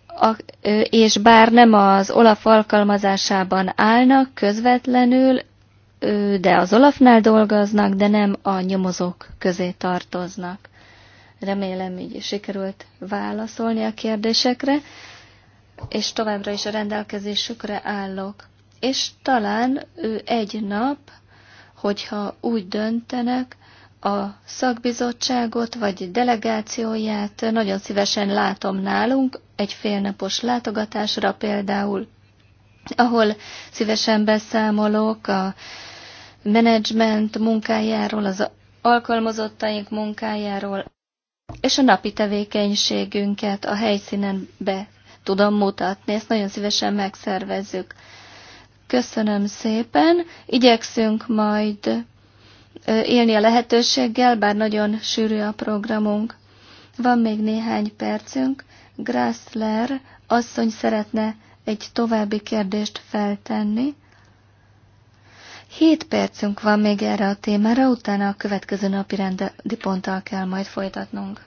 a, és bár nem az Olaf alkalmazásában állnak közvetlenül, de az Olafnál dolgoznak, de nem a nyomozók közé tartoznak. Remélem, így sikerült válaszolni a kérdésekre, és továbbra is a rendelkezésükre állok. És talán ő egy nap, hogyha úgy döntenek, a szakbizottságot vagy delegációját nagyon szívesen látom nálunk, egy félnapos látogatásra például, ahol szívesen beszámolok a menedzsment munkájáról, az alkalmazottaink munkájáról, és a napi tevékenységünket a helyszínen be tudom mutatni. Ezt nagyon szívesen megszervezzük. Köszönöm szépen. Igyekszünk majd élni a lehetőséggel, bár nagyon sűrű a programunk. Van még néhány percünk. Grassler asszony szeretne egy további kérdést feltenni. Hét percünk van még erre a témára, utána a következő napi rendi ponttal kell majd folytatnunk.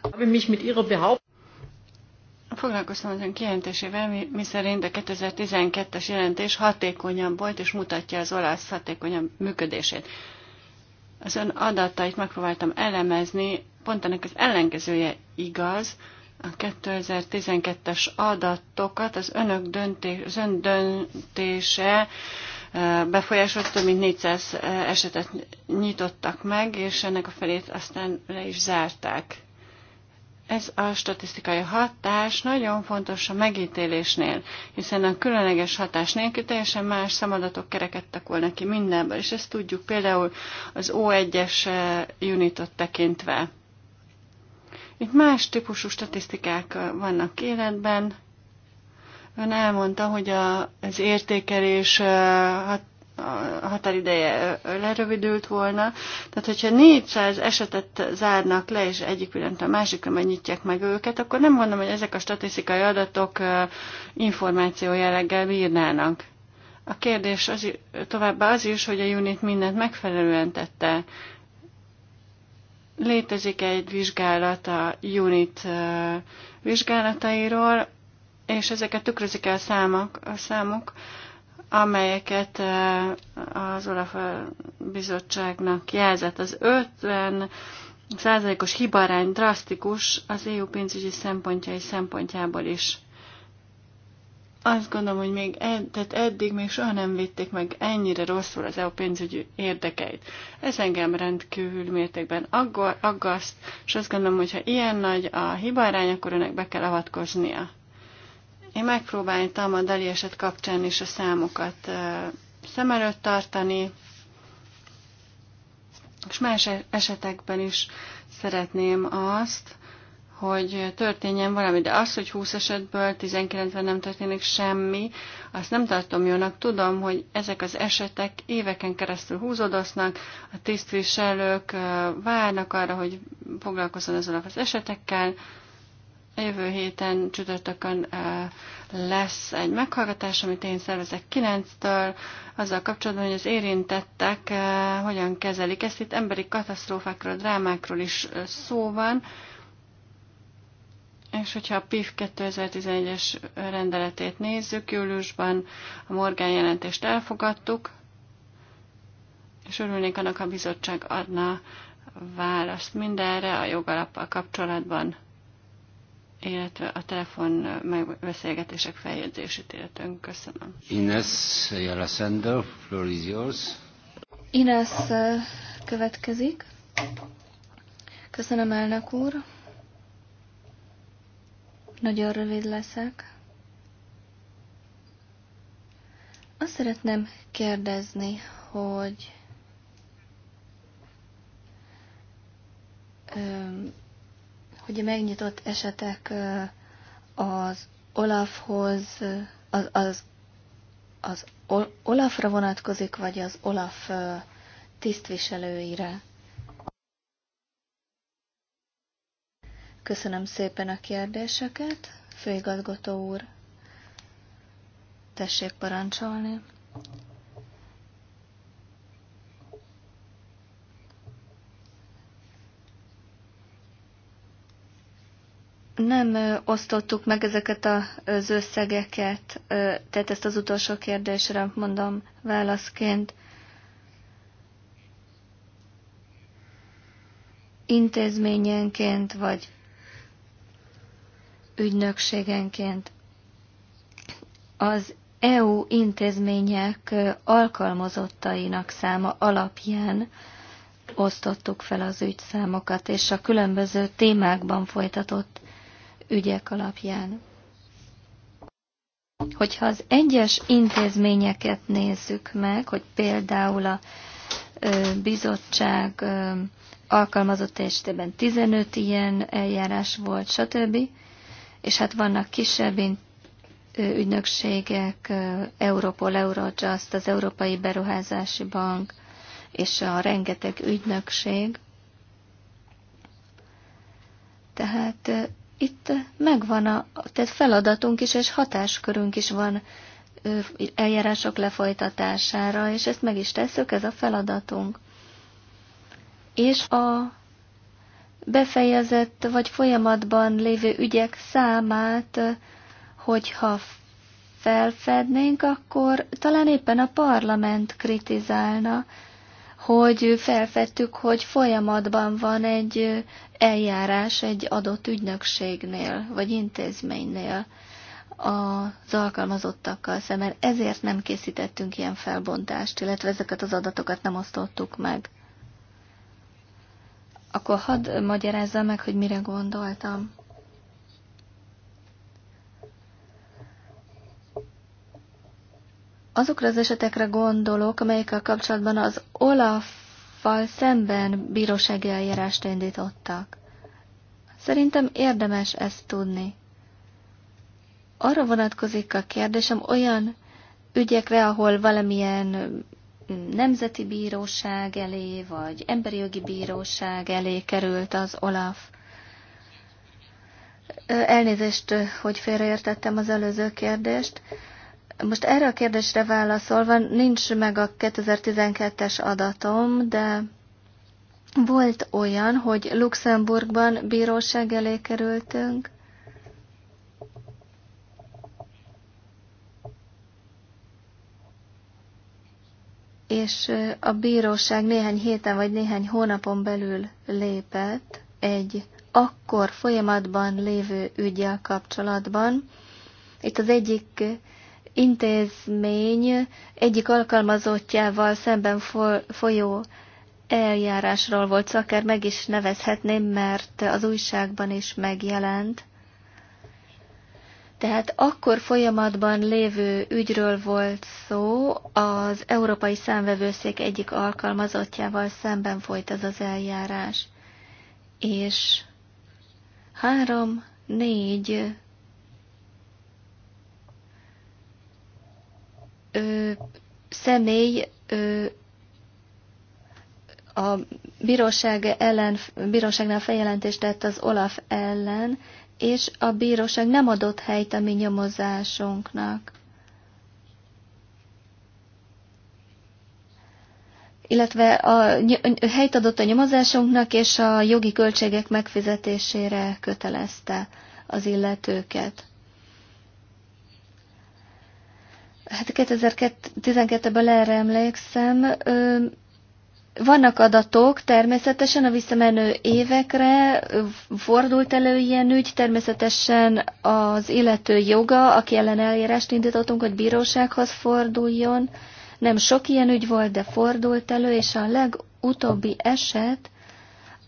Foglalkoztam ön kijelentésével, mi, mi szerint a 2012-es jelentés hatékonyabb volt, és mutatja az olasz hatékonyabb működését. Az ön adatait megpróbáltam elemezni, pont ennek az ellenkezője igaz, a 2012-es adatokat az önök döntés, az ön döntése befolyásolt, több mint 400 esetet nyitottak meg, és ennek a felét aztán le is zárták. Ez a statisztikai hatás nagyon fontos a megítélésnél, hiszen a különleges hatás nélkül teljesen más szamadatok kerekedtek volna ki mindenből, és ezt tudjuk például az O1-es unitot tekintve. Itt más típusú statisztikák vannak életben, Ön elmondta, hogy a, az értékelés hat, a határideje lerövidült volna. Tehát, hogyha 400 esetet zárnak le, és egyik pillanat a másikra megnyitják meg őket, akkor nem mondom, hogy ezek a statisztikai adatok információ jelleggel bírnának. A kérdés az, továbbá az is, hogy a unit mindent megfelelően tette. Létezik egy vizsgálat a unit vizsgálatairól, és ezeket tükrözik el számok, a számok, amelyeket eh, az Olaf eh, bizottságnak jelzett. Az 50 százalékos hibarány drasztikus az EU pénzügyi szempontjai szempontjából is. Azt gondolom, hogy még ed, tehát eddig még soha nem vitték meg ennyire rosszul az EU pénzügyi érdekeit. Ez engem rendkívül mértékben aggaszt, és azt gondolom, hogy ha ilyen nagy a hibarány, akkor önnek be kell avatkoznia. Én megpróbáltam a Dali eset kapcsán is a számokat szem előtt tartani, és más e- esetekben is szeretném azt, hogy történjen valami, de az, hogy 20 esetből 19-ben nem történik semmi, azt nem tartom jónak. Tudom, hogy ezek az esetek éveken keresztül húzódoznak, a tisztviselők várnak arra, hogy foglalkozzon ezzel az esetekkel, Jövő héten csütörtökön lesz egy meghallgatás, amit én szervezek 9-től, azzal kapcsolatban, hogy az érintettek hogyan kezelik ezt. Itt emberi katasztrófákról, drámákról is szó van, és hogyha a PIF 2011-es rendeletét nézzük, júliusban a Morgán jelentést elfogadtuk, és örülnék annak, ha a bizottság adna választ mindenre a jogalappal kapcsolatban illetve a telefon megbeszélgetések feljegyzését illetően. Köszönöm. Ines Jalasender, floor is yours. Ines uh, következik. Köszönöm, elnök úr. Nagyon rövid leszek. Azt szeretném kérdezni, hogy hogy a megnyitott esetek az Olafhoz, az, az, az Olafra vonatkozik, vagy az Olaf tisztviselőire? Köszönöm szépen a kérdéseket, főigazgató úr. Tessék parancsolni. nem osztottuk meg ezeket az összegeket, tehát ezt az utolsó kérdésre mondom válaszként. Intézményenként vagy ügynökségenként az EU intézmények alkalmazottainak száma alapján osztottuk fel az ügyszámokat, és a különböző témákban folytatott ügyek alapján. Hogyha az egyes intézményeket nézzük meg, hogy például a bizottság alkalmazott testében 15 ilyen eljárás volt, stb. És hát vannak kisebb ügynökségek, Europol, Eurojust, az Európai Beruházási Bank és a rengeteg ügynökség. Tehát itt megvan a tehát feladatunk is, és hatáskörünk is van eljárások lefolytatására, és ezt meg is tesszük, ez a feladatunk. És a befejezett vagy folyamatban lévő ügyek számát, hogyha felfednénk, akkor talán éppen a parlament kritizálna, hogy felfedtük, hogy folyamatban van egy eljárás egy adott ügynökségnél, vagy intézménynél az alkalmazottakkal szemben. Ezért nem készítettünk ilyen felbontást, illetve ezeket az adatokat nem osztottuk meg. Akkor hadd magyarázza meg, hogy mire gondoltam. azokra az esetekre gondolok, amelyekkel kapcsolatban az Olaffal szemben bírósági eljárást indítottak. Szerintem érdemes ezt tudni. Arra vonatkozik a kérdésem olyan ügyekre, ahol valamilyen nemzeti bíróság elé, vagy emberi jogi bíróság elé került az Olaf. Elnézést, hogy félreértettem az előző kérdést. Most erre a kérdésre válaszolva, nincs meg a 2012-es adatom, de volt olyan, hogy Luxemburgban bíróság elé kerültünk, és a bíróság néhány héten vagy néhány hónapon belül lépett egy akkor folyamatban lévő ügyel kapcsolatban. Itt az egyik intézmény egyik alkalmazottjával szemben folyó eljárásról volt szó, akár meg is nevezhetném, mert az újságban is megjelent. Tehát akkor folyamatban lévő ügyről volt szó, az Európai Számvevőszék egyik alkalmazottjával szemben folyt ez az eljárás. És három, négy ö, személy ö, a bíróság ellen, bíróságnál feljelentést tett az Olaf ellen, és a bíróság nem adott helyt a mi nyomozásunknak. illetve a, a helyt adott a nyomozásunknak, és a jogi költségek megfizetésére kötelezte az illetőket. Hát 2012-ben erre emlékszem. Vannak adatok, természetesen a visszamenő évekre fordult elő ilyen ügy, természetesen az illető joga, aki ellen eljárást indítottunk, hogy bírósághoz forduljon. Nem sok ilyen ügy volt, de fordult elő, és a legutóbbi eset,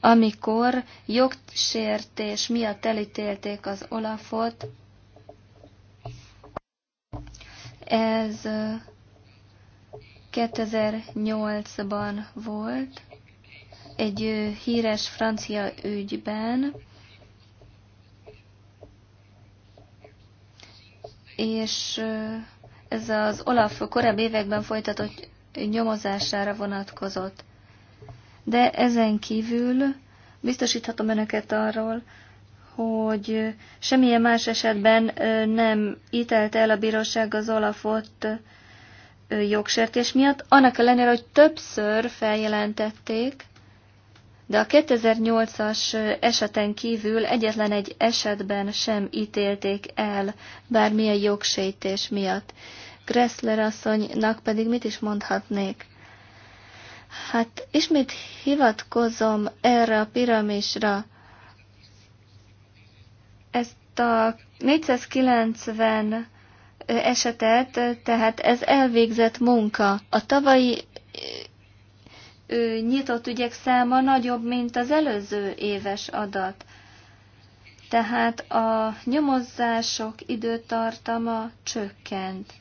amikor jogsértés miatt elítélték az Olafot, ez 2008-ban volt, egy híres francia ügyben, és ez az Olaf korábbi években folytatott nyomozására vonatkozott. De ezen kívül biztosíthatom önöket arról, hogy semmilyen más esetben nem ítelte el a bíróság az Olafot jogsértés miatt, annak ellenére, hogy többször feljelentették, de a 2008-as eseten kívül egyetlen egy esetben sem ítélték el bármilyen jogsértés miatt. Gressler asszonynak pedig mit is mondhatnék? Hát ismét hivatkozom erre a piramisra. Ezt a 490 esetet, tehát ez elvégzett munka. A tavalyi nyitott ügyek száma nagyobb, mint az előző éves adat. Tehát a nyomozások időtartama csökkent.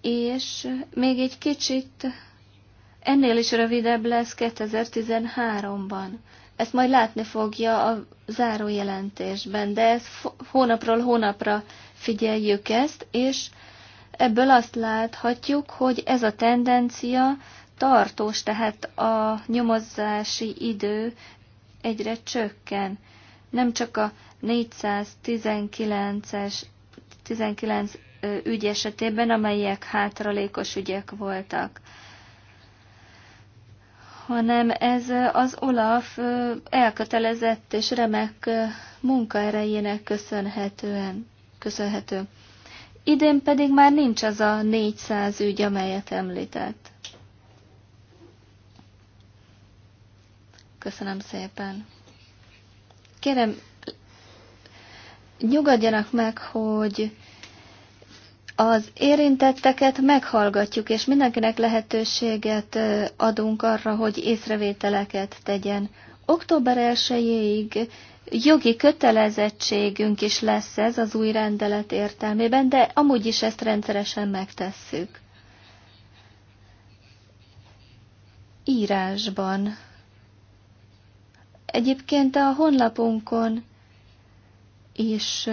És még egy kicsit ennél is rövidebb lesz 2013-ban. Ezt majd látni fogja a záró jelentésben, de ez hónapról hónapra figyeljük ezt, és ebből azt láthatjuk, hogy ez a tendencia tartós, tehát a nyomozási idő egyre csökken. Nem csak a 419-es 19 ügy esetében, amelyek hátralékos ügyek voltak hanem ez az Olaf elkötelezett és remek munkaerejének köszönhetően, köszönhető. Idén pedig már nincs az a 400 ügy, amelyet említett. Köszönöm szépen. Kérem, nyugodjanak meg, hogy az érintetteket meghallgatjuk, és mindenkinek lehetőséget adunk arra, hogy észrevételeket tegyen. Október 1 jogi kötelezettségünk is lesz ez az új rendelet értelmében, de amúgy is ezt rendszeresen megtesszük. Írásban. Egyébként a honlapunkon is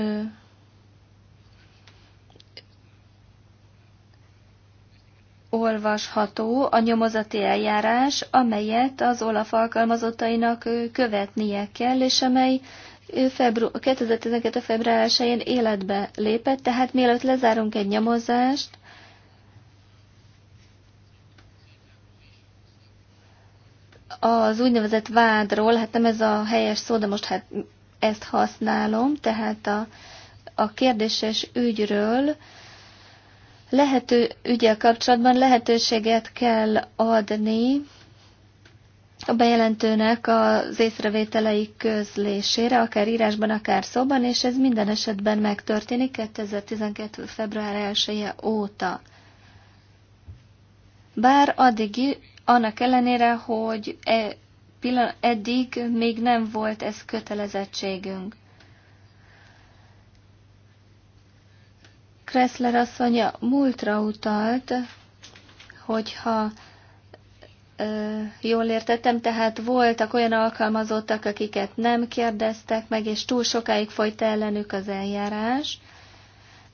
olvasható a nyomozati eljárás, amelyet az OLAF alkalmazottainak követnie kell, és amely febru 2012. február 1-én életbe lépett, tehát mielőtt lezárunk egy nyomozást, az úgynevezett vádról, hát nem ez a helyes szó, de most hát ezt használom, tehát a, a kérdéses ügyről, lehető ügyel kapcsolatban lehetőséget kell adni a bejelentőnek az észrevételei közlésére, akár írásban, akár szóban, és ez minden esetben megtörténik 2012. február 1 -e óta. Bár addig, annak ellenére, hogy e, pillan- eddig még nem volt ez kötelezettségünk. Kressler asszonya múltra utalt, hogyha ö, jól értettem, tehát voltak olyan alkalmazottak, akiket nem kérdeztek meg, és túl sokáig folyt ellenük az eljárás,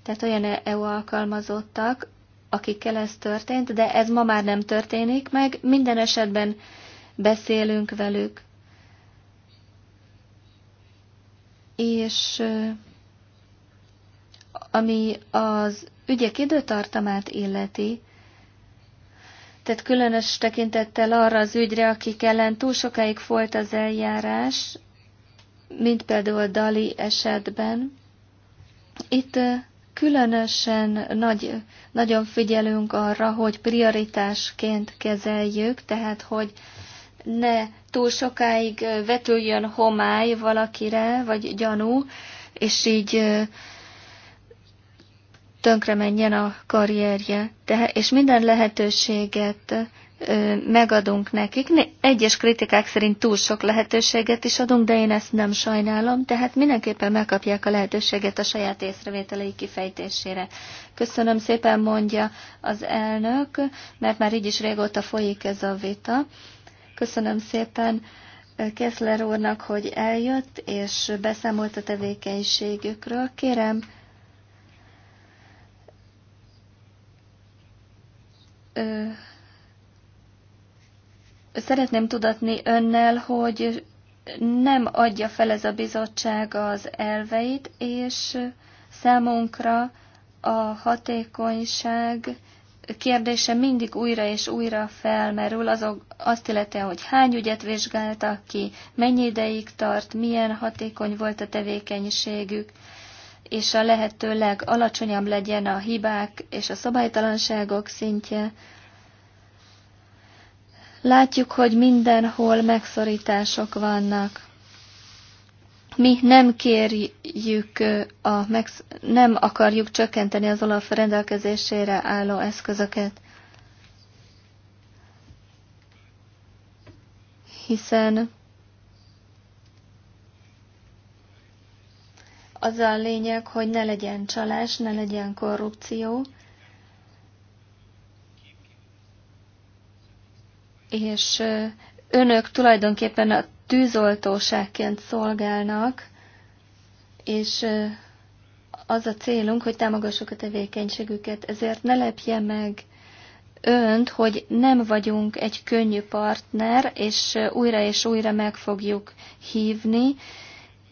tehát olyan EU alkalmazottak, akikkel ez történt, de ez ma már nem történik meg, minden esetben beszélünk velük. És ami az ügyek időtartamát illeti, tehát különös tekintettel arra az ügyre, akik ellen túl sokáig folyt az eljárás, mint például Dali esetben. Itt különösen nagy, nagyon figyelünk arra, hogy prioritásként kezeljük, tehát hogy ne túl sokáig vetüljön homály valakire, vagy gyanú, és így tönkre menjen a karrierje, de, és minden lehetőséget ö, megadunk nekik. Egyes kritikák szerint túl sok lehetőséget is adunk, de én ezt nem sajnálom, tehát mindenképpen megkapják a lehetőséget a saját észrevételei kifejtésére. Köszönöm szépen, mondja az elnök, mert már így is régóta folyik ez a vita. Köszönöm szépen. Kessler úrnak, hogy eljött és beszámolt a tevékenységükről. Kérem, ö, szeretném tudatni önnel, hogy nem adja fel ez a bizottság az elveit, és számunkra a hatékonyság kérdése mindig újra és újra felmerül, azok, azt illetően, hogy hány ügyet vizsgáltak ki, mennyi ideig tart, milyen hatékony volt a tevékenységük, és a lehető legalacsonyabb legyen a hibák és a szabálytalanságok szintje. Látjuk, hogy mindenhol megszorítások vannak. Mi nem kérjük, a, nem akarjuk csökkenteni az olaf rendelkezésére álló eszközöket, hiszen Az a lényeg, hogy ne legyen csalás, ne legyen korrupció, és önök tulajdonképpen a tűzoltóságként szolgálnak, és az a célunk, hogy támogassuk a tevékenységüket. Ezért ne lepje meg önt, hogy nem vagyunk egy könnyű partner, és újra és újra meg fogjuk hívni,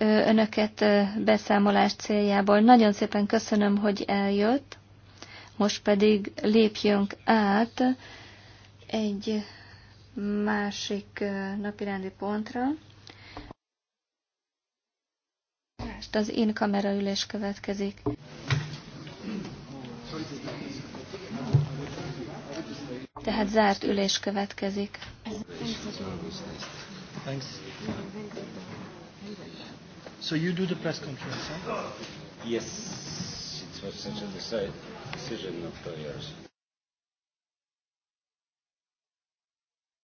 önöket beszámolás céljából. Nagyon szépen köszönöm, hogy eljött. Most pedig lépjünk át egy másik napirendi pontra. Most az én kameraülés következik. Tehát zárt ülés következik. Thanks. So you do the press conference, huh? Yes. It was such a decision, after years.